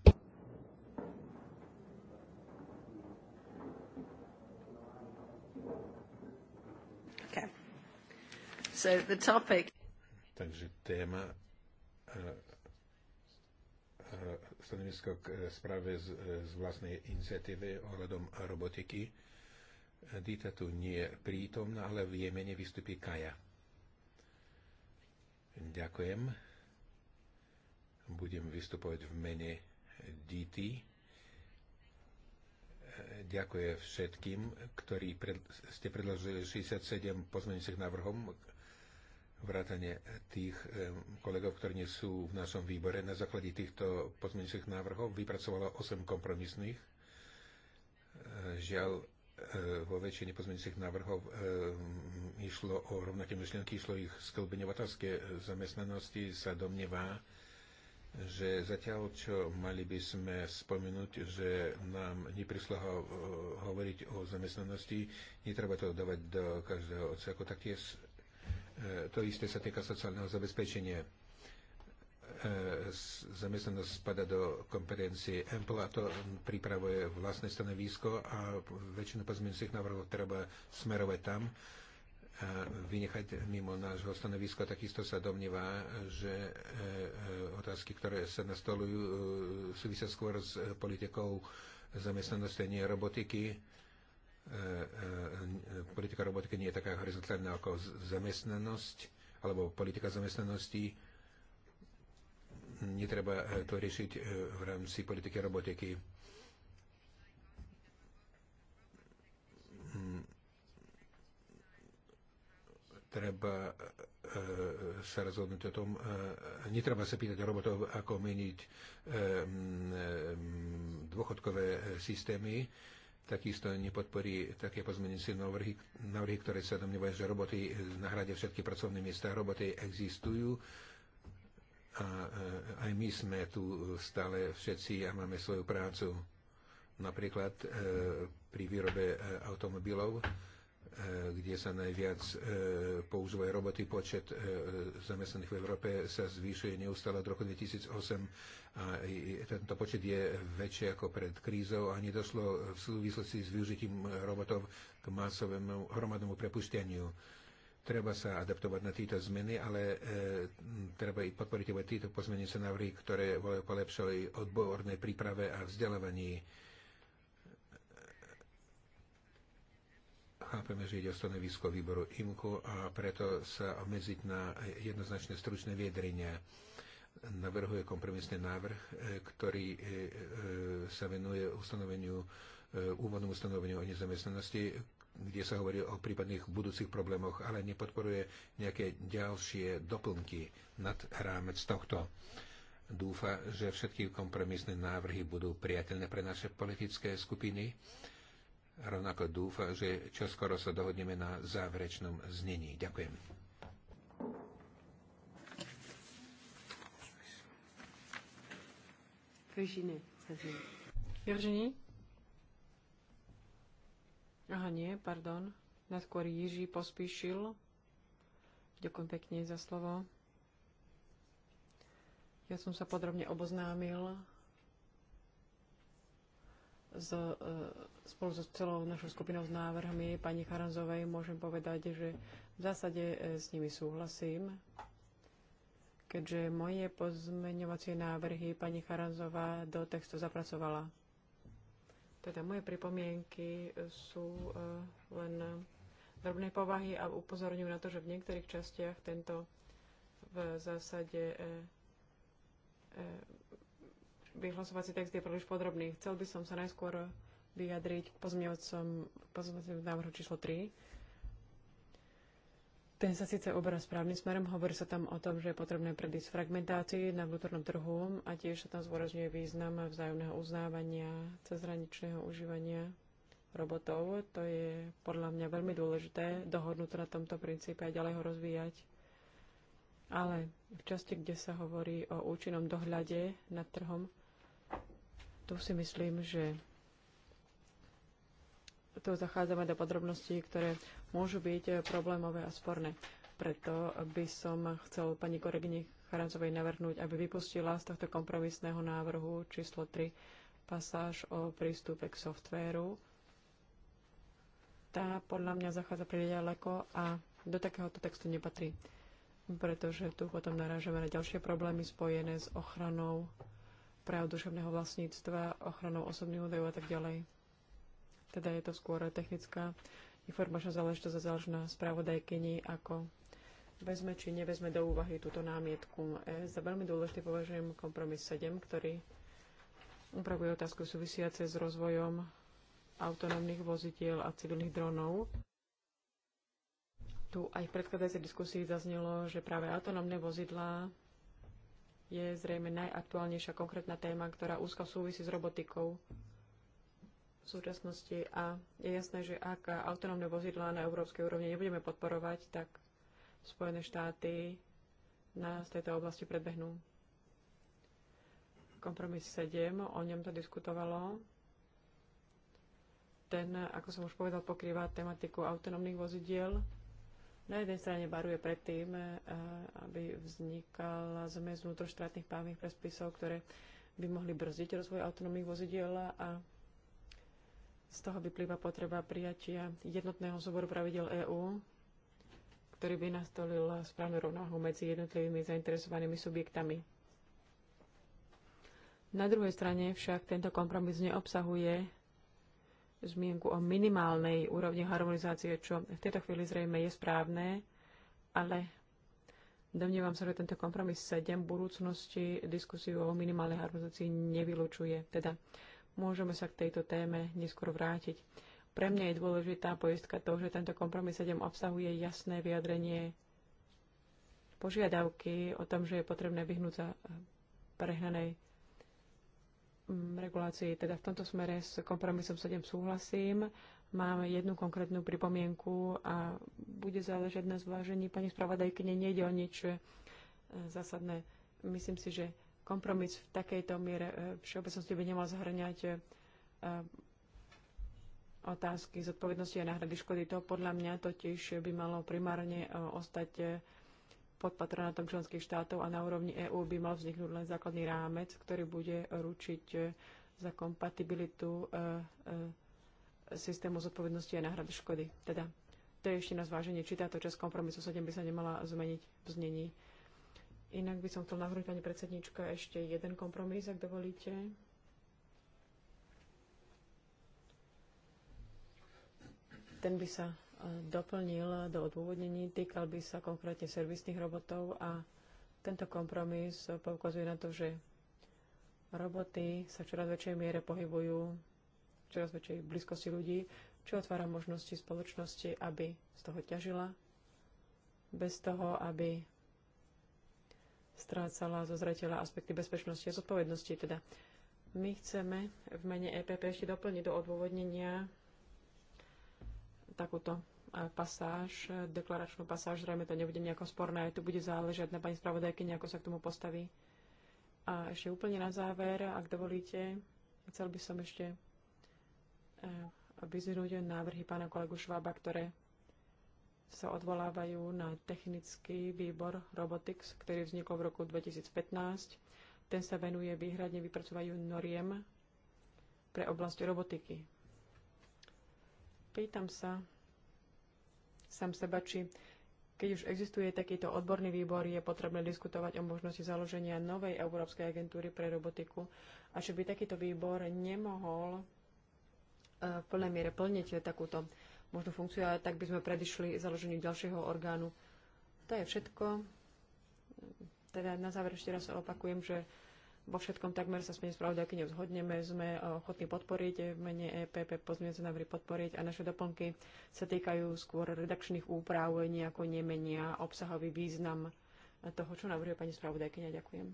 Okay. So the topic... Takže téma stanovisko k správe z, z vlastnej iniciatívy ohľadom robotiky Dita tu nie je prítomná, ale v Jemene vystupí Kaja. Ďakujem. Budem vystupovať v mene Dity. Ďakujem všetkým, ktorí pred, ste predložili 67 pozmeňujúcich návrhom, vrátane tých kolegov, ktorí nie sú v našom výbore. Na základe týchto pozmeňujúcich návrhov vypracovalo 8 kompromisných. Žiaľ, E, vo väčšine pozmeňujúcich návrhov e, išlo o rovnaké myšlienky, išlo ich sklbenie v otázke e, zamestnanosti, sa domnievá, že zatiaľ, čo mali by sme spomenúť, že nám neprišlo ho, hovoriť o zamestnanosti, netreba to dávať do každého odseku, tak tiež to isté sa týka sociálneho zabezpečenia E, zamestnanosť spada do kompetencie EMPL a to pripravuje vlastné stanovisko a väčšinu pozmeňujúcich návrhov treba smerovať tam a vynechať mimo nášho stanoviska. Takisto sa domnieva, že e, e, otázky, ktoré sa nastolujú, súvisia skôr s politikou zamestnanosti, nie robotiky politika robotiky nie je taká horizontálna ako zamestnanosť alebo politika zamestnanosti netreba eh, to riešiť eh, v rámci politiky robotiky. Treba eh, sa rozhodnúť o tom, netreba sa pýtať robotov, ako meniť dôchodkové systémy, takisto nepodporí také pozmenujúce návrhy, návrhy, ktoré sa domnievajú, že roboty nahradia všetky pracovné miesta. Roboty existujú, a e, aj my sme tu stále všetci a máme svoju prácu. Napríklad e, pri výrobe e, automobilov, kde sa najviac používajú roboty, počet zamestnaných v Európe sa zvýšuje neustále od roku 2008 a tento počet je väčší ako pred krízou a nedošlo v súvislosti s využitím robotov k masovému hromadnému prepušťaniu treba sa adaptovať na tieto zmeny, ale e, treba i podporiť aj tieto pozmenujúce návrhy, ktoré volajú po lepšej odbornej príprave a vzdelávaní. Chápeme, že ide o stanovisko výboru IMKU a preto sa obmedziť na jednoznačné stručné viedrenie Navrhuje kompromisný návrh, e, ktorý e, e, sa venuje ustanoveniu úvodnom ustanoveniu o nezamestnanosti, kde sa hovorí o prípadných budúcich problémoch, ale nepodporuje nejaké ďalšie doplnky nad rámec tohto. Dúfa, že všetky kompromisné návrhy budú priateľné pre naše politické skupiny. Rovnako dúfa, že čoskoro sa dohodneme na záverečnom znení. Ďakujem. Virginie. Virginie? Aha, nie, pardon. Najskôr Jiží pospíšil. Ďakujem pekne za slovo. Ja som sa podrobne oboznámil s, e, spolu so celou našou skupinou s návrhmi pani Charanzovej. Môžem povedať, že v zásade e, s nimi súhlasím, keďže moje pozmeňovacie návrhy pani Charanzová do textu zapracovala. Teda moje pripomienky sú e, len drobnej povahy a upozorňujú na to, že v niektorých častiach tento v zásade vyhlasovací e, e, text je príliš podrobný. Chcel by som sa najskôr vyjadriť k pozmeňovacom, návrhu číslo 3, ten sa síce obraz správnym smerom, hovorí sa tam o tom, že je potrebné predísť fragmentácii na vnútornom trhu a tiež sa tam zvorazňuje význam vzájomného uznávania, cezhraničného užívania robotov. To je podľa mňa veľmi dôležité dohodnúť na tomto princípe a ďalej ho rozvíjať. Ale v časti, kde sa hovorí o účinnom dohľade nad trhom, tu si myslím, že tu zachádzame do podrobností, ktoré môžu byť eh, problémové a sporné. Preto by som chcel pani koregyni Charanzovej navrhnúť, aby vypustila z tohto kompromisného návrhu číslo 3 pasáž o prístupe k softvéru. Tá podľa mňa zachádza príliš ďaleko a do takéhoto textu nepatrí, pretože tu potom narážame na ďalšie problémy spojené s ochranou práv duševného vlastníctva, ochranou osobných údajov a tak ďalej. Teda je to skôr technická informačná záležitosť a záleží na ako vezme či nevezme do úvahy túto námietku. E, za veľmi dôležitý považujem kompromis 7, ktorý upravuje otázku súvisiace s rozvojom autonómnych vozidiel a civilných dronov. Tu aj v predchádzajúcej diskusii zaznelo, že práve autonómne vozidlá je zrejme najaktuálnejšia konkrétna téma, ktorá úzko súvisí s robotikou v súčasnosti a je jasné, že ak autonómne vozidlá na európskej úrovni nebudeme podporovať, tak Spojené štáty nás v tejto oblasti predbehnú. Kompromis 7, o ňom to diskutovalo. Ten, ako som už povedal, pokrýva tematiku autonómnych vozidiel. Na jednej strane baruje pred tým, eh, aby vznikala zmes vnútroštátnych právnych predpisov, ktoré by mohli brzdiť rozvoj autonómnych vozidiel a z toho vyplýva potreba prijatia jednotného súboru pravidel EÚ, ktorý by nastolil správnu rovnahu medzi jednotlivými zainteresovanými subjektami. Na druhej strane však tento kompromis neobsahuje zmienku o minimálnej úrovni harmonizácie, čo v tejto chvíli zrejme je správne, ale domnievam sa, že tento kompromis 7 v budúcnosti diskusiu o minimálnej harmonizácii nevylučuje. Teda Môžeme sa k tejto téme neskôr vrátiť. Pre mňa je dôležitá poistka toho, že tento kompromis 7 obsahuje jasné vyjadrenie požiadavky o tom, že je potrebné vyhnúť sa eh, prehnanej mm, regulácii. Teda v tomto smere s kompromisom 7 súhlasím. Mám jednu konkrétnu pripomienku a bude záležať na zvážení pani spravodajkyne. Nejde o nič eh, zásadné. Myslím si, že kompromis v takejto miere e, všeobecnosti by nemal zahrňať e, e, otázky zodpovednosti a náhrady škody. To podľa mňa totiž by malo primárne ostať pod patronátom členských štátov a na úrovni EÚ by mal vzniknúť len základný rámec, ktorý bude ručiť za kompatibilitu systému zodpovednosti a náhrady škody. Teda to je ešte na zváženie, či táto časť kompromisu 7 by sa nemala zmeniť v znení Inak by som chcel navrhnúť, pani predsednička, ešte jeden kompromis, ak dovolíte. Ten by sa e, doplnil do odôvodnení, týkal by sa konkrétne servisných robotov a tento kompromis poukazuje na to, že roboty sa v čoraz väčšej miere pohybujú v čoraz väčšej blízkosti ľudí, čo otvára možnosti spoločnosti, aby z toho ťažila, bez toho, aby strácala zo zreteľa aspekty bezpečnosti a zodpovednosti. Teda my chceme v mene EPP ešte doplniť do odôvodnenia takúto e, pasáž, deklaračnú pasáž, zrejme to nebude nejako sporné, aj tu bude záležať na pani spravodajky, ako sa k tomu postaví. A ešte úplne na záver, ak dovolíte, chcel by som ešte e, vyzvinúť návrhy pána kolegu Švába, ktoré sa odvolávajú na technický výbor Robotics, ktorý vznikol v roku 2015. Ten sa venuje výhradne vypracovaniu noriem pre oblasť robotiky. Pýtam sa sám seba, či keď už existuje takýto odborný výbor, je potrebné diskutovať o možnosti založenia novej Európskej agentúry pre robotiku a či by takýto výbor nemohol eh, v plnej miere plniť takúto Možno funkciu a tak by sme predišli založeniu ďalšieho orgánu. To je všetko. Teda na záver ešte raz opakujem, že vo všetkom takmer sa s pani spravodajkyňou zhodneme, sme ochotní podporiť, v mene EPP pozmienujúce návrhy podporiť a naše doplnky sa týkajú skôr redakčných úprav, nejako nemenia obsahový význam toho, čo navrhuje pani spravodajkyňa. Ďakujem.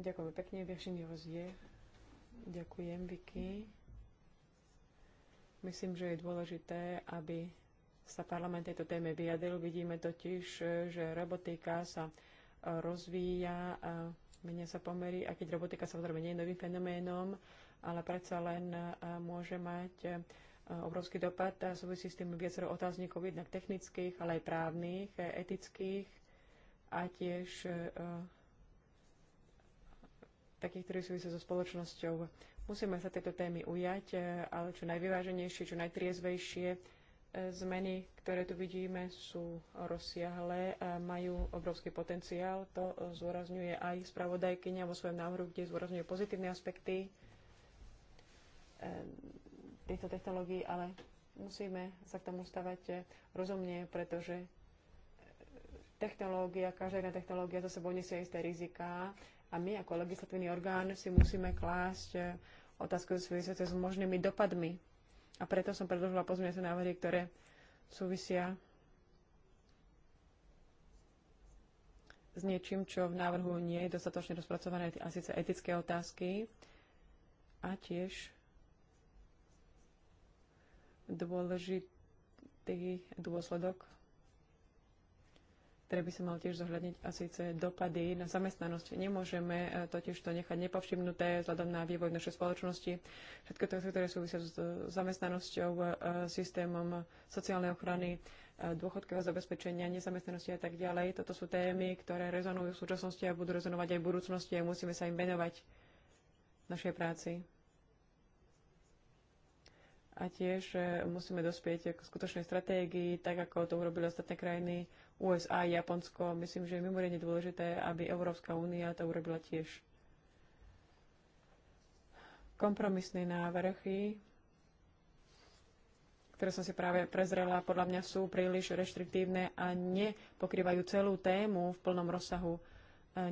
Ďakujem pekne, Viašin Rozie. Ďakujem, Vicky. Myslím, že je dôležité, aby sa parlament tejto téme vyjadril. Vidíme totiž, že robotika sa rozvíja, a menia sa pomery a keď robotika samozrejme nie je novým fenoménom, ale predsa len môže mať obrovský dopad a súvisí s tým viacero otáznikov, jednak technických, ale aj právnych, etických a tiež takých, ktorí súvisia so spoločnosťou. Musíme sa tejto témy ujať, e, ale čo najvyváženejšie, čo najtriezvejšie e, zmeny, ktoré tu vidíme, sú rozsiahlé, a majú obrovský potenciál. To e, zôrazňuje aj spravodajkyňa vo svojom návrhu, kde zôrazňuje pozitívne aspekty týchto technológií, ale musíme sa k tomu stavať rozumne, pretože technológia, každá jedna technológia za sebou nesie isté riziká, a my ako legislatívny orgán si musíme klásť eh, otázku súvisiace s možnými dopadmi. A preto som predložila sa návrhy, ktoré súvisia s niečím, čo v návrhu nie je dostatočne rozpracované, a síce etické otázky a tiež dôležitý dôsledok ktoré by sa mal tiež zohľadniť a síce dopady na zamestnanosť. Nemôžeme e, totiž to nechať nepovšimnuté vzhľadom na vývoj v našej spoločnosti. Všetko to, ktoré súvisia s e, zamestnanosťou, e, systémom sociálnej ochrany, dôchodkového zabezpečenia, nezamestnanosti a tak ďalej. Toto sú témy, ktoré rezonujú v súčasnosti a budú rezonovať aj v budúcnosti a musíme sa im venovať v našej práci. A tiež musíme dospieť k skutočnej stratégii, tak ako to urobili ostatné krajiny USA a Japonsko. Myslím, že je mimoriadne dôležité, aby Európska únia to urobila tiež. Kompromisné návrhy, ktoré som si práve prezrela, podľa mňa sú príliš reštriktívne a nepokrývajú celú tému v plnom rozsahu. E,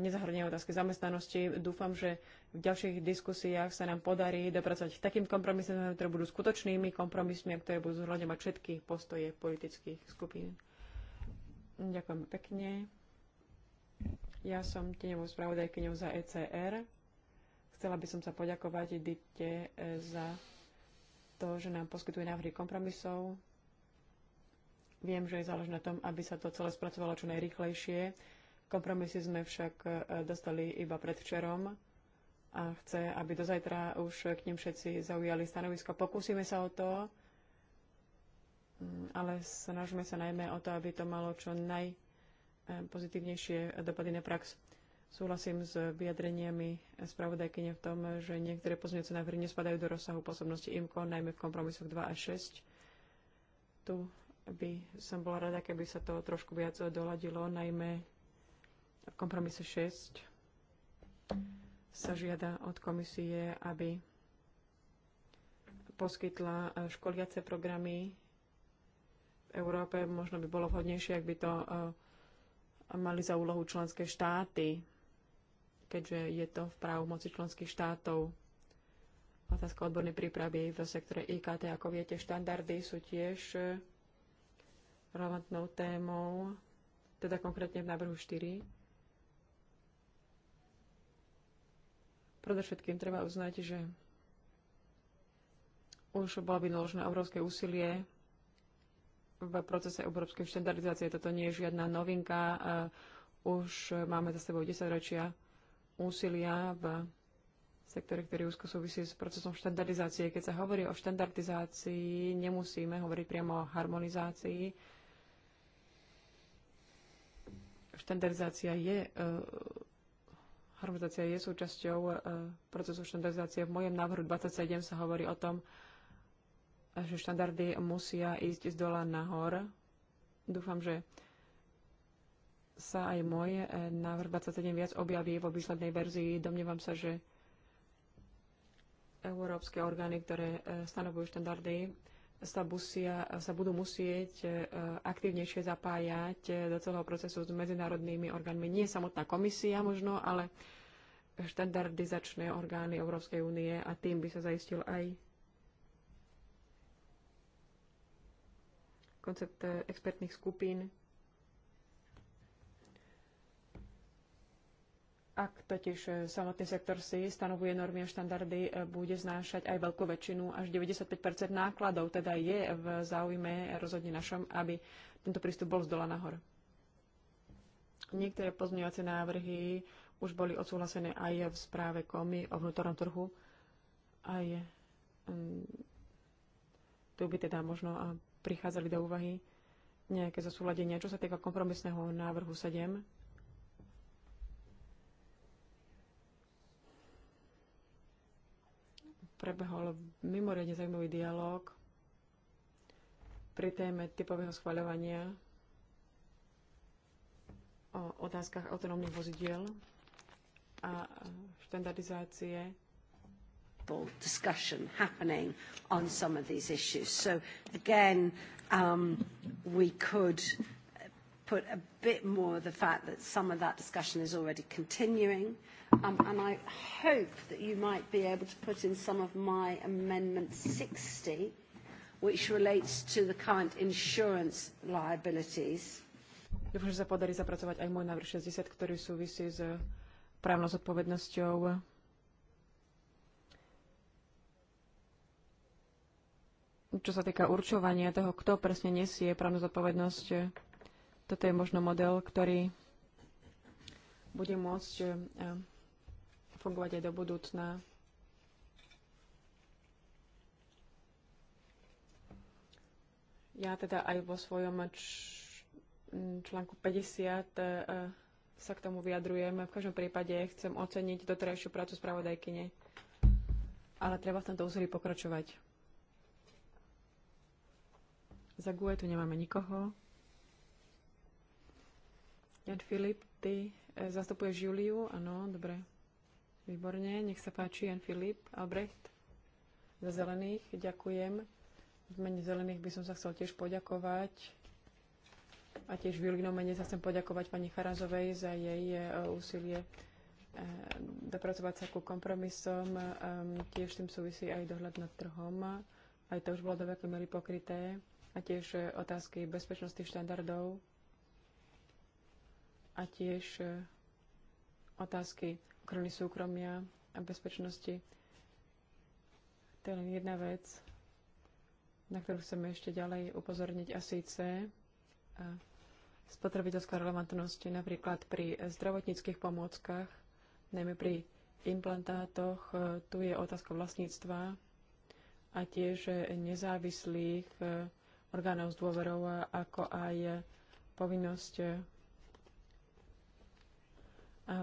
Nezahrňujú otázky zamestnanosti. Dúfam, že v ďalších diskusiách sa nám podarí dopracovať k takým kompromisom, ktoré budú skutočnými kompromismi a ktoré budú zhľadňovať všetky postoje politických skupín. Ďakujem pekne. Ja som tieňovou spravodajkyňou za ECR. Chcela by som sa poďakovať Dite eh, za to, že nám poskytuje návrhy kompromisov. Viem, že je záleží na tom, aby sa to celé spracovalo čo najrychlejšie. Kompromisy sme však eh, dostali iba predvčerom a chce, aby do zajtra už k ním všetci zaujali stanovisko. Pokúsime sa o to. Mm, ale snažíme sa najmä o to, aby to malo čo najpozitívnejšie dopady na prax. Súhlasím s vyjadreniami spravodajkyne v tom, že niektoré pozmeňujúce návrhy nespadajú do rozsahu pôsobnosti IMCO, najmä v kompromisoch 2 a 6. Tu by som bola rada, keby sa to trošku viac doladilo, najmä v kompromise 6 sa žiada od komisie, aby poskytla školiace programy Európe. Možno by bolo vhodnejšie, ak by to eh, mali za úlohu členské štáty, keďže je to v moci členských štátov. Otázka odbornej prípravy v sektore IKT, ako viete, štandardy sú tiež eh, relevantnou témou, teda konkrétne v návrhu 4. Predovšetkým treba uznať, že už bolo naložené obrovské úsilie v procese európskej štandardizácie. Toto nie je žiadna novinka. E, už máme za sebou 10 ročia úsilia v sektore, ktorý úzko súvisí s procesom štandardizácie. Keď sa hovorí o štandardizácii, nemusíme hovoriť priamo o harmonizácii. Štandardizácia je e, harmonizácia je súčasťou e, procesu štandardizácie. V mojom návrhu 27 sa hovorí o tom, že štandardy musia ísť z dola nahor. Dúfam, že sa aj môj eh, návrh 27 viac objaví vo výslednej verzii. Domnievam sa, že európske orgány, ktoré eh, stanovujú štandardy, sa, busia, sa budú musieť eh, aktívnejšie zapájať do celého procesu s medzinárodnými orgánmi. Nie samotná komisia možno, ale štandardizačné orgány Európskej únie a tým by sa zaistil aj koncept eh, expertných skupín. Ak totiž eh, samotný sektor si stanovuje normy a štandardy, eh, bude znášať aj veľkú väčšinu, až 95 nákladov, teda je v záujme rozhodne našom, aby tento prístup bol z dola nahor. Niektoré pozmeňovacie návrhy už boli odsúhlasené aj v správe komy o vnútornom trhu. Aj mm, tu by teda možno prichádzali do úvahy nejaké zasúladenia. Čo sa týka kompromisného návrhu 7, prebehol mimoriadne zaujímavý dialog pri téme typového schvaľovania o otázkach autonómnych vozidiel a štandardizácie ample discussion happening on some of these issues. So again, um, we could put a bit more of the fact that some of that discussion is already continuing. Um, and I hope that you might be able to put in some of my Amendment 60, which relates to the current insurance liabilities. Dúfam, že sa podarí zapracovať aj môj návrh 60, ktorý súvisí s právnou zodpovednosťou čo sa týka určovania toho, kto presne nesie právnu zodpovednosť, toto je možno model, ktorý bude môcť eh, fungovať aj do budúcna. Ja teda aj vo svojom článku 50 eh, sa k tomu vyjadrujem. V každom prípade chcem oceniť doterajšiu prácu spravodajkyne, ale treba v tomto úsilí pokračovať. Za GUE tu nemáme nikoho. Jan Filip, ty e, zastupuješ Juliu? Áno, dobre. Výborne, nech sa páči, Jan Filip, Albrecht. Za zelených ďakujem. V mene zelených by som sa chcel tiež poďakovať a tiež v Julinom mene sa chcem poďakovať pani Charazovej za jej e, úsilie e, dopracovať sa ku kompromisom. Ehm, tiež s tým súvisí aj dohľad nad trhom. Aj to už bolo do veľkej miery pokryté a tiež eh, otázky bezpečnosti štandardov a tiež eh, otázky ochrany súkromia a bezpečnosti. To je len jedna vec, na ktorú chceme ešte ďalej upozorniť a síce eh, spotrebiteľská relevantnosť napríklad pri zdravotníckých pomôckach, najmä pri implantátoch, tu je otázka vlastníctva a tiež nezávislých orgánov s dôverou, ako aj povinnosť eh,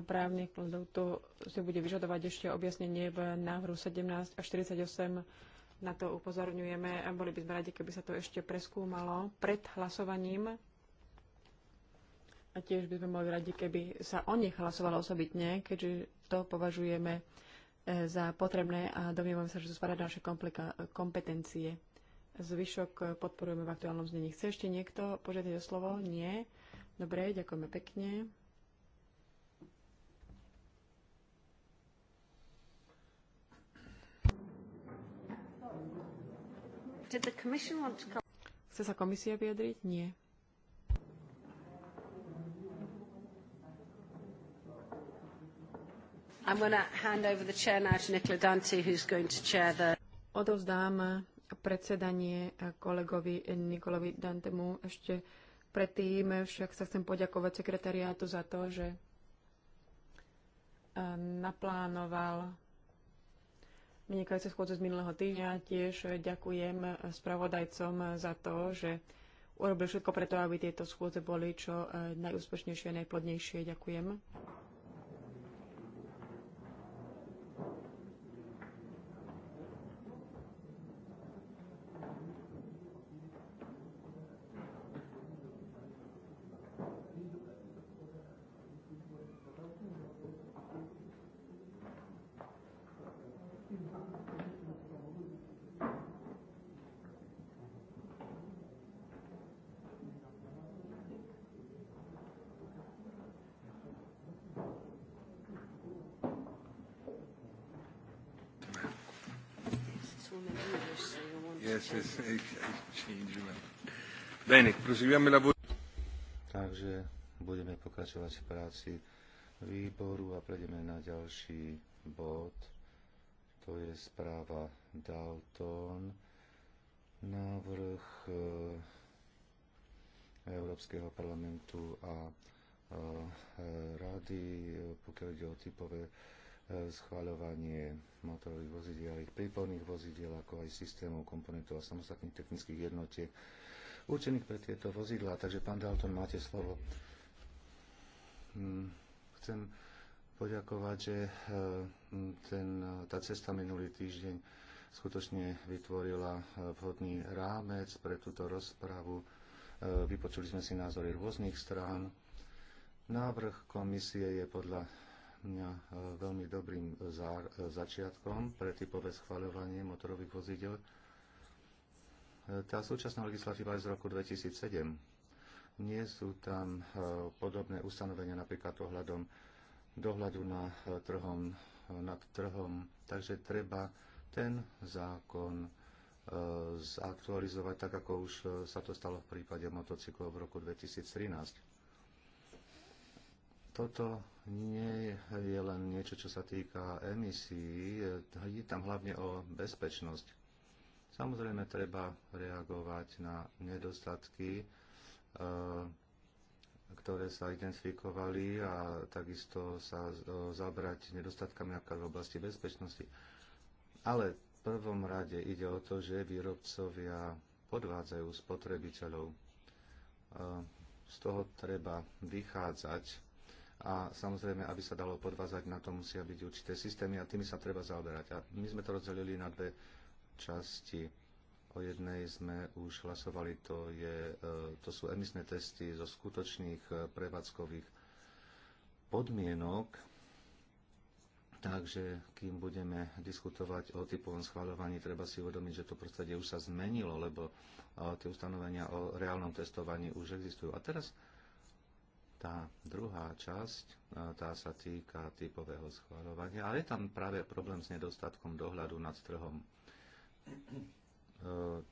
právnych kľudov. To si bude vyžadovať ešte objasnenie v návrhu 17 až 48. Na to upozorňujeme a boli by sme radi, keby sa to ešte preskúmalo pred hlasovaním. A tiež by sme boli radi, keby sa o nich hlasovalo osobitne, keďže to považujeme eh, za potrebné a domnievam sa, že to spadá naše kompetencie. Zvyšok podporujeme v aktuálnom znení. Chce ešte niekto požiadať o slovo? Nie. Dobre, ďakujeme pekne. Chce sa komisia vyjadriť? Nie. I'm going to hand over the chair now to Nicola Dante, who's going to chair the... Odovzdám predsedanie e, kolegovi Nikolovi Dantemu. Ešte predtým však sa chcem poďakovať sekretariátu za to, že e, naplánoval vynikajúce schôdze z minulého týždňa. Tiež ďakujem spravodajcom za to, že urobil všetko preto, aby tieto schôdze boli čo e, najúspešnejšie a najplodnejšie. Ďakujem. Takže budeme pokračovať v práci výboru a prejdeme na ďalší bod. To je správa Dalton, návrh e, Európskeho parlamentu a e, Rady, pokiaľ ide o typové E, schváľovanie motorových vozidiel, ich príporných vozidiel, ako aj systémov, komponentov a samostatných technických jednotiek určených pre tieto vozidla. Takže, pán Dalton, máte slovo. Mm, chcem poďakovať, že e, ten, tá cesta minulý týždeň skutočne vytvorila e, vhodný rámec pre túto rozpravu. Vypočuli sme si názory rôznych strán. Návrh komisie je podľa mňa e, veľmi dobrým e, e, začiatkom pre typové schvaľovanie motorových vozidel. Tá súčasná legislatíva je z roku 2007. Nie sú tam podobné ustanovenia napríklad ohľadom dohľadu na trhom, nad trhom, takže treba ten zákon zaktualizovať tak, ako už sa to stalo v prípade motocyklov v roku 2013 toto nie je len niečo, čo sa týka emisí, je tam hlavne o bezpečnosť. Samozrejme, treba reagovať na nedostatky, e, ktoré sa identifikovali a takisto sa e, zabrať nedostatkami napríklad v oblasti bezpečnosti. Ale v prvom rade ide o to, že výrobcovia podvádzajú spotrebiteľov. E, z toho treba vychádzať a samozrejme, aby sa dalo podvázať, na to musia byť určité systémy a tými sa treba zaoberať. A my sme to rozdelili na dve časti. O jednej sme už hlasovali, to, je, e, to sú emisné testy zo skutočných e, prevádzkových podmienok. Takže kým budeme diskutovať o typovom schváľovaní, treba si uvedomiť, že to prostredie už sa zmenilo, lebo e, tie ustanovenia o reálnom testovaní už existujú. A teraz tá druhá časť, tá sa týka typového schváľovania, ale je tam práve problém s nedostatkom dohľadu nad trhom. E,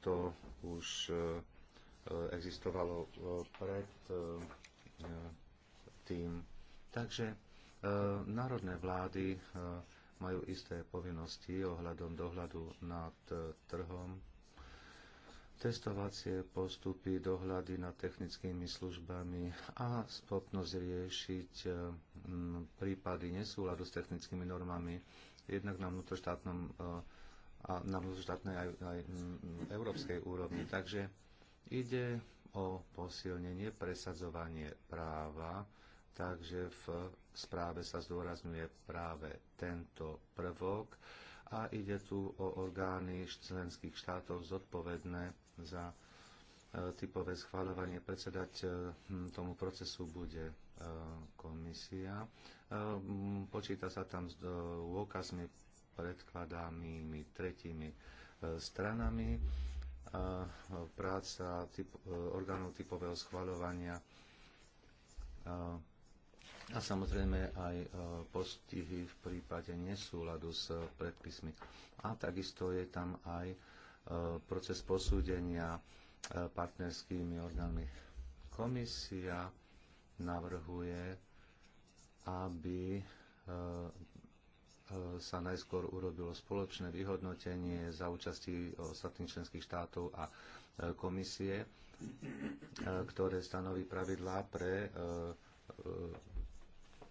to už e, existovalo e, pred tým. Takže národné vlády majú isté povinnosti ohľadom dohľadu nad trhom testovacie postupy, dohľady nad technickými službami a schopnosť riešiť mm, prípady nesúladu s technickými normami jednak na vnútroštátnom eh, a na vnútroštátnej aj, aj mm, európskej úrovni. Takže ide o posilnenie, presadzovanie práva, takže v správe sa zdôrazňuje práve tento prvok a ide tu o orgány členských štátov zodpovedné za e, typové schváľovanie predsedať e, hm, tomu procesu bude e, komisia. Počíta sa tam s dôkazmi predkladanými tretími stranami. Práca typ, orgánov typového schvaľovania a samozrejme aj postihy v prípade nesúladu s predpismi. A takisto je tam aj E, proces posúdenia e, partnerskými orgánmi. Komisia navrhuje, aby e, sa najskôr urobilo spoločné vyhodnotenie za účasti ostatných členských štátov a komisie, ktoré stanoví pravidlá pre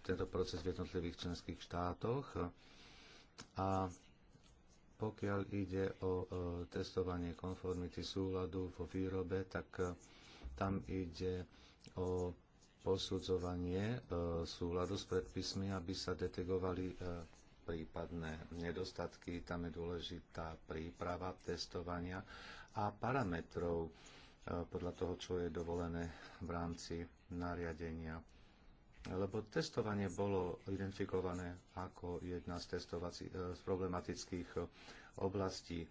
tento proces v jednotlivých členských štátoch. A pokiaľ ide o testovanie konformity súladu vo výrobe, tak e, tam ide o posudzovanie e, súladu s predpismi, aby sa detegovali e, prípadné nedostatky. Tam je dôležitá príprava testovania a parametrov podľa toho, čo je dovolené v rámci nariadenia lebo testovanie bolo identifikované ako jedna z, e, z problematických e, oblastí. E,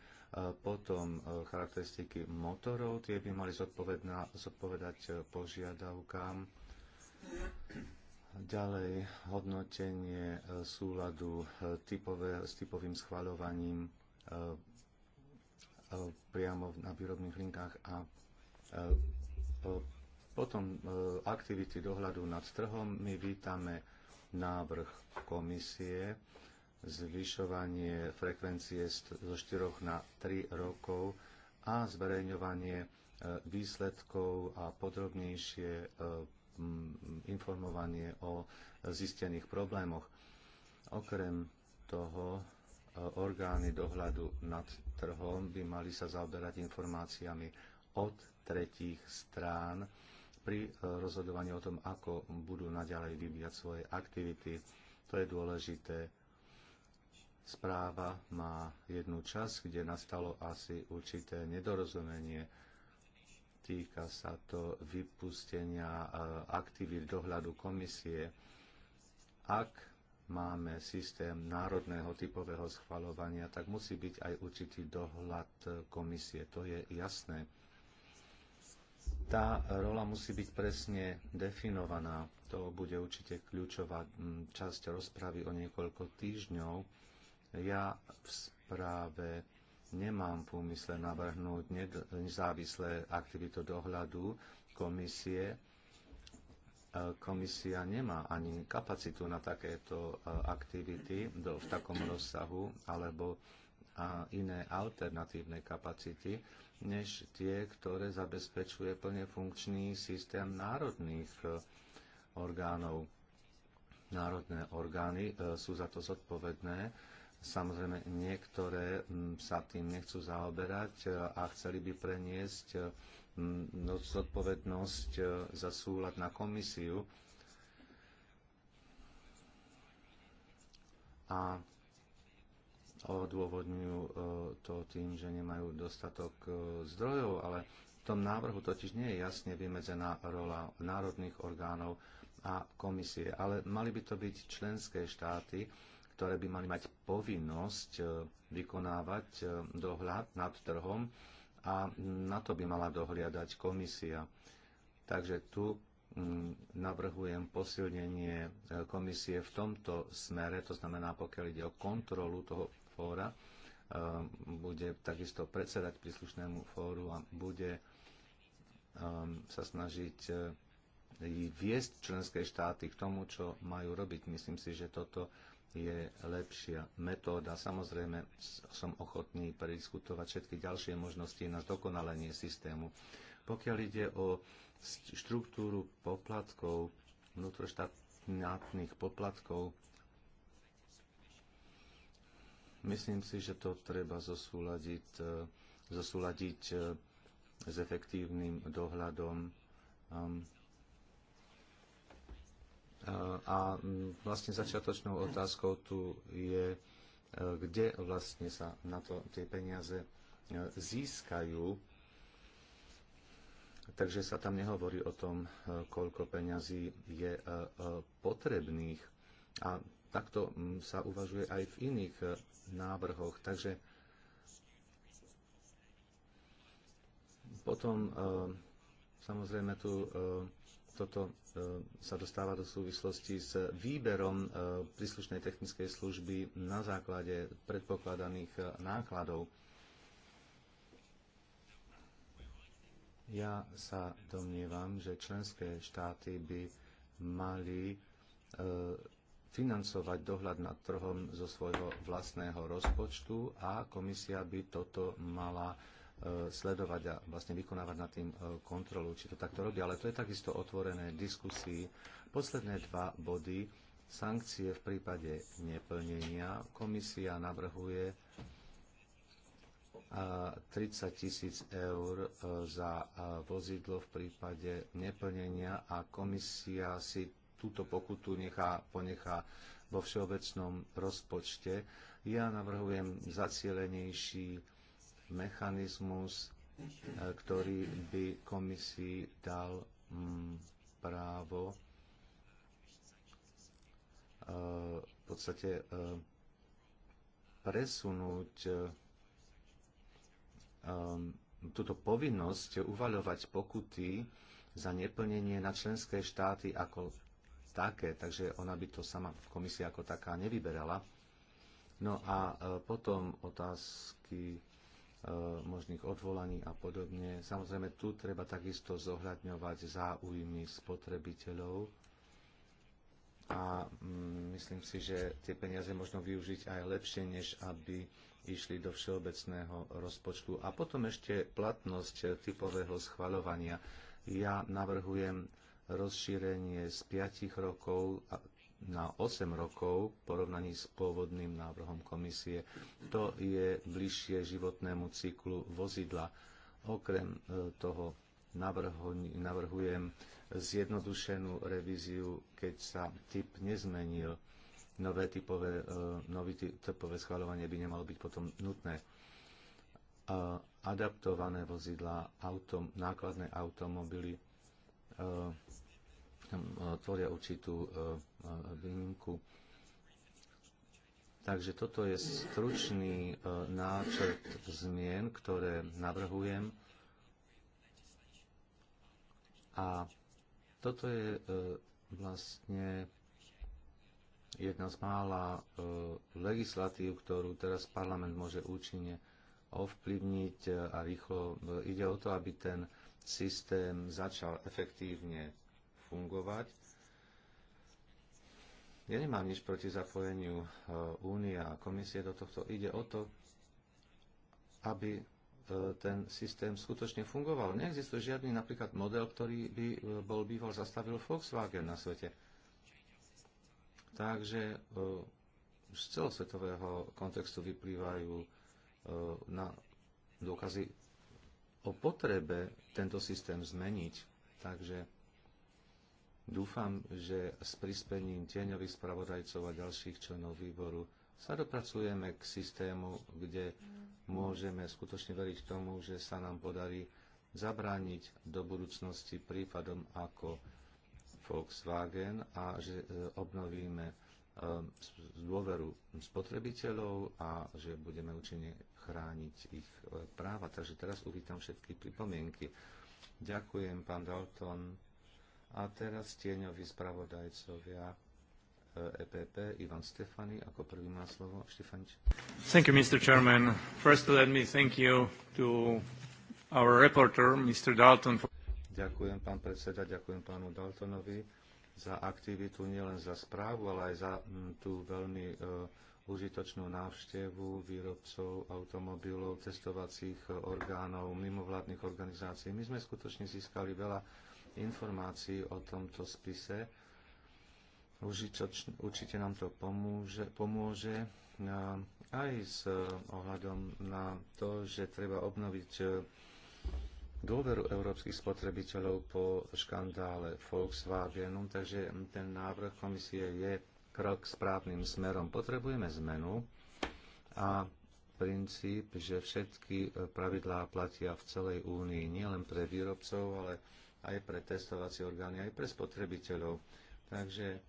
potom charakteristiky motorov, tie by mali zodpovedať požiadavkám. Ďalej hodnotenie súladu typové, s typovým schvaľovaním priamo na výrobných linkách a potom e, aktivity dohľadu nad trhom. My vítame návrh komisie zvyšovanie frekvencie zo 4 na 3 rokov a zverejňovanie e, výsledkov a podrobnejšie e, informovanie o zistených problémoch. Okrem toho orgány dohľadu nad trhom by mali sa zaoberať informáciami od tretích strán, pri e, rozhodovaní o tom, ako budú naďalej vyvíjať svoje aktivity. To je dôležité. Správa má jednu časť, kde nastalo asi určité nedorozumenie. Týka sa to vypustenia e, aktivít dohľadu komisie. Ak máme systém národného typového schvalovania, tak musí byť aj určitý dohľad e, komisie. To je jasné tá rola musí byť presne definovaná. To bude určite kľúčová mm, časť rozpravy o niekoľko týždňov. Ja v správe nemám v úmysle navrhnúť nezávislé aktivitu dohľadu komisie. E, komisia nemá ani kapacitu na takéto e, aktivity v takom rozsahu alebo iné alternatívne kapacity než tie, ktoré zabezpečuje plne funkčný systém národných eh, orgánov. Národné orgány eh, sú za to zodpovedné. Samozrejme, niektoré mm, sa tým nechcú zaoberať eh, a chceli by preniesť mm, no, zodpovednosť za súlad na komisiu. A odôvodňujú e, to tým, že nemajú dostatok e, zdrojov, ale v tom návrhu totiž nie je jasne vymedzená rola národných orgánov a komisie, ale mali by to byť členské štáty, ktoré by mali mať povinnosť e, vykonávať dohľad nad trhom a na to by mala dohliadať komisia. Takže tu mm, navrhujem posilnenie komisie v tomto smere, to znamená, pokiaľ ide o kontrolu toho fóra bude takisto predsedať príslušnému fóru a bude sa snažiť e, viesť členské štáty k tomu, čo majú robiť. Myslím si, že toto je lepšia metóda. Samozrejme, som ochotný prediskutovať všetky ďalšie možnosti na zdokonalenie systému. Pokiaľ ide o štruktúru poplatkov, vnútroštátnych poplatkov, Myslím si, že to treba zosúľadiť, e, zosúľadiť e, s efektívnym dohľadom a vlastne začiatočnou otázkou tu je, e, kde vlastne sa na to tie peniaze získajú. Takže sa tam nehovorí o tom, koľko peňazí je potrebných. A takto mm, sa uvažuje aj v iných e, návrhoch. Takže potom e, samozrejme tu e, toto sa dostáva do súvislosti s výberom príslušnej technickej služby na základe predpokladaných nákladov. Ja sa domnievam, že členské štáty by mali financovať dohľad nad trhom zo svojho vlastného rozpočtu a komisia by toto mala e, sledovať a vlastne vykonávať nad tým e, kontrolu, či to takto robí. Ale to je takisto otvorené diskusii. Posledné dva body. Sankcie v prípade neplnenia. Komisia navrhuje 30 e, tisíc eur za vozidlo v prípade neplnenia a komisia si túto pokutu nechá, ponechá vo všeobecnom rozpočte. Ja navrhujem zacielenejší mechanizmus, eh, ktorý by komisii dal mm, právo eh, v podstate eh, presunúť mm, túto povinnosť uvaľovať pokuty za neplnenie na členské štáty ako také, takže ona by to sama komisia ako taká nevyberala. No a e, potom otázky e, možných odvolaní a podobne. Samozrejme, tu treba takisto zohľadňovať záujmy spotrebiteľov a mm, myslím si, že tie peniaze možno využiť aj lepšie, než aby išli do všeobecného rozpočtu. A potom ešte platnosť typového schvaľovania. Ja navrhujem rozšírenie z 5 rokov na 8 rokov v porovnaní s pôvodným návrhom komisie. To je bližšie životnému cyklu vozidla. Okrem e, toho navrhujem zjednodušenú revíziu, keď sa typ nezmenil. Nové typové, e, nový typové schváľovanie by nemalo byť potom nutné. E, adaptované vozidlá, autom, nákladné automobily E, e, tvoria určitú e, výnimku. Takže toto je stručný náčrt zmien, ktoré navrhujem. A toto je vlastne jedna z mála legislatív, ktorú teraz parlament môže účinne ovplyvniť a rýchlo. Ide o to, aby ten systém začal efektívne fungovať. Ja nemám nič proti zapojeniu e, únie a komisie do tohto. Ide o to, aby e, ten systém skutočne fungoval. Neexistuje žiadny napríklad model, ktorý by e, bol býval zastavil Volkswagen na svete. Takže z celosvetového kontextu vyplývajú na dôkazy o potrebe tento systém zmeniť. Takže dúfam, že s prispením tieňových spravodajcov a ďalších členov výboru sa dopracujeme k systému, kde môžeme skutočne veriť tomu, že sa nám podarí zabrániť do budúcnosti prípadom ako Volkswagen a že e, obnovíme e, dôveru spotrebiteľov a že budeme účinne chrániť ich e, práva. Takže teraz uvítam všetky pripomienky. Ďakujem, pán Dalton. A teraz tieňoví spravodajcovia EPP, e Ivan Stefani, ako prvý má slovo. Štefanič. Thank you, Mr. Chairman. First, let me thank you to our reporter, Mr. Dalton. For... Ďakujem, pán predseda, ďakujem pánu Daltonovi za aktivitu, nielen za správu, ale aj za mm, tú veľmi uh, užitočnú návštevu výrobcov automobilov, cestovacích orgánov, mimovládnych organizácií. My sme skutočne získali veľa informácií o tomto spise. určite nám to pomôže, pomôže aj s e, ohľadom na to, že treba obnoviť e, dôveru európskych spotrebiteľov po škandále Volkswagenu. Takže ten návrh komisie je krok správnym smerom. Potrebujeme zmenu a princíp, že všetky e, pravidlá platia v celej únii, nielen pre výrobcov, ale aj pre testovacie orgány, aj pre spotrebiteľov. Takže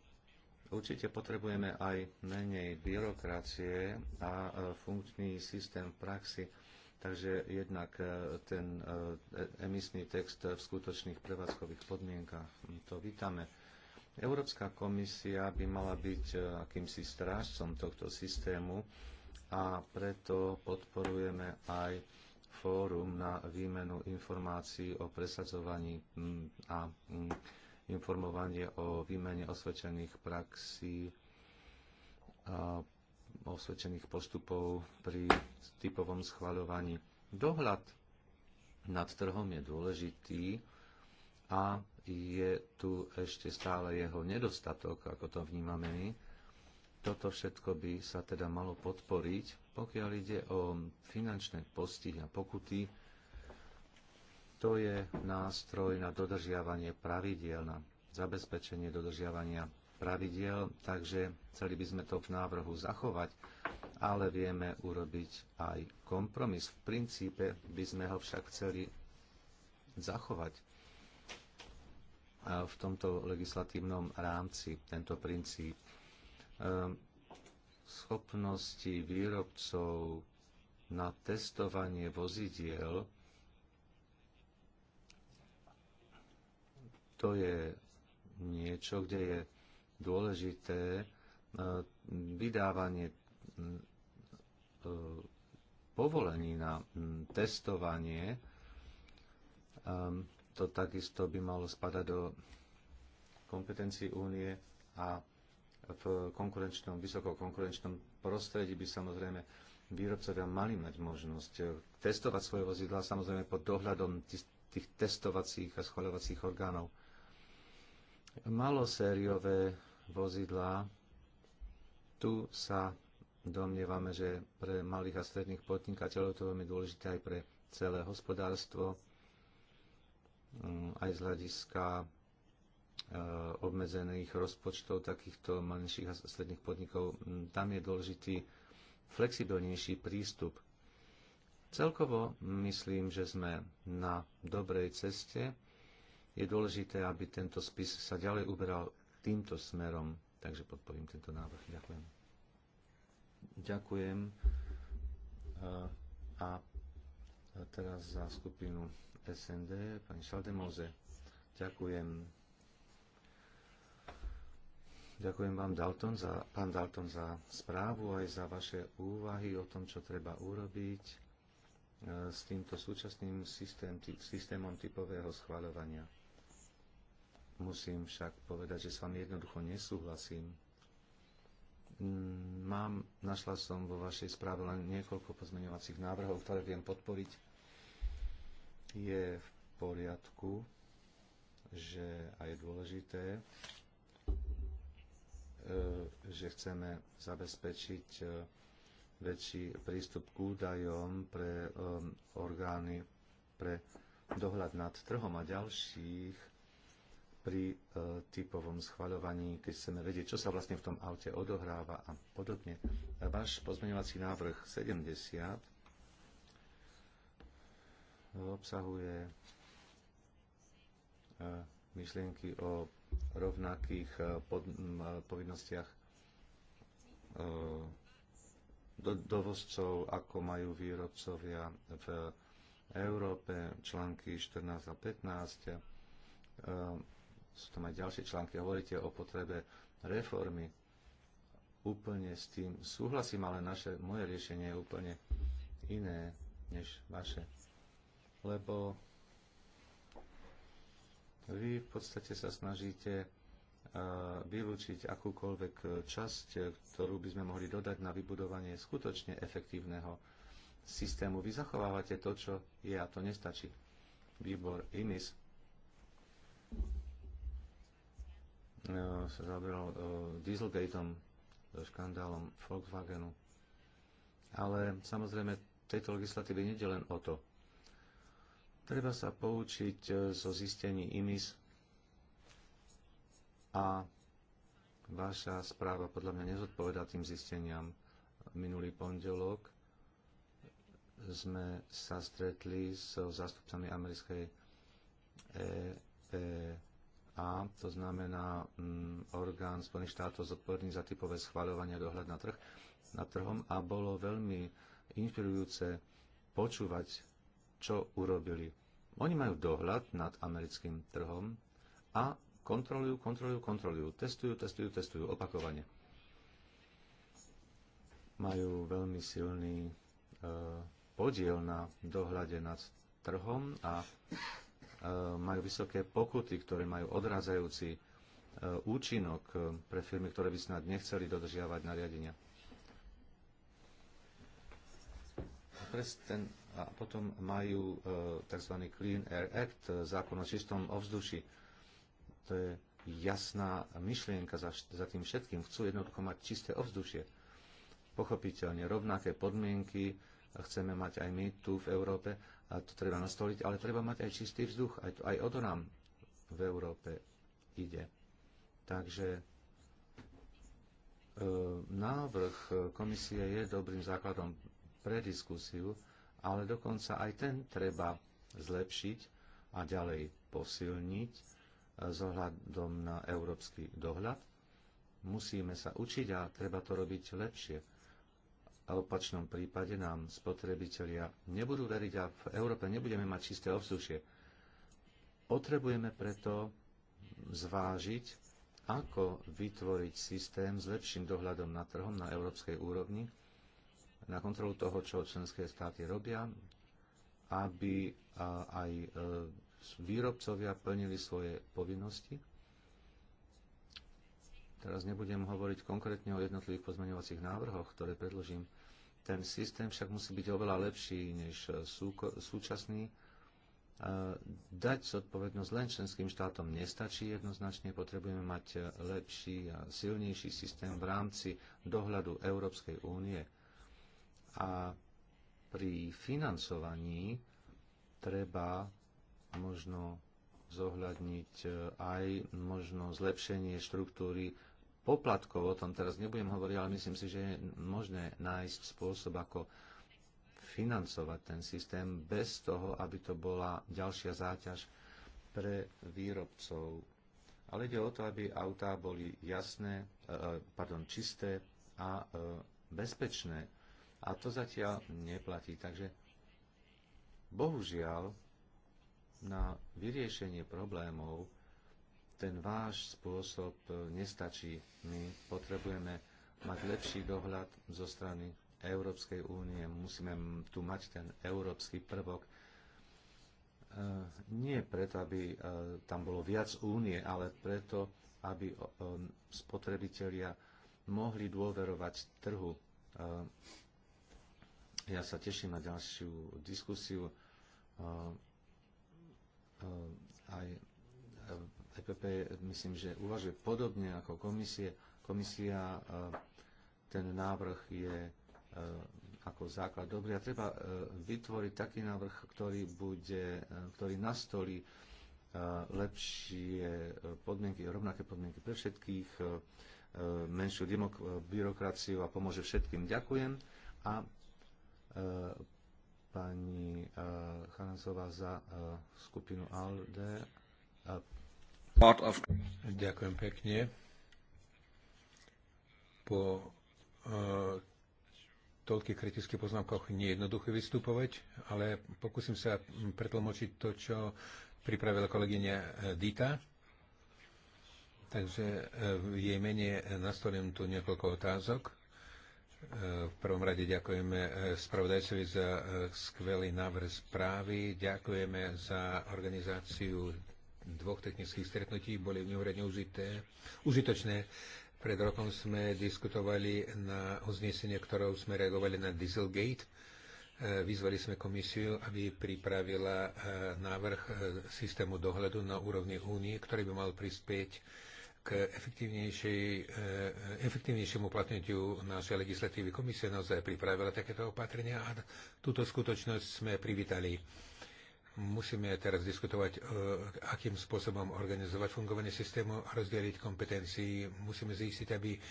určite potrebujeme aj menej byrokracie a e, funkčný systém v praxi. Takže jednak e, ten emisný text v skutočných prevádzkových podmienkach, to vítame. Európska komisia by mala byť e, akýmsi strážcom tohto systému a preto podporujeme aj fórum na výmenu informácií o presadzovaní a informovanie o výmene osvedčených praxí a osvedčených postupov pri typovom schvaľovaní. Dohľad nad trhom je dôležitý a je tu ešte stále jeho nedostatok, ako to vnímame my. Toto všetko by sa teda malo podporiť. Pokiaľ ide o finančné postihy a pokuty, to je nástroj na dodržiavanie pravidiel, na zabezpečenie dodržiavania pravidiel, takže chceli by sme to v návrhu zachovať, ale vieme urobiť aj kompromis. V princípe by sme ho však chceli zachovať v tomto legislatívnom rámci tento princíp ehm, schopnosti výrobcov na testovanie vozidiel, to je niečo, kde je dôležité e, vydávanie e, povolení na testovanie ehm, to takisto by malo spadať do kompetencií únie a v konkurenčnom, vysokokonkurenčnom prostredí by samozrejme výrobcovia mali mať možnosť testovať svoje vozidla, samozrejme pod dohľadom tých testovacích a schvaľovacích orgánov. Malosériové vozidlá, tu sa domnievame, že pre malých a stredných podnikateľov to je veľmi dôležité aj pre celé hospodárstvo, Mm, aj z hľadiska e, obmedzených rozpočtov takýchto menších a stredných podnikov. Mm, tam je dôležitý flexibilnejší prístup. Celkovo myslím, že sme na dobrej ceste. Je dôležité, aby tento spis sa ďalej uberal týmto smerom, takže podporím tento návrh. Ďakujem. Ďakujem. E, a teraz za skupinu SND, pani Šaldemoze. Ďakujem. Ďakujem vám, Dalton, za, pán Dalton, za správu aj za vaše úvahy o tom, čo treba urobiť e, s týmto súčasným systém, systémom typového schvaľovania. Musím však povedať, že s vami jednoducho nesúhlasím. Mám, našla som vo vašej správe len niekoľko pozmeňovacích návrhov, ktoré viem podporiť je v poriadku, že a je dôležité, e, že chceme zabezpečiť e, väčší prístup k údajom pre e, orgány pre dohľad nad trhom a ďalších pri typovom schvaľovaní, keď chceme vedieť, čo sa vlastne v tom aute odohráva a podobne. Váš pozmeňovací návrh 70 obsahuje e, myšlienky o rovnakých e, pod, e, povinnostiach do, dovozcov, ako majú výrobcovia v Európe, články 14 a 15. Sú tam aj ďalšie články. Hovoríte o potrebe reformy. Úplne s tým súhlasím, ale naše, moje riešenie je úplne iné než vaše lebo vy v podstate sa snažíte e, vylúčiť akúkoľvek časť, ktorú by sme mohli dodať na vybudovanie skutočne efektívneho systému. Vy zachovávate to, čo je a to nestačí. Výbor INIS e, sa zaoberal e, Dieselgateom, škandálom Volkswagenu. Ale samozrejme, tejto legislatívy je len o to. Treba sa poučiť e, zo zistení IMIS a vaša správa podľa mňa nezodpovedá tým zisteniam. Minulý pondelok sme sa stretli so zástupcami americkej e A, to znamená mm, orgán Spojených štátov zodpovedný za typové schváľovanie a dohľad na trh, na trhom a bolo veľmi inšpirujúce počúvať čo urobili. Oni majú dohľad nad americkým trhom a kontrolujú, kontrolujú, kontrolujú, testujú, testujú, testujú opakovane. Majú veľmi silný e, podiel na dohľade nad trhom a e, majú vysoké pokuty, ktoré majú odrazajúci e, účinok e, pre firmy, ktoré by snad nechceli dodržiavať nariadenia. Pres, ten a potom majú e, tzv. Clean Air Act, e, zákon o čistom ovzduši. To je jasná myšlienka za, za tým všetkým. Chcú jednoducho mať čisté ovzdušie. Pochopiteľne rovnaké podmienky chceme mať aj my tu v Európe a to treba nastoliť, ale treba mať aj čistý vzduch. Aj, aj o to nám v Európe ide. Takže e, návrh komisie je dobrým základom pre diskusiu ale dokonca aj ten treba zlepšiť a ďalej posilniť e, s ohľadom na európsky dohľad. Musíme sa učiť a treba to robiť lepšie. A v opačnom prípade nám spotrebitelia nebudú veriť a v Európe nebudeme mať čisté ovzdušie. Potrebujeme preto zvážiť, ako vytvoriť systém s lepším dohľadom na trhom na európskej úrovni, na kontrolu toho, čo členské štáty robia, aby aj e, výrobcovia plnili svoje povinnosti. Teraz nebudem hovoriť konkrétne o jednotlivých pozmeňovacích návrhoch, ktoré predložím. Ten systém však musí byť oveľa lepší než e, súčasný. E, dať zodpovednosť len členským štátom nestačí jednoznačne. Potrebujeme mať lepší a silnejší systém v rámci dohľadu Európskej únie a pri financovaní treba možno zohľadniť e, aj možno zlepšenie štruktúry poplatkov. O tom teraz nebudem hovoriť, ale myslím si, že je možné nájsť spôsob, ako financovať ten systém bez toho, aby to bola ďalšia záťaž pre výrobcov. Ale ide o to, aby autá boli jasné, e, e, pardon, čisté a bezpečné a to zatiaľ neplatí. Takže bohužiaľ na vyriešenie problémov ten váš spôsob nestačí. My potrebujeme mať lepší dohľad zo strany Európskej únie. Musíme tu mať ten európsky prvok. E, nie preto, aby e, tam bolo viac únie, ale preto, aby e, spotrebitelia mohli dôverovať trhu ja sa teším na ďalšiu diskusiu. Eh, eh, aj EPP myslím, že uvažuje podobne ako komisie. Komisia eh, ten návrh je ako základ dobrý a treba vytvoriť taký návrh, ktorý, bude, ktorý nastolí lepšie podmienky, rovnaké podmienky pre všetkých, menšiu byrokraciu a pomôže všetkým. Ďakujem a E, pani e, Charanzová za e, skupinu ALDE. Ďakujem pekne. Po toľkých kritických poznámkach nie je jednoduché vystupovať, ale pokúsim sa pretlmočiť to, čo pripravila kolegyňa Dita. Takže v jej mene nastolím tu niekoľko otázok. V prvom rade ďakujeme eh, spravodajcovi za eh, skvelý návrh správy, ďakujeme za organizáciu dvoch technických stretnutí, boli mimoriadne užité, užitočné. Pred rokom sme diskutovali na uznesenie, ktorou sme reagovali na Dieselgate. Eh, vyzvali sme komisiu, aby pripravila návrh systému dohľadu na úrovni únie, ktorý by mal prispieť k eh, efektívnejšiemu platneniu našej legislatívy. Komisia naozaj pripravila takéto opatrenia a túto skutočnosť sme privítali. Musíme teraz diskutovať, eh, akým spôsobom organizovať fungovanie systému a rozdeliť kompetencii. Musíme zistiť, aby eh,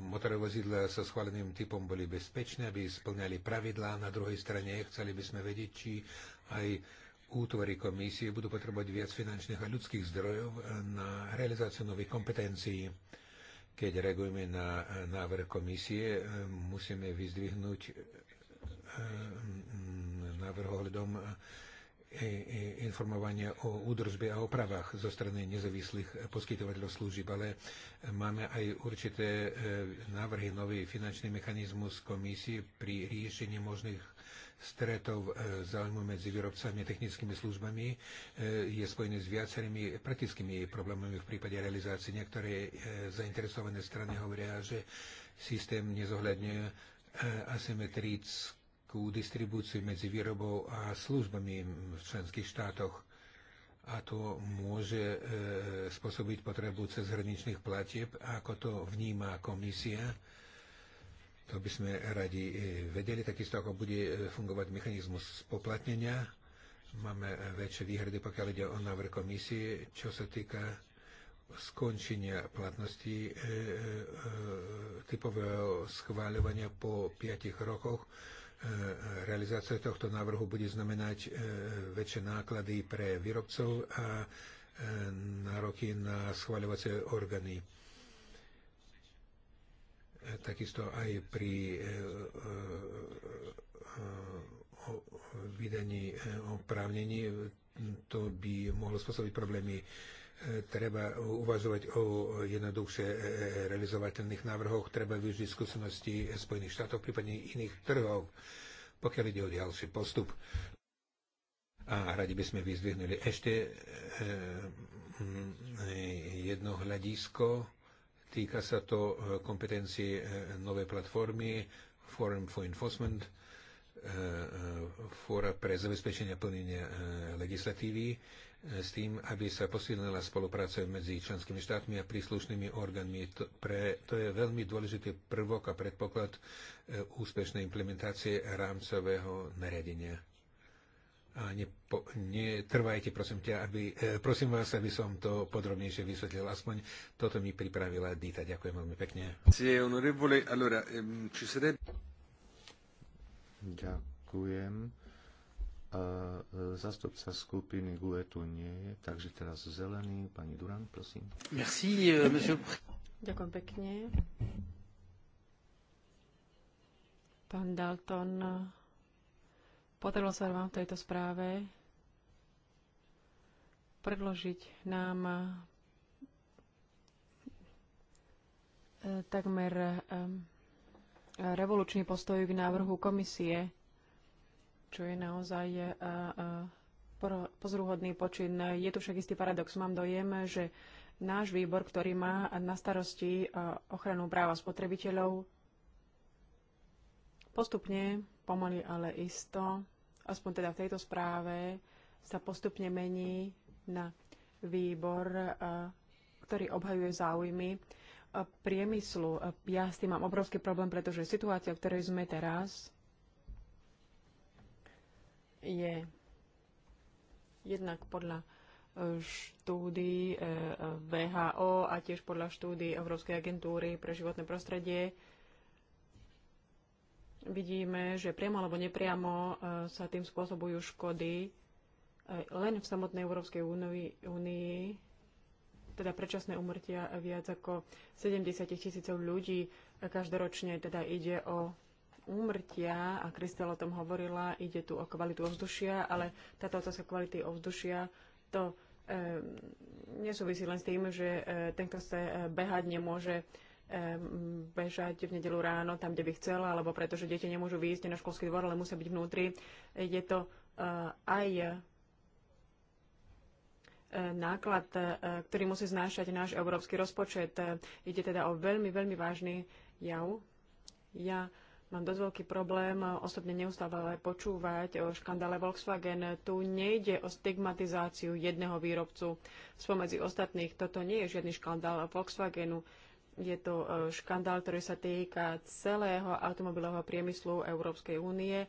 motorové vozidla so schváleným typom boli bezpečné, aby splňali pravidlá. Na druhej strane chceli by sme vedieť, či aj útvory komisie budú potrebovať viac finančných a ľudských zdrojov na realizáciu nových kompetencií. Keď reagujeme na návrh komisie, musíme vyzdvihnúť eh, návrh ohľadom eh, eh, informovania o údržbe a opravách zo strany nezávislých poskytovateľov služieb, ale máme aj určité návrhy, nový finančný mechanizmus komisie pri riešení možných stretov e, záujmu medzi výrobcami a technickými službami e, je spojený s viacerými praktickými problémami v prípade realizácie. Niektoré e, zainteresované strany hovoria, že systém nezohľadňuje asymetrickú distribúciu medzi výrobou a službami v členských štátoch a to môže e, spôsobiť potrebu cezhraničných platieb, ako to vníma komisia to by sme radi e, vedeli, takisto ako bude e, fungovať mechanizmus spoplatnenia. Máme e, väčšie výhrady, pokiaľ ide o návrh komisie, čo sa týka skončenia platnosti e, e, typového schváľovania po 5 rokoch. E, realizácia tohto návrhu bude znamenať väčšie náklady pre výrobcov a nároky na schváľovacie orgány takisto aj pri eh, eh, eh, vydaní oprávnení to by mohlo spôsobiť problémy. Treba uvažovať o jednoduchšie realizovateľných návrhoch, treba využiť skúsenosti Spojených štátov, prípadne iných trhov, pokiaľ ide o ďalší postup. A radi by sme vyzdvihnuli ešte jedno hľadisko, Týka sa to eh, kompetencie eh, novej platformy Forum for Enforcement, eh, Fóra pre zabezpečenie plnenia legislatívy s tým, aby sa posilnila spolupráca medzi členskými štátmi a príslušnými orgánmi. To, pre, to je veľmi dôležitý prvok a predpoklad úspešnej implementácie rámcového nariadenia a nepo, netrvajte, prosím, ťa, aby, e, prosím vás, aby som to podrobnejšie vysvetlil. Aspoň toto mi pripravila Dita. Ďakujem veľmi pekne. Ehm, Ďakujem. E, zastupca skupiny GUE tu nie je, takže teraz zelený. Pani Duran, prosím. Merci, e, monsieur. Ďakujem pekne. Pán Dalton, Podarilo sa vám v tejto správe predložiť nám e, takmer e, revolučný postoj k návrhu komisie, čo je naozaj e, pozruhodný počin. Je tu však istý paradox. Mám dojem, že náš výbor, ktorý má na starosti ochranu práva spotrebiteľov, postupne pomaly, ale isto, aspoň teda v tejto správe, sa postupne mení na výbor, e, ktorý obhajuje záujmy e, priemyslu. E, ja s tým mám obrovský problém, pretože situácia, v ktorej sme teraz, je jednak podľa štúdí VHO a tiež podľa štúdí Európskej agentúry pre životné prostredie vidíme, že priamo alebo nepriamo e, sa tým spôsobujú škody e, len v samotnej Európskej únii, teda predčasné umrtia viac ako 70 tisícov ľudí e, každoročne, teda ide o úmrtia, a Kristel o tom hovorila, ide tu o kvalitu ovzdušia, ale táto otázka kvality ovzdušia to e, nesúvisí len s tým, že e, ten, kto chce behať, nemôže e, bežať v nedelu ráno tam, kde by chcela, alebo pretože deti nemôžu výjsť na školský dvor, ale musia byť vnútri. Je to eh, aj eh, náklad, eh, ktorý musí znášať náš európsky rozpočet. Ide teda o veľmi, veľmi vážny jav. Ja mám dosť veľký problém osobne neustále počúvať o škandále Volkswagen. Tu nejde o stigmatizáciu jedného výrobcu spomedzi ostatných. Toto nie je žiadny škandál Volkswagenu. Je to e, škandál, ktorý sa týka celého automobilového priemyslu Európskej únie. E,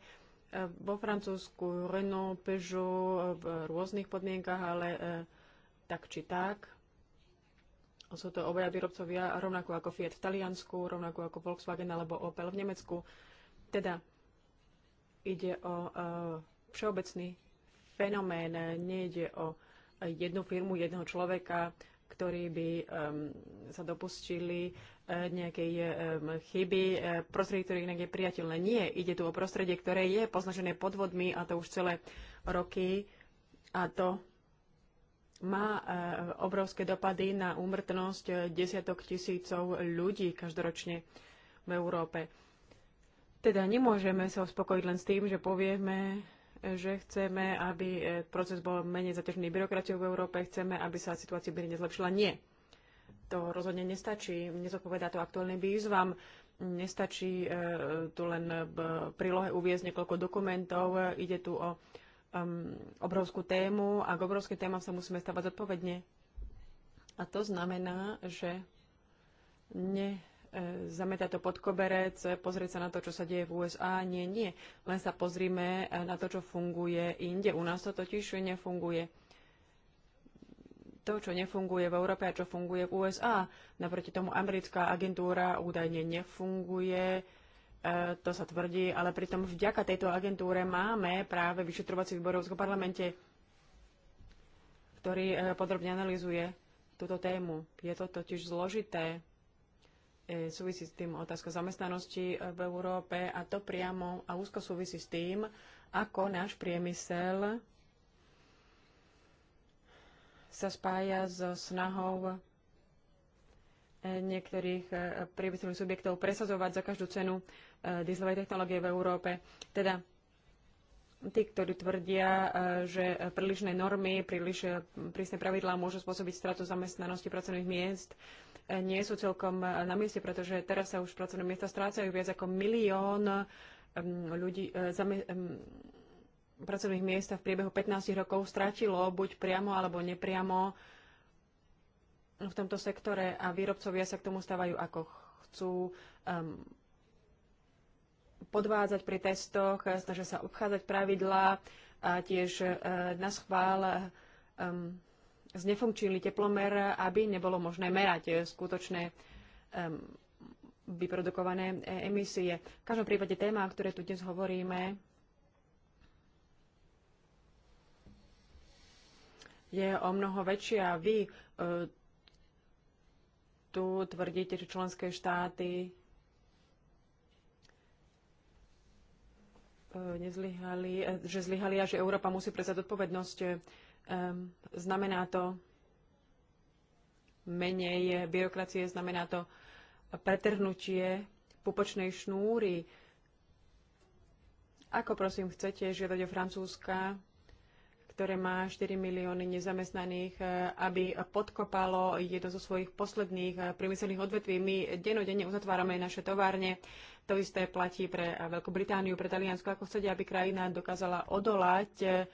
vo Francúzsku Renault, Peugeot e, v rôznych podmienkach, ale tak či tak. Sú to obaja výrobcovia rovnako ako Fiat v Taliansku, rovnako ako Volkswagen alebo Opel v Nemecku. Teda ide o všeobecný fenomén, nejde o jednu firmu, jedného človeka ktorí by sa dopustili eh, nejakej chyby, eh, prostredie, ktoré inak je priateľné. Nie, ide tu o prostredie, ktoré je poznačené podvodmi a to už celé roky a to má eh, obrovské dopady na úmrtnosť desiatok tisícov ľudí každoročne v Európe. Teda nemôžeme sa uspokojiť len s tým, že povieme, že chceme, aby e, proces bol menej zaťažený byrokraciou v Európe, chceme, aby sa situácia by nezlepšila. Nie. To rozhodne nestačí, nezodpovedá to aktuálnym výzvam, nestačí e, tu len v e, prílohe uviezť niekoľko dokumentov, ide tu o um, obrovskú tému a k obrovským témam sa musíme stavať zodpovedne. A to znamená, že ne E, zametať to pod koberec, e, pozrieť sa na to, čo sa deje v USA. Nie, nie. Len sa pozrime e, na to, čo funguje inde. U nás to totiž nefunguje. To, čo nefunguje v Európe a čo funguje v USA. Naproti tomu americká agentúra údajne nefunguje. E, to sa tvrdí, ale pritom vďaka tejto agentúre máme práve vyšetrovací výbor v parlamente, ktorý podrobne analizuje túto tému. Je to totiž zložité E, súvisí s tým otázka zamestnanosti e, v Európe a to priamo a úzko súvisí s tým, ako náš priemysel sa spája so snahou e, niektorých priemyselných subjektov presazovať za každú cenu dieselové technológie v Európe. Teda tí, ktorí tvrdia, že prílišné normy, príliš prísne pravidlá môžu spôsobiť stratu zamestnanosti pracovných miest, nie sú celkom eh, na mieste, pretože teraz sa už pracovné miesta strácajú viac ako milión ľudí, eh, pracovných miest v priebehu 15 rokov stratilo buď priamo alebo nepriamo v tomto sektore a výrobcovia sa k tomu stávajú ako chcú um, podvádzať pri testoch, snažia sa obchádzať pravidlá a tiež uh, na schvál um, znefunkčili teplomer, aby nebolo možné merať eh, skutočné um, vyprodukované eh, emisie. V každom prípade téma, o ktorej tu dnes hovoríme, je o mnoho väčšia. Vy eh, tu tvrdíte, že členské štáty nezlyhali, že zlyhali a že Európa musí prezať odpovednosť. Um, znamená to menej byrokracie, znamená to pretrhnutie pupočnej šnúry. Ako prosím chcete žiadať o Francúzska, ktoré má 4 milióny nezamestnaných, eh, aby podkopalo jedno zo svojich posledných eh, priemyselných odvetví. My denodenne uzatvárame naše továrne. To isté platí pre eh, Veľkú Britániu, pre Taliansko. Ako chcete, aby krajina dokázala odolať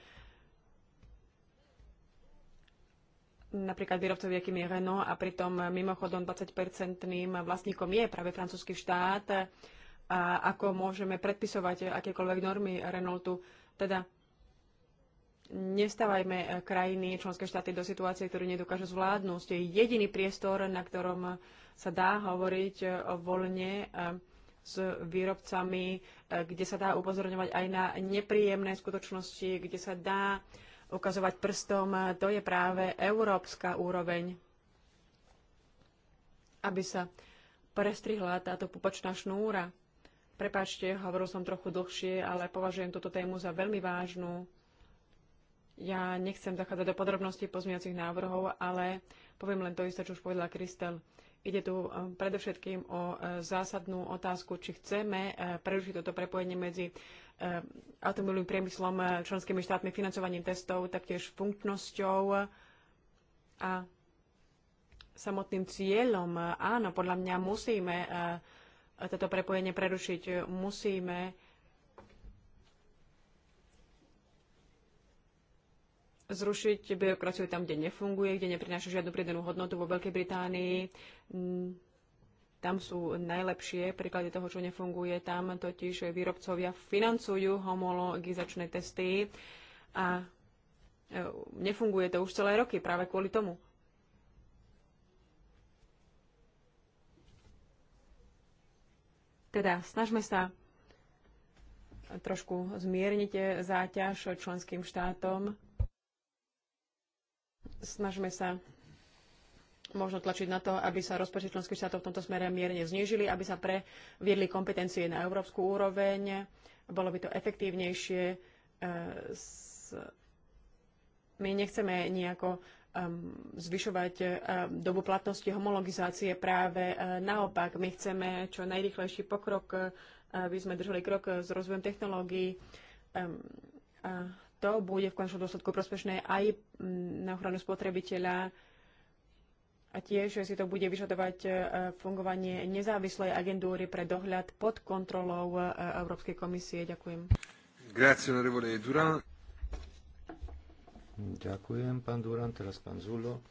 napríklad výrobcovi, akým je Renault a pritom mimochodom 20-percentným vlastníkom je práve francúzsky štát a ako môžeme predpisovať akékoľvek normy Renaultu. Teda nestávajme krajiny, členské štáty do situácie, ktorú nedokážu zvládnuť. Jediný priestor, na ktorom sa dá hovoriť voľne e, s výrobcami, e, kde sa dá upozorňovať aj na nepríjemné skutočnosti, kde sa dá ukazovať prstom. To je práve európska úroveň, aby sa prestrihla táto pupočná šnúra. Prepačte, hovoril som trochu dlhšie, ale považujem túto tému za veľmi vážnu. Ja nechcem zachádzať do podrobností pozmiacich návrhov, ale poviem len to isté, čo už povedala Kristel. Ide tu e, predovšetkým o e, zásadnú otázku, či chceme e, prerušiť toto prepojenie medzi Eh, automobilovým priemyslom, eh, členskými štátmi, financovaním testov, taktiež funkčnosťou a samotným cieľom. Áno, podľa mňa musíme eh, toto prepojenie prerušiť. Musíme zrušiť byrokraciu tam, kde nefunguje, kde neprináša žiadnu pridanú hodnotu vo Veľkej Británii. Mm. Tam sú najlepšie príklady toho, čo nefunguje. Tam totiž výrobcovia financujú homologizačné testy a e, nefunguje to už celé roky práve kvôli tomu. Teda snažme sa trošku zmierniť záťaž členským štátom. Snažme sa možno tlačiť na to, aby sa rozpočty členských štátov v tomto smere mierne znížili, aby sa previedli kompetencie na európsku úroveň. Bolo by to efektívnejšie. E, my nechceme nejako zvyšovať e, dobu platnosti homologizácie práve e, naopak. My chceme čo najrychlejší pokrok, aby sme držali krok s rozvojom technológií. A to bude v končnom dôsledku prospešné aj na ochranu spotrebiteľa, a tiež si to bude vyžadovať e, fungovanie nezávislej agentúry pre dohľad pod kontrolou e, Európskej komisie. Ďakujem. Ďakujem, pán Durán, teraz pán Zulo.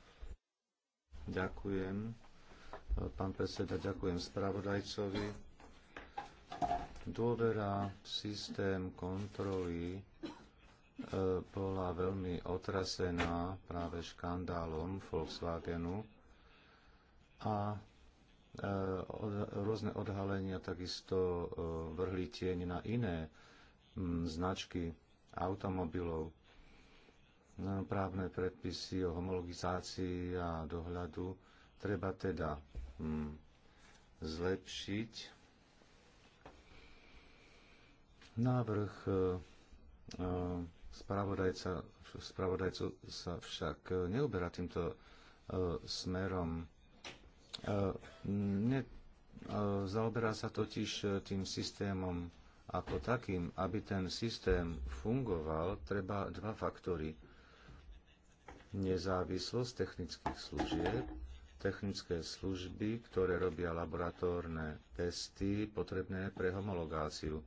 Ďakujem, e, pán predseda, ďakujem spravodajcovi. Dôvera v systém kontroly bola veľmi otrasená práve škandálom Volkswagenu a e, rôzne odhalenia takisto e, vrhli tieň na iné značky automobilov. No, právne predpisy o homologizácii a dohľadu treba teda zlepšiť. Návrh e, spravodajca, spravodajcu sa však neuberá týmto smerom Ehm, ne, ehm, zaoberá sa totiž e, tým systémom ako takým. Aby ten systém fungoval, treba dva faktory. Nezávislosť technických služieb, technické služby, ktoré robia laboratórne testy potrebné pre homologáciu.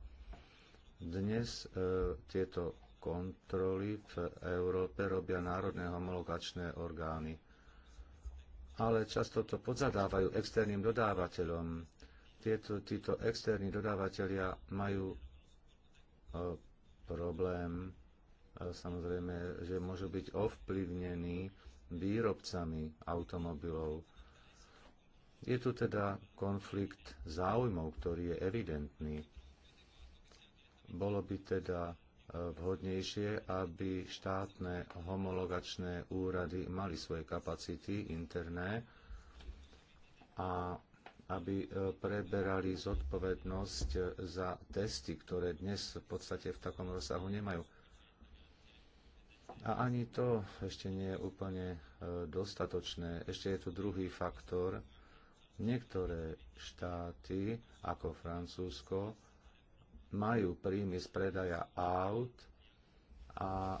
Dnes e, tieto kontroly v Európe robia národné homologačné orgány ale často to podzadávajú externým dodávateľom. Tieto, títo externí dodávateľia majú e, problém, e, samozrejme, že môžu byť ovplyvnení výrobcami automobilov. Je tu teda konflikt záujmov, ktorý je evidentný. Bolo by teda vhodnejšie, aby štátne homologačné úrady mali svoje kapacity interné a aby e, preberali zodpovednosť e, za testy, ktoré dnes v podstate v takom rozsahu nemajú. A ani to ešte nie je úplne e, dostatočné. Ešte je tu druhý faktor. Niektoré štáty, ako Francúzsko, majú príjmy z predaja aut a e,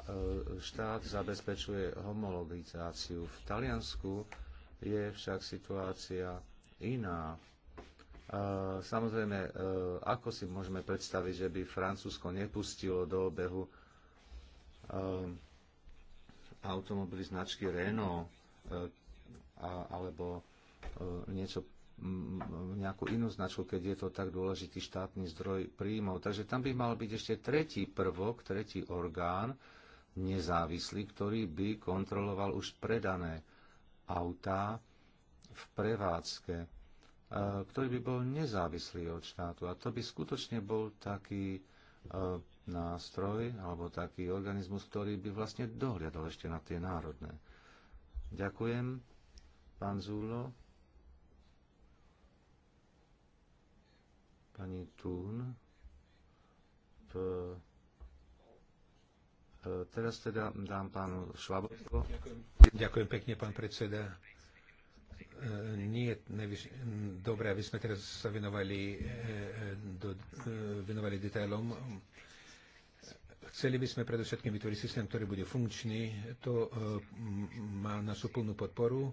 štát zabezpečuje homologizáciu. V Taliansku je však situácia iná. E, samozrejme, e, ako si môžeme predstaviť, že by Francúzsko nepustilo do obehu automobily značky Renault alebo niečo nejakú inú značku, keď je to tak dôležitý štátny zdroj príjmov. Takže tam by mal byť ešte tretí prvok, tretí orgán, nezávislý, ktorý by kontroloval už predané autá v prevádzke, e, ktorý by bol nezávislý od štátu. A to by skutočne bol taký e, nástroj alebo taký organizmus, ktorý by vlastne dohľadal ešte na tie národné. Ďakujem, pán Zúlo. pani Thun. V... E, teraz teda dám pánu Švabovi. Ďakujem. Ďakujem pekne, pán predseda e, nie je najvyš... dobré, aby sme teraz sa venovali, e, do, venovali detailom. Chceli by sme predovšetkým vytvoriť systém, ktorý bude funkčný. To má našu plnú podporu.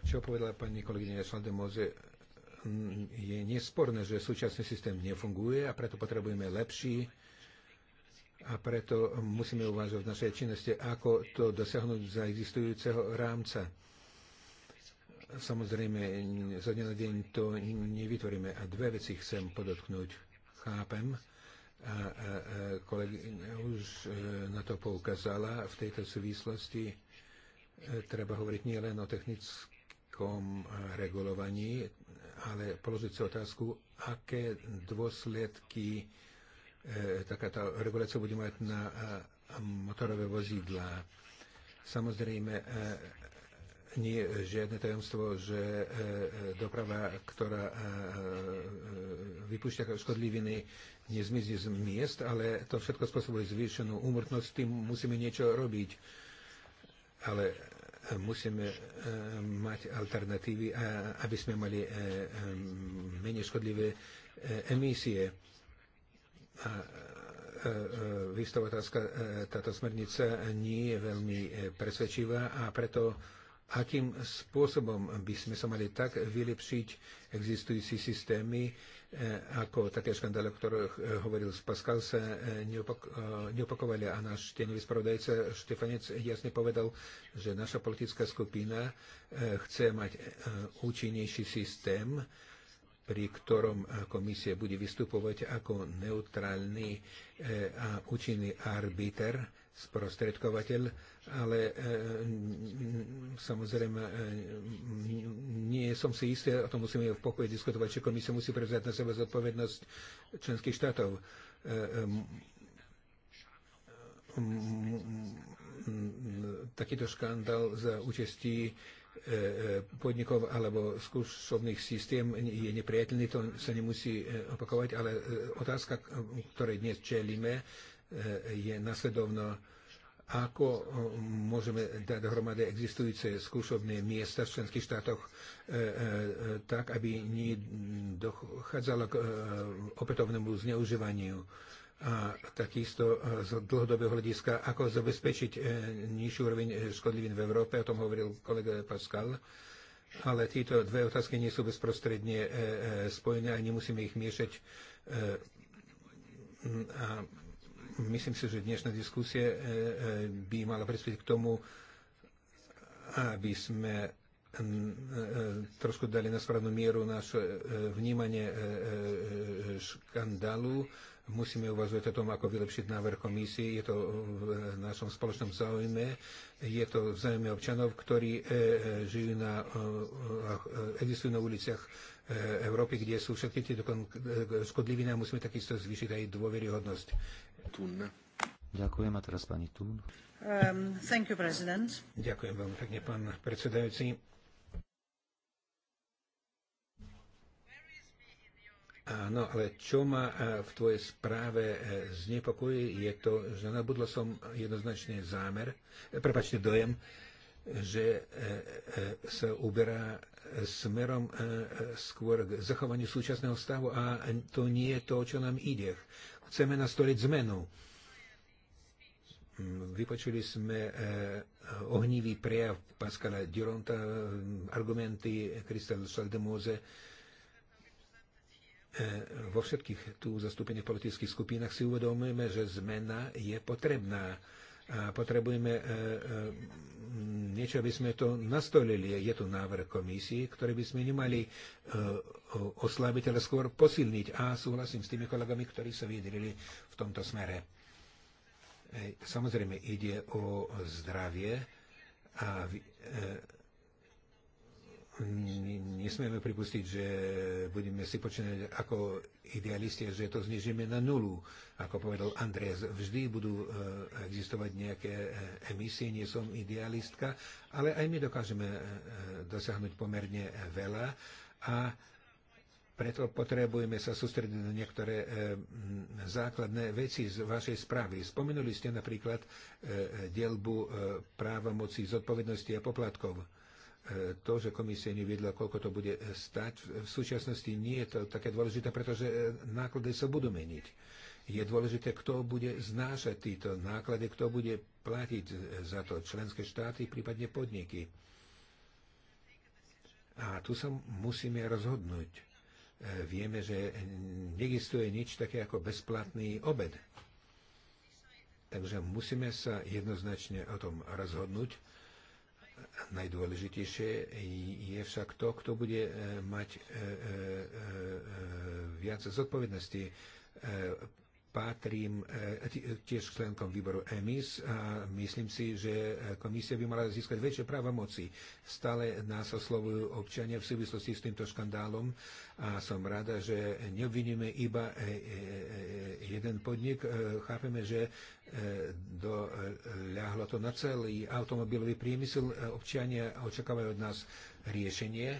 Čo povedala pani kolegyňa Moze, je nesporné, že súčasný systém nefunguje a preto potrebujeme lepší a preto musíme uvažovať v našej činnosti, ako to dosiahnuť za existujúceho rámca. Samozrejme, za deň na deň to nevytvoríme. A dve veci chcem podotknúť. Chápem, a, a, a kolegyňa už e, na to poukázala v tejto súvislosti. E, treba hovoriť nielen o technickom e, regulovaní, ale položiť si otázku, aké dôsledky e, takáto regulácia bude mať na a, e, motorové vozidlá. Samozrejme, e, nie je žiadne tajomstvo, že e, e doprava, ktorá e, e, vypúšťa škodliviny, nezmizne z miest, ale to všetko spôsobuje zvýšenú úmrtnosť, tým musíme niečo robiť. Ale musíme e, mať alternatívy, aby sme mali e, e, menej škodlivé emisie. A otázka, táto smernica nie je veľmi presvedčivá a preto akým spôsobom by sme sa mali tak vylepšiť existujúci systémy, E, ako také škandály, o ktorých e, hovoril Pascal, sa e, neopak, neopakovali a náš tenový spravodajca Štefanec jasne povedal, že naša politická skupina chce mať účinnejší systém, pri ktorom komisie bude vystupovať ako neutrálny a účinný arbiter sprostredkovateľ, ale e, samozrejme e, nie som si istý, o tom musíme v pokoji diskutovať, či komisia musí prevziať na seba zodpovednosť členských štátov. E, e, takýto škandál za účastí e, e, podnikov alebo skúšobných systém je nepriateľný, to sa nemusí e, opakovať, ale otázka, ktorej dnes čelíme, je nasledovno ako e, môžeme dať dohromady existujúce skúšobné miesta v členských štátoch e, e, tak, aby nedochádzalo k opätovnému zneužívaniu a takisto z dlhodobého hľadiska, ako zabezpečiť nižšiu úroveň škodlivín v Európe, o tom hovoril kolega Pascal, ale tieto dve otázky nie sú bezprostredne spojené a nemusíme ich miešať a Myslím si, že dnešná diskusie e, e, by mala prispieť k tomu, aby sme e, trošku dali na správnu mieru naše vnímanie škandálu. Musíme uvažovať o tom, ako vylepšiť návrh komisie. Je to v našom spoločnom záujme. Je to v záujme občanov, ktorí žijú na, existujú na uliciach Európy, kde sú všetky tieto škodliviny a musíme takisto zvýšiť aj dôveryhodnosť Tun. Ďakujem a teraz pani Tun. Um, thank you, president. Ďakujem veľmi pekne, pán predsedajúci. Áno, ale čo ma e, v tvojej správe e, znepokojí, je to, že nabudla som jednoznačne zámer, e, prepačte dojem, že sa uberá smerom skôr k zachovaniu súčasného stavu a to nie je to, čo nám ide chceme nastoliť zmenu. Mm, vypočuli sme eh, ohnívý prejav Pascala Duronta, e, argumenty Krista Saldemoze. E, vo všetkých tu zastúpených politických skupinách si uvedomujeme, že zmena je potrebná a potrebujeme e, e, niečo, aby sme to nastolili. Je tu návrh komisii, ktorý by sme nemali e, oslabiť, ale skôr posilniť. A súhlasím s tými kolegami, ktorí sa vyjadrili v tomto smere. Samozrejme, ide o zdravie a nesmieme pripustiť, že budeme si počínať ako idealisti, že to znižíme na nulu. Ako povedal Andreas, vždy budú e, existovať nejaké e, emisie, nie som idealistka, ale aj my dokážeme e, dosiahnuť pomerne veľa a preto potrebujeme sa sústrediť na niektoré základné veci z vašej správy. Spomenuli ste napríklad dielbu právomocí moci, zodpovednosti a poplatkov to, že komisia neviedla, koľko to bude stať, v súčasnosti nie je to také dôležité, pretože e, náklady sa budú meniť. Je dôležité, kto bude znášať títo náklady, kto bude platiť za to členské štáty, prípadne podniky. A tu sa musíme rozhodnúť. E, vieme, že neexistuje nič také ako bezplatný obed. Takže musíme sa jednoznačne o tom rozhodnúť Najdôležitejšie je však to, kto bude e, mať e, e, viac zodpovednosti patrím e, tiež členkom výboru EMIS a myslím si, že e, komisia by mala získať väčšie práva moci, Stále nás oslovujú občania v súvislosti s týmto škandálom a som rada, že neobviníme iba e, jeden podnik. Chápeme, že doľahlo to na celý automobilový priemysel. Občania očakávajú od nás riešenie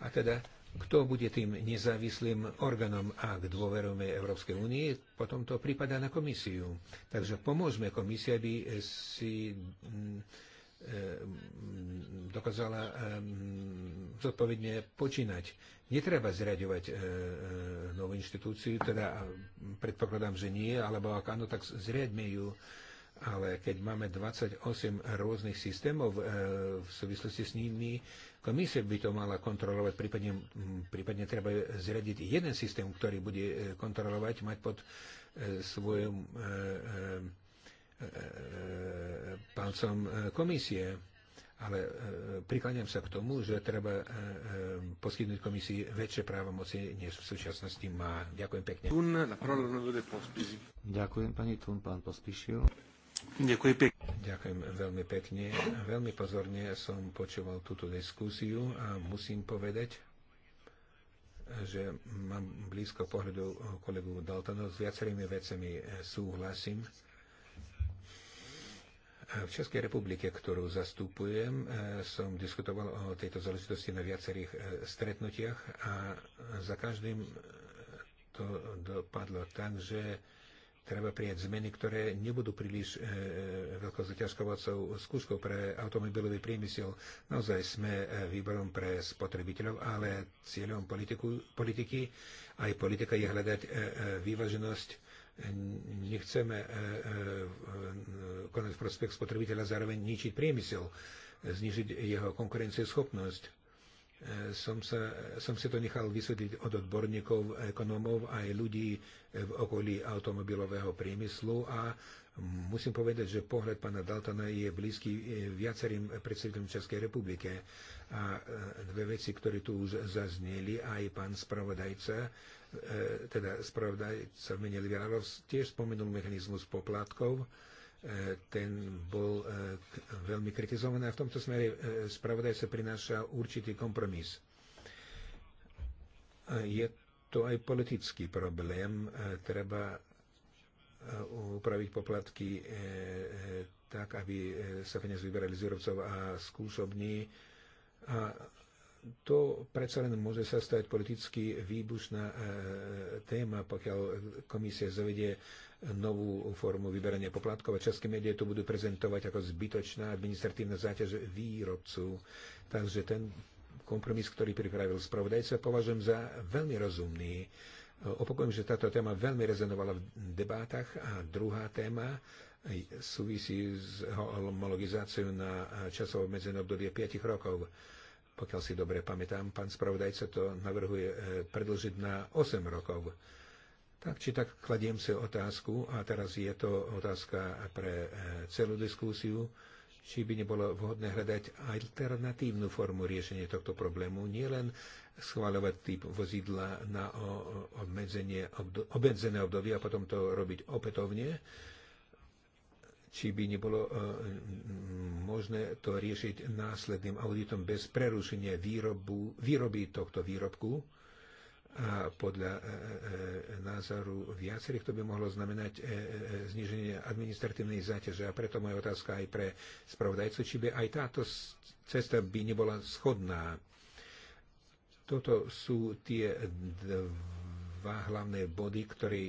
a teda kto bude tým nezávislým orgánom, ak dôverujeme Európskej únie, potom to prípada na komisiu. Takže pomôžme komisii, aby si mm, e, dokázala mm, zodpovedne počínať. Netreba zriadovať e, e, novú inštitúciu, teda predpokladám, že nie, alebo ak áno, tak zriadme ju. Ale keď máme 28 rôznych systémov v súvislosti s nimi, Komisia by to mala kontrolovať, prípadne, prípadne treba zriadiť jeden systém, ktorý bude e, kontrolovať, mať pod e, svojom e, palcom komisie. Ale prikláňam sa k tomu, že treba poskytnúť komisii väčšie právomoci, než v súčasnosti má. Ďakujem pekne. Ďakujem pani Tun, pán Pospíšil. Ďakujem pekne. Ďakujem veľmi pekne. Veľmi pozorne som počúval túto diskusiu a musím povedať, že mám blízko pohľadu kolegu Daltona. S viacerými vecami e, súhlasím. V Českej republike, ktorú zastupujem, e, som diskutoval o tejto záležitosti na viacerých e, stretnutiach a za každým to dopadlo tak, že treba prijať zmeny, ktoré nebudú príliš e, e veľkou zaťažkovacou skúškou pre automobilový priemysel. Naozaj sme e, výborom pre spotrebiteľov, ale cieľom politiku, politiky aj politika je hľadať e, e, vyvaženosť nechceme e, konec prospekt spotrebiteľa, zároveň ničiť priemysel, znižiť jeho konkurencieschopnosť som, sa, som si to nechal vysvetliť od odborníkov, ekonómov aj ľudí v okolí automobilového priemyslu a musím povedať, že pohľad pána Daltona je blízky e, viacerým predsedom Českej republike. A e, dve veci, ktoré tu už zazneli, aj pán spravodajca, e, teda spravodajca v mene tiež spomenul mechanizmus poplatkov, ten bol e, veľmi kritizovaný a v tomto smere e, spravodajca prináša určitý kompromis. E, je to aj politický problém. Treba upraviť poplatky tak, aby sa peniaz vyberali z výrobcov a skúšobní. A to predsa len môže sa stať politicky výbušná téma, pokiaľ komisia zavedie novú formu vyberania poplatkov a české médiá to budú prezentovať ako zbytočná administratívna záťaž výrobcu. Takže ten kompromis, ktorý pripravil spravodajca, považujem za veľmi rozumný. Opakujem, že táto téma veľmi rezonovala v debátach a druhá téma súvisí s homologizáciou na časovo obmedzené obdobie 5 rokov. Pokiaľ si dobre pamätám, pán spravodajca to navrhuje eh, predlžiť na 8 rokov. Tak či tak kladiem si otázku, a teraz je to otázka pre e, celú diskusiu, či by nebolo vhodné hľadať alternatívnu formu riešenia tohto problému, nielen schváľovať typ vozidla na obmedzenie, obmedzené obdobie a potom to robiť opätovne, či by nebolo e, možné to riešiť následným auditom bez prerušenia výrobu, výroby tohto výrobku, a podľa e, e, e, názoru viacerých to by mohlo znamenať zniženie administratívnej záťaže. A preto moja otázka aj pre spravodajcu, či by aj táto cesta by nebola schodná. Toto sú tie dva hlavné body, ktoré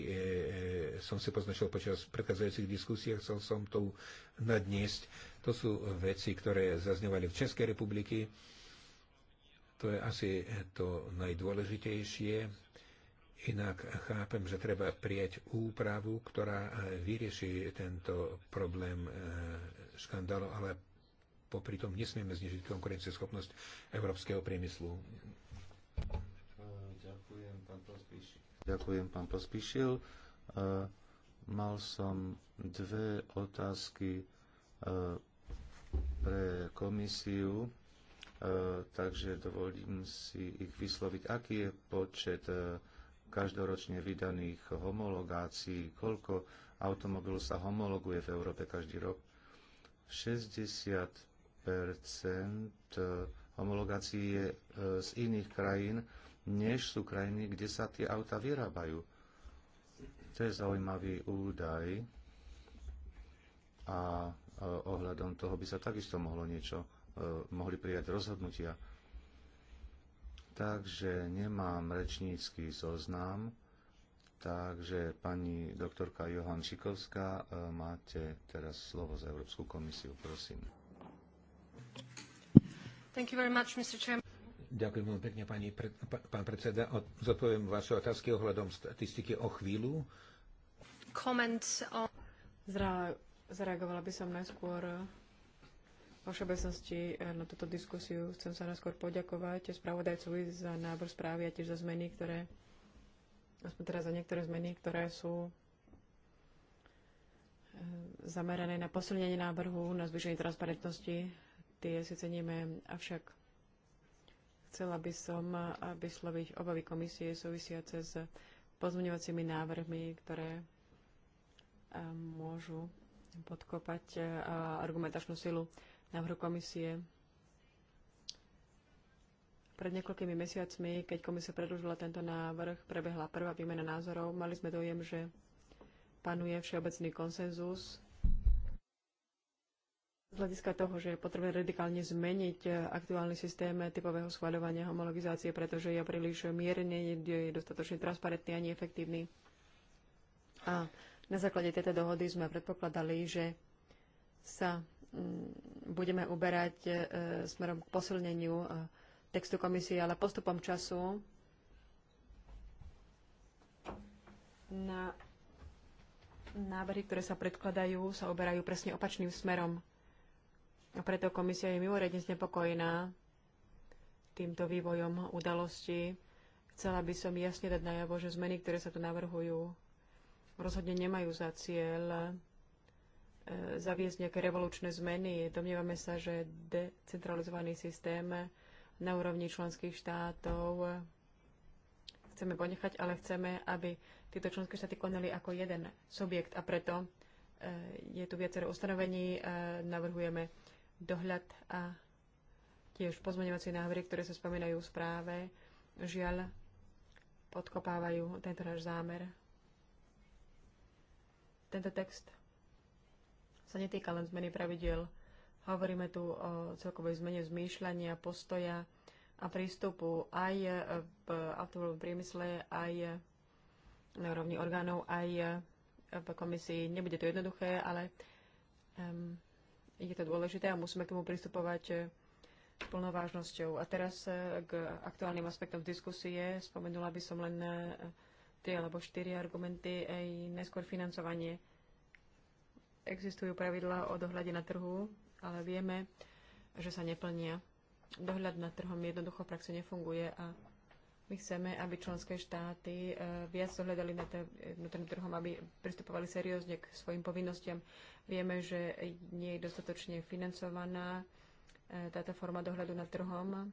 som si poznačil počas predchádzajúcich diskusí a chcel som tu nadniesť. To sú veci, ktoré zaznevali v Českej republiky to je asi to najdôležitejšie. Inak chápem, že treba prijať úpravu, ktorá eh, vyrieši tento problém eh, škandálu, ale popri tom nesmieme znižiť konkurencieschopnosť európskeho priemyslu. Ďakujem, pán Pospíšil. Ďakujem, pán Pospíšil. Eh, mal som dve otázky pre komisiu E, takže dovolím si ich vysloviť. Aký je počet e, každoročne vydaných homologácií, koľko automobilov sa homologuje v Európe každý rok? 60 e, homologácií je z iných krajín, než sú krajiny, kde sa tie auta vyrábajú. To je zaujímavý údaj a ohľadom toho by sa takisto mohlo niečo E, mohli prijať rozhodnutia. Takže nemám rečnícky zoznam, takže pani doktorka Johan Šikovská, e, máte teraz slovo za Európsku komisiu, prosím. Thank you very much, Mr. Ďakujem veľmi pekne, pani, pred, pán predseda. Zodpoviem vaše otázky ohľadom statistiky o chvíľu. Zreagovala Zra, zareagovala by som najskôr vo všeobecnosti eh, na túto diskusiu chcem sa najskôr poďakovať spravodajcovi za návrh správy a tiež za zmeny, ktoré, aspoň teraz za niektoré zmeny, ktoré sú eh, zamerané na posilnenie návrhu, na zvýšenie transparentnosti. Tie si ceníme, avšak chcela by som eh, vysloviť obavy komisie súvisiace s pozmeňovacími návrhmi, ktoré môžu podkopať argumentačnú silu návrhu komisie. Pred niekoľkými mesiacmi, keď komisia predložila tento návrh, prebehla prvá výmena názorov. Mali sme dojem, že panuje všeobecný konsenzus z hľadiska toho, že je potrebné radikálne zmeniť aktuálny systém typového schváľovania homologizácie, pretože je príliš mierne, je dostatočne transparentný a neefektívny. A na základe tejto dohody sme predpokladali, že sa budeme uberať e, smerom k posilneniu e, textu komisie, ale postupom času na návrhy, ktoré sa predkladajú, sa oberajú presne opačným smerom. A preto komisia je mimoriadne znepokojená týmto vývojom udalosti. Chcela by som jasne dať najavo, že zmeny, ktoré sa tu navrhujú, rozhodne nemajú za cieľ E, zaviesť nejaké revolučné zmeny. Domnievame sa, že decentralizovaný systém na úrovni členských štátov chceme ponechať, ale chceme, aby tieto členské štáty konali ako jeden subjekt a preto e, je tu viacero ustanovení, e, navrhujeme dohľad a tiež pozmeňovacie návrhy, ktoré sa spomínajú v správe. Žiaľ, podkopávajú tento náš zámer. Tento text sa netýka len zmeny pravidiel. Hovoríme tu o celkovej zmene zmýšľania, postoja a prístupu aj v automobilovom priemysle, aj na úrovni orgánov, aj v komisii. Nebude to jednoduché, ale um, je to dôležité a musíme k tomu pristupovať s eh, plnou vážnosťou. A teraz eh, k aktuálnym aspektom diskusie. Spomenula by som len eh, tri alebo štyri argumenty, aj neskôr financovanie. Existujú pravidlá o dohľade na trhu, ale vieme, že sa neplnia. Dohľad na trhom jednoducho v praxi nefunguje a my chceme, aby členské štáty e, viac dohľadali na vnútorným trhom, aby pristupovali seriózne k svojim povinnostiam. Vieme, že nie je dostatočne financovaná e, táto forma dohľadu na trhom,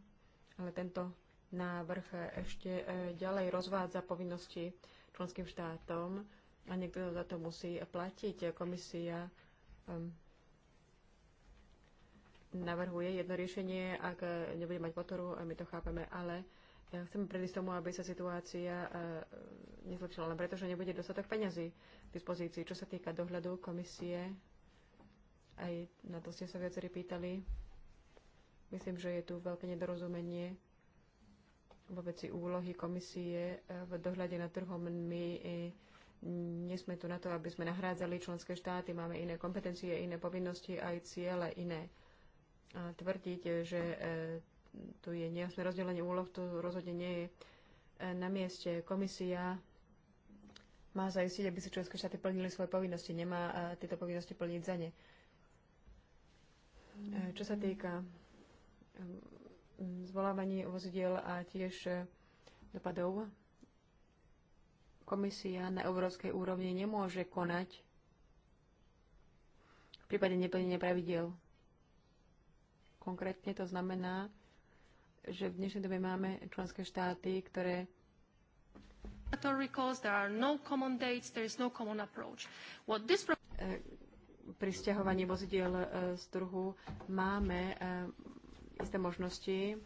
ale tento návrh e, ešte ďalej rozvádza povinnosti členským štátom a niekto za to musí platiť. Komisia um, navrhuje jedno riešenie, ak eh, nebude mať podporu, my to chápeme, ale ja eh, chcem predísť tomu, aby sa situácia eh, nezlepšila len preto, že nebude dostatok peňazí k dispozícii. Čo sa týka dohľadu komisie, aj na to ste sa viacerí pýtali, myslím, že je tu veľké nedorozumenie vo veci úlohy komisie v dohľade nad trhom. My nie sme tu na to, aby sme nahrádzali členské štáty, máme iné kompetencie, iné povinnosti, aj ciele iné. A tvrdiť, že e, tu je nejasné rozdelenie úloh, tu rozhodne nie je e, na mieste. Komisia má zaistiť, aby si členské štáty plnili svoje povinnosti, nemá e, tieto povinnosti plniť za ne. Čo sa týka zvolávaní vozidiel a tiež dopadov komisia na európskej úrovni nemôže konať v prípade neplnenia pravidiel. Konkrétne to znamená, že v dnešnej dobe máme členské štáty, ktoré no no eh, pri stiahovaní vozidiel eh, z trhu máme eh, isté možnosti.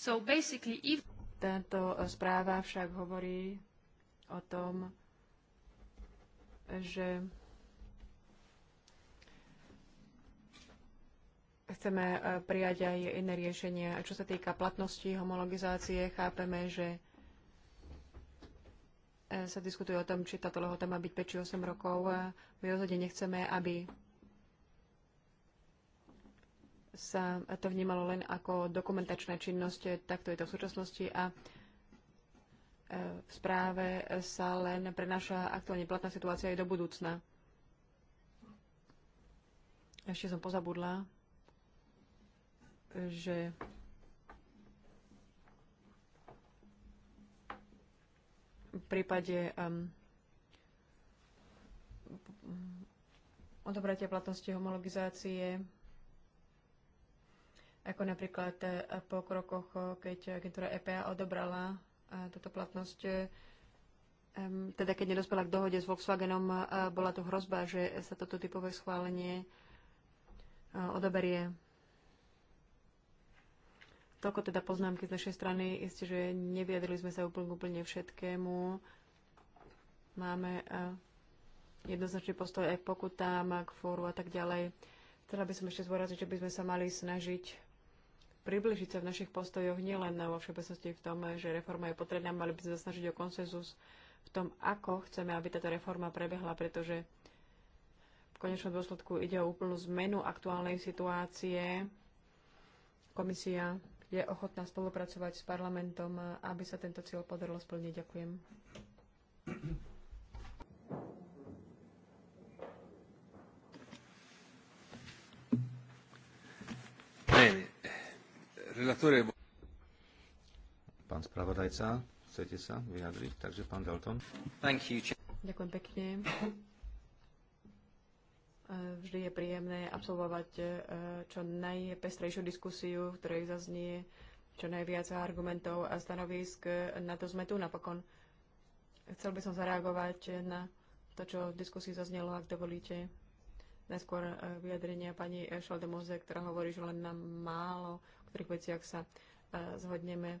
So basically, if... Táto správa však hovorí o tom, že chceme e, prijať aj iné riešenia. A čo sa týka platnosti homologizácie, chápeme, že e, sa diskutuje o tom, či táto lehota má byť 5 či 8 rokov. My rozhodne nechceme, aby sa to vnímalo len ako dokumentačná činnosť, takto je to v súčasnosti a v správe sa len prenáša aktuálne platná situácia aj do budúcna. Ešte som pozabudla, že v prípade um, odobratia platnosti homologizácie ako napríklad po krokoch, keď agentúra EPA odobrala táto platnosť, e, teda keď nedospela k dohode s Volkswagenom, e, bola tu hrozba, že sa toto typové schválenie e, odoberie. Toľko teda poznámky z našej strany. Isté, že nevyjadrili sme sa úplne, úplne všetkému. Máme jednoznačný postoj aj k pokutám, k fóru a tak ďalej. Chcela by som ešte zvoraziť, že by sme sa mali snažiť približiť sa v našich postojoch nielen vo všeobecnosti v tom, že reforma je potrebná, mali by sme sa snažiť o konsenzus v tom, ako chceme, aby táto reforma prebehla, pretože v konečnom dôsledku ide o úplnú zmenu aktuálnej situácie. Komisia je ochotná spolupracovať s parlamentom, aby sa tento cieľ podarilo splniť. Ďakujem. Pán spravodajca, chcete sa vyjadriť? Takže pán Dalton. Thank you. Ďakujem pekne. Vždy je príjemné absolvovať eh, čo najpestrejšiu diskusiu, v ktorej zaznie čo najviac argumentov a stanovisk. Na to sme tu napokon. Chcel by som zareagovať na to, čo v diskusii zaznelo, ak dovolíte. Najskôr eh, vyjadrenia pani Šaldemoze, ktorá hovorí, že len na málo niektorých veciach sa e, zhodneme. E,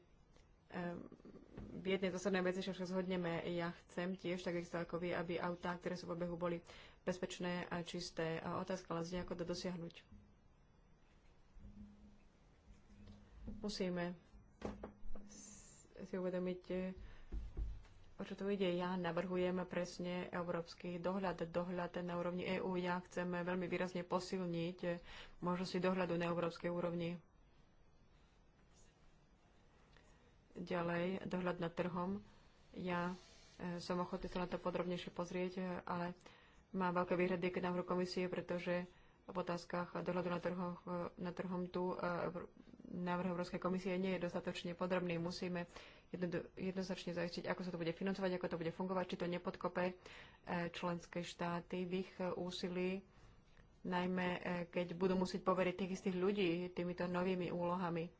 v jednej zásadnej veci však sa zhodneme. Ja chcem tiež, tak ako vy, aby autá, ktoré sú v obehu, boli bezpečné a čisté. A otázka ale znie, ako to dosiahnuť. Musíme si uvedomiť, e, o čo tu ide. Ja navrhujem presne európsky dohľad, dohľad na úrovni EÚ. Ja chcem veľmi výrazne posilniť možnosti dohľadu na európskej úrovni. Ďalej, dohľad nad trhom. Ja e, som ochotný sa na to podrobnejšie pozrieť, e, ale mám veľké výhrady k návrhu komisie, pretože v otázkach dohľadu na, trhoch, e, na trhom tu návrh Európskej komisie nie je dostatočne podrobný. Musíme jedno, jednoznačne zajistiť, ako sa to bude financovať, ako to bude fungovať, či to nepodkope členské štáty v ich úsilí, najmä keď budú musieť poveriť tých istých ľudí týmito novými úlohami.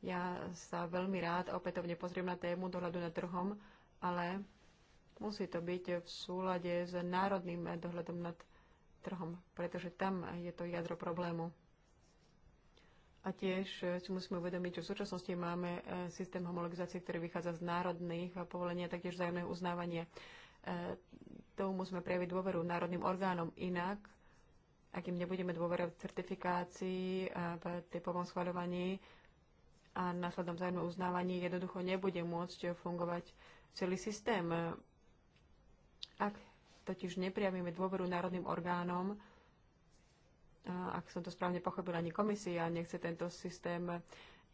Ja sa veľmi rád opätovne pozriem na tému dohľadu nad trhom, ale musí to byť v súlade s národným dohľadom nad trhom, pretože tam je to jadro problému. A tiež si musíme uvedomiť, že v súčasnosti máme e, systém homologizácie, ktorý vychádza z národných povolenia taktiež vzájomného uznávania. E, tomu musíme prejaviť dôveru národným orgánom. Inak, ak im nebudeme dôverovať v certifikácii, v typovom schváľovaní, a následnom zájomnom uznávanie, jednoducho nebude môcť fungovať celý systém. Ak totiž nepriamíme dôveru národným orgánom, ak som to správne pochopila, ani komisia nechce tento systém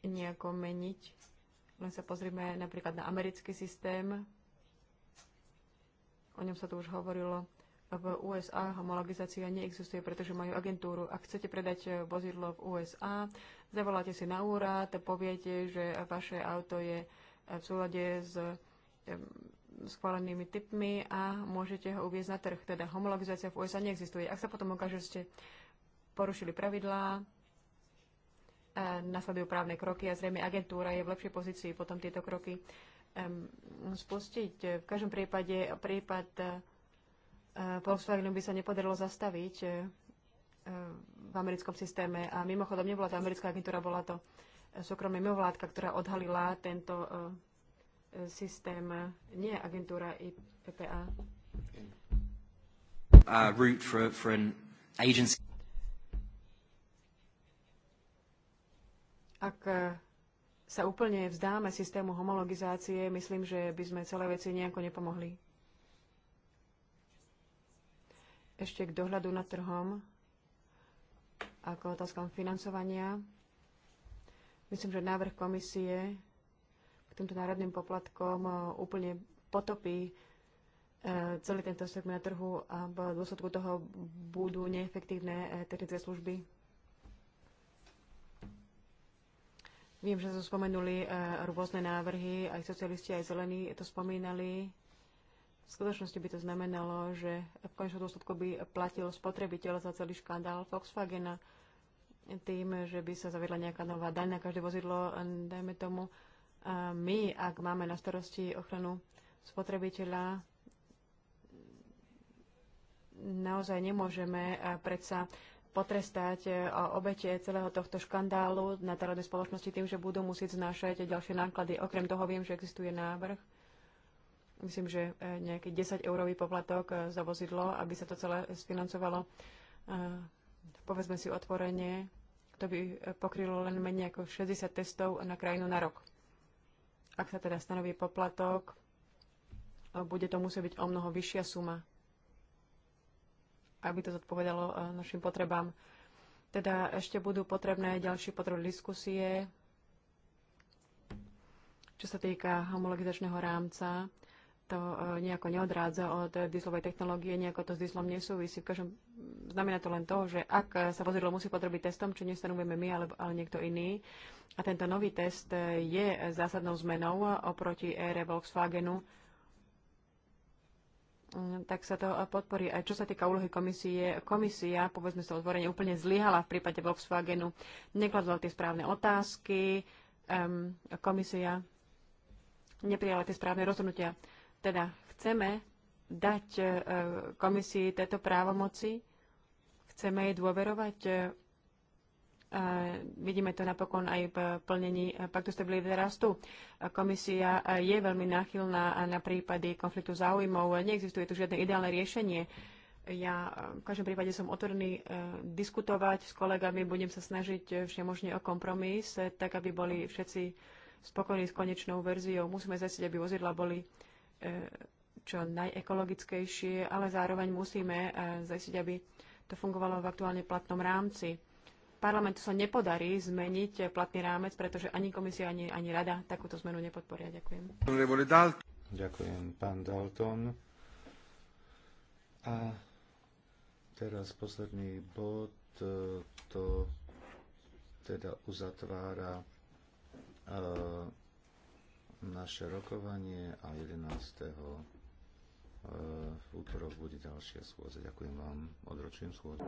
nejako meniť. Len sa pozrime napríklad na americký systém. O ňom sa tu už hovorilo v USA homologizácia neexistuje, pretože majú agentúru. Ak chcete predať eh, vozidlo v USA, zavoláte si na úrad, poviete, že vaše auto je eh, v súlade s schválenými typmi a môžete ho uviezť na trh. Teda homologizácia v USA neexistuje. Ak sa potom ukáže, že ste porušili pravidlá, eh, nasledujú právne kroky a zrejme agentúra je v lepšej pozícii potom tieto kroky spustiť. V každom prípade prípad Eh, Volkswagenu by sa nepodarilo zastaviť eh, eh, v americkom systéme. A mimochodom nebola to americká agentúra, bola to súkromná mimovládka, ktorá odhalila tento systém, nie agentúra IPPA. Uh, route for, for an agency. Ak sa úplne vzdáme systému homologizácie, myslím, že by sme celé veci nejako nepomohli. ešte k dohľadu nad trhom a k otázkam financovania. Myslím, že návrh komisie k týmto národným poplatkom e, úplne potopí e, celý tento segment na trhu a v dôsledku toho budú neefektívne e, technické služby. Viem, že sa spomenuli rôzne návrhy, aj socialisti, aj zelení to spomínali. V skutočnosti by to znamenalo, že v končnom dôsledku by platil spotrebiteľ za celý škandál Volkswagena tým, že by sa zavedla nejaká nová daň na každé vozidlo, dajme tomu. A my, ak máme na starosti ochranu spotrebiteľa, naozaj nemôžeme predsa potrestať e, obete celého tohto škandálu na národnej spoločnosti tým, že budú musieť znášať ďalšie náklady. Okrem toho viem, že existuje návrh myslím, že e, nejaký 10-eurový poplatok e, za vozidlo, aby sa to celé sfinancovalo, e, povedzme si otvorenie, to by pokrylo len menej ako 60 testov na krajinu na rok. Ak sa teda stanoví poplatok, bude to musieť byť o mnoho vyššia suma, aby to zodpovedalo našim potrebám. Teda ešte budú potrebné ďalšie potrebné diskusie, čo sa týka homologizačného rámca to e, nejako neodrádza od dieslovej technológie, nejako to s dieslom nesúvisí. V každom, znamená to len to, že ak sa vozidlo musí podrobiť testom, čo nestanovujeme my, ale, ale niekto iný, a tento nový test je zásadnou zmenou oproti ére Volkswagenu, mm, tak sa to podporí. Aj čo sa týka úlohy komisie, komisia, povedzme sa otvorene, úplne zlyhala v prípade Volkswagenu, nekladla tie správne otázky, um, komisia neprijala tie správne rozhodnutia. Teda chceme dať e, komisii tieto právomoci, chceme jej dôverovať. E, e, vidíme to napokon aj v plnení paktu stability rastu. Komisia je veľmi náchylná na prípady konfliktu záujmov. Neexistuje tu žiadne ideálne riešenie. Ja v každom prípade som otvorený diskutovať s kolegami, budem sa snažiť všemožne o kompromis, tak aby boli všetci spokojní s konečnou verziou. Musíme zasiť, aby vozidla boli E, čo najekologickejšie, ale zároveň musíme e, zajistiť, aby to fungovalo v aktuálne platnom rámci. Parlamentu sa nepodarí zmeniť platný rámec, pretože ani komisia, ani, ani rada takúto zmenu nepodporia. Ďakujem. Ďakujem, pán Dalton. A teraz posledný bod, e, to teda uzatvára uh, naše rokovanie a 11. E, v útorok bude ďalšia schôdza. Ďakujem vám, odročujem schôdzu.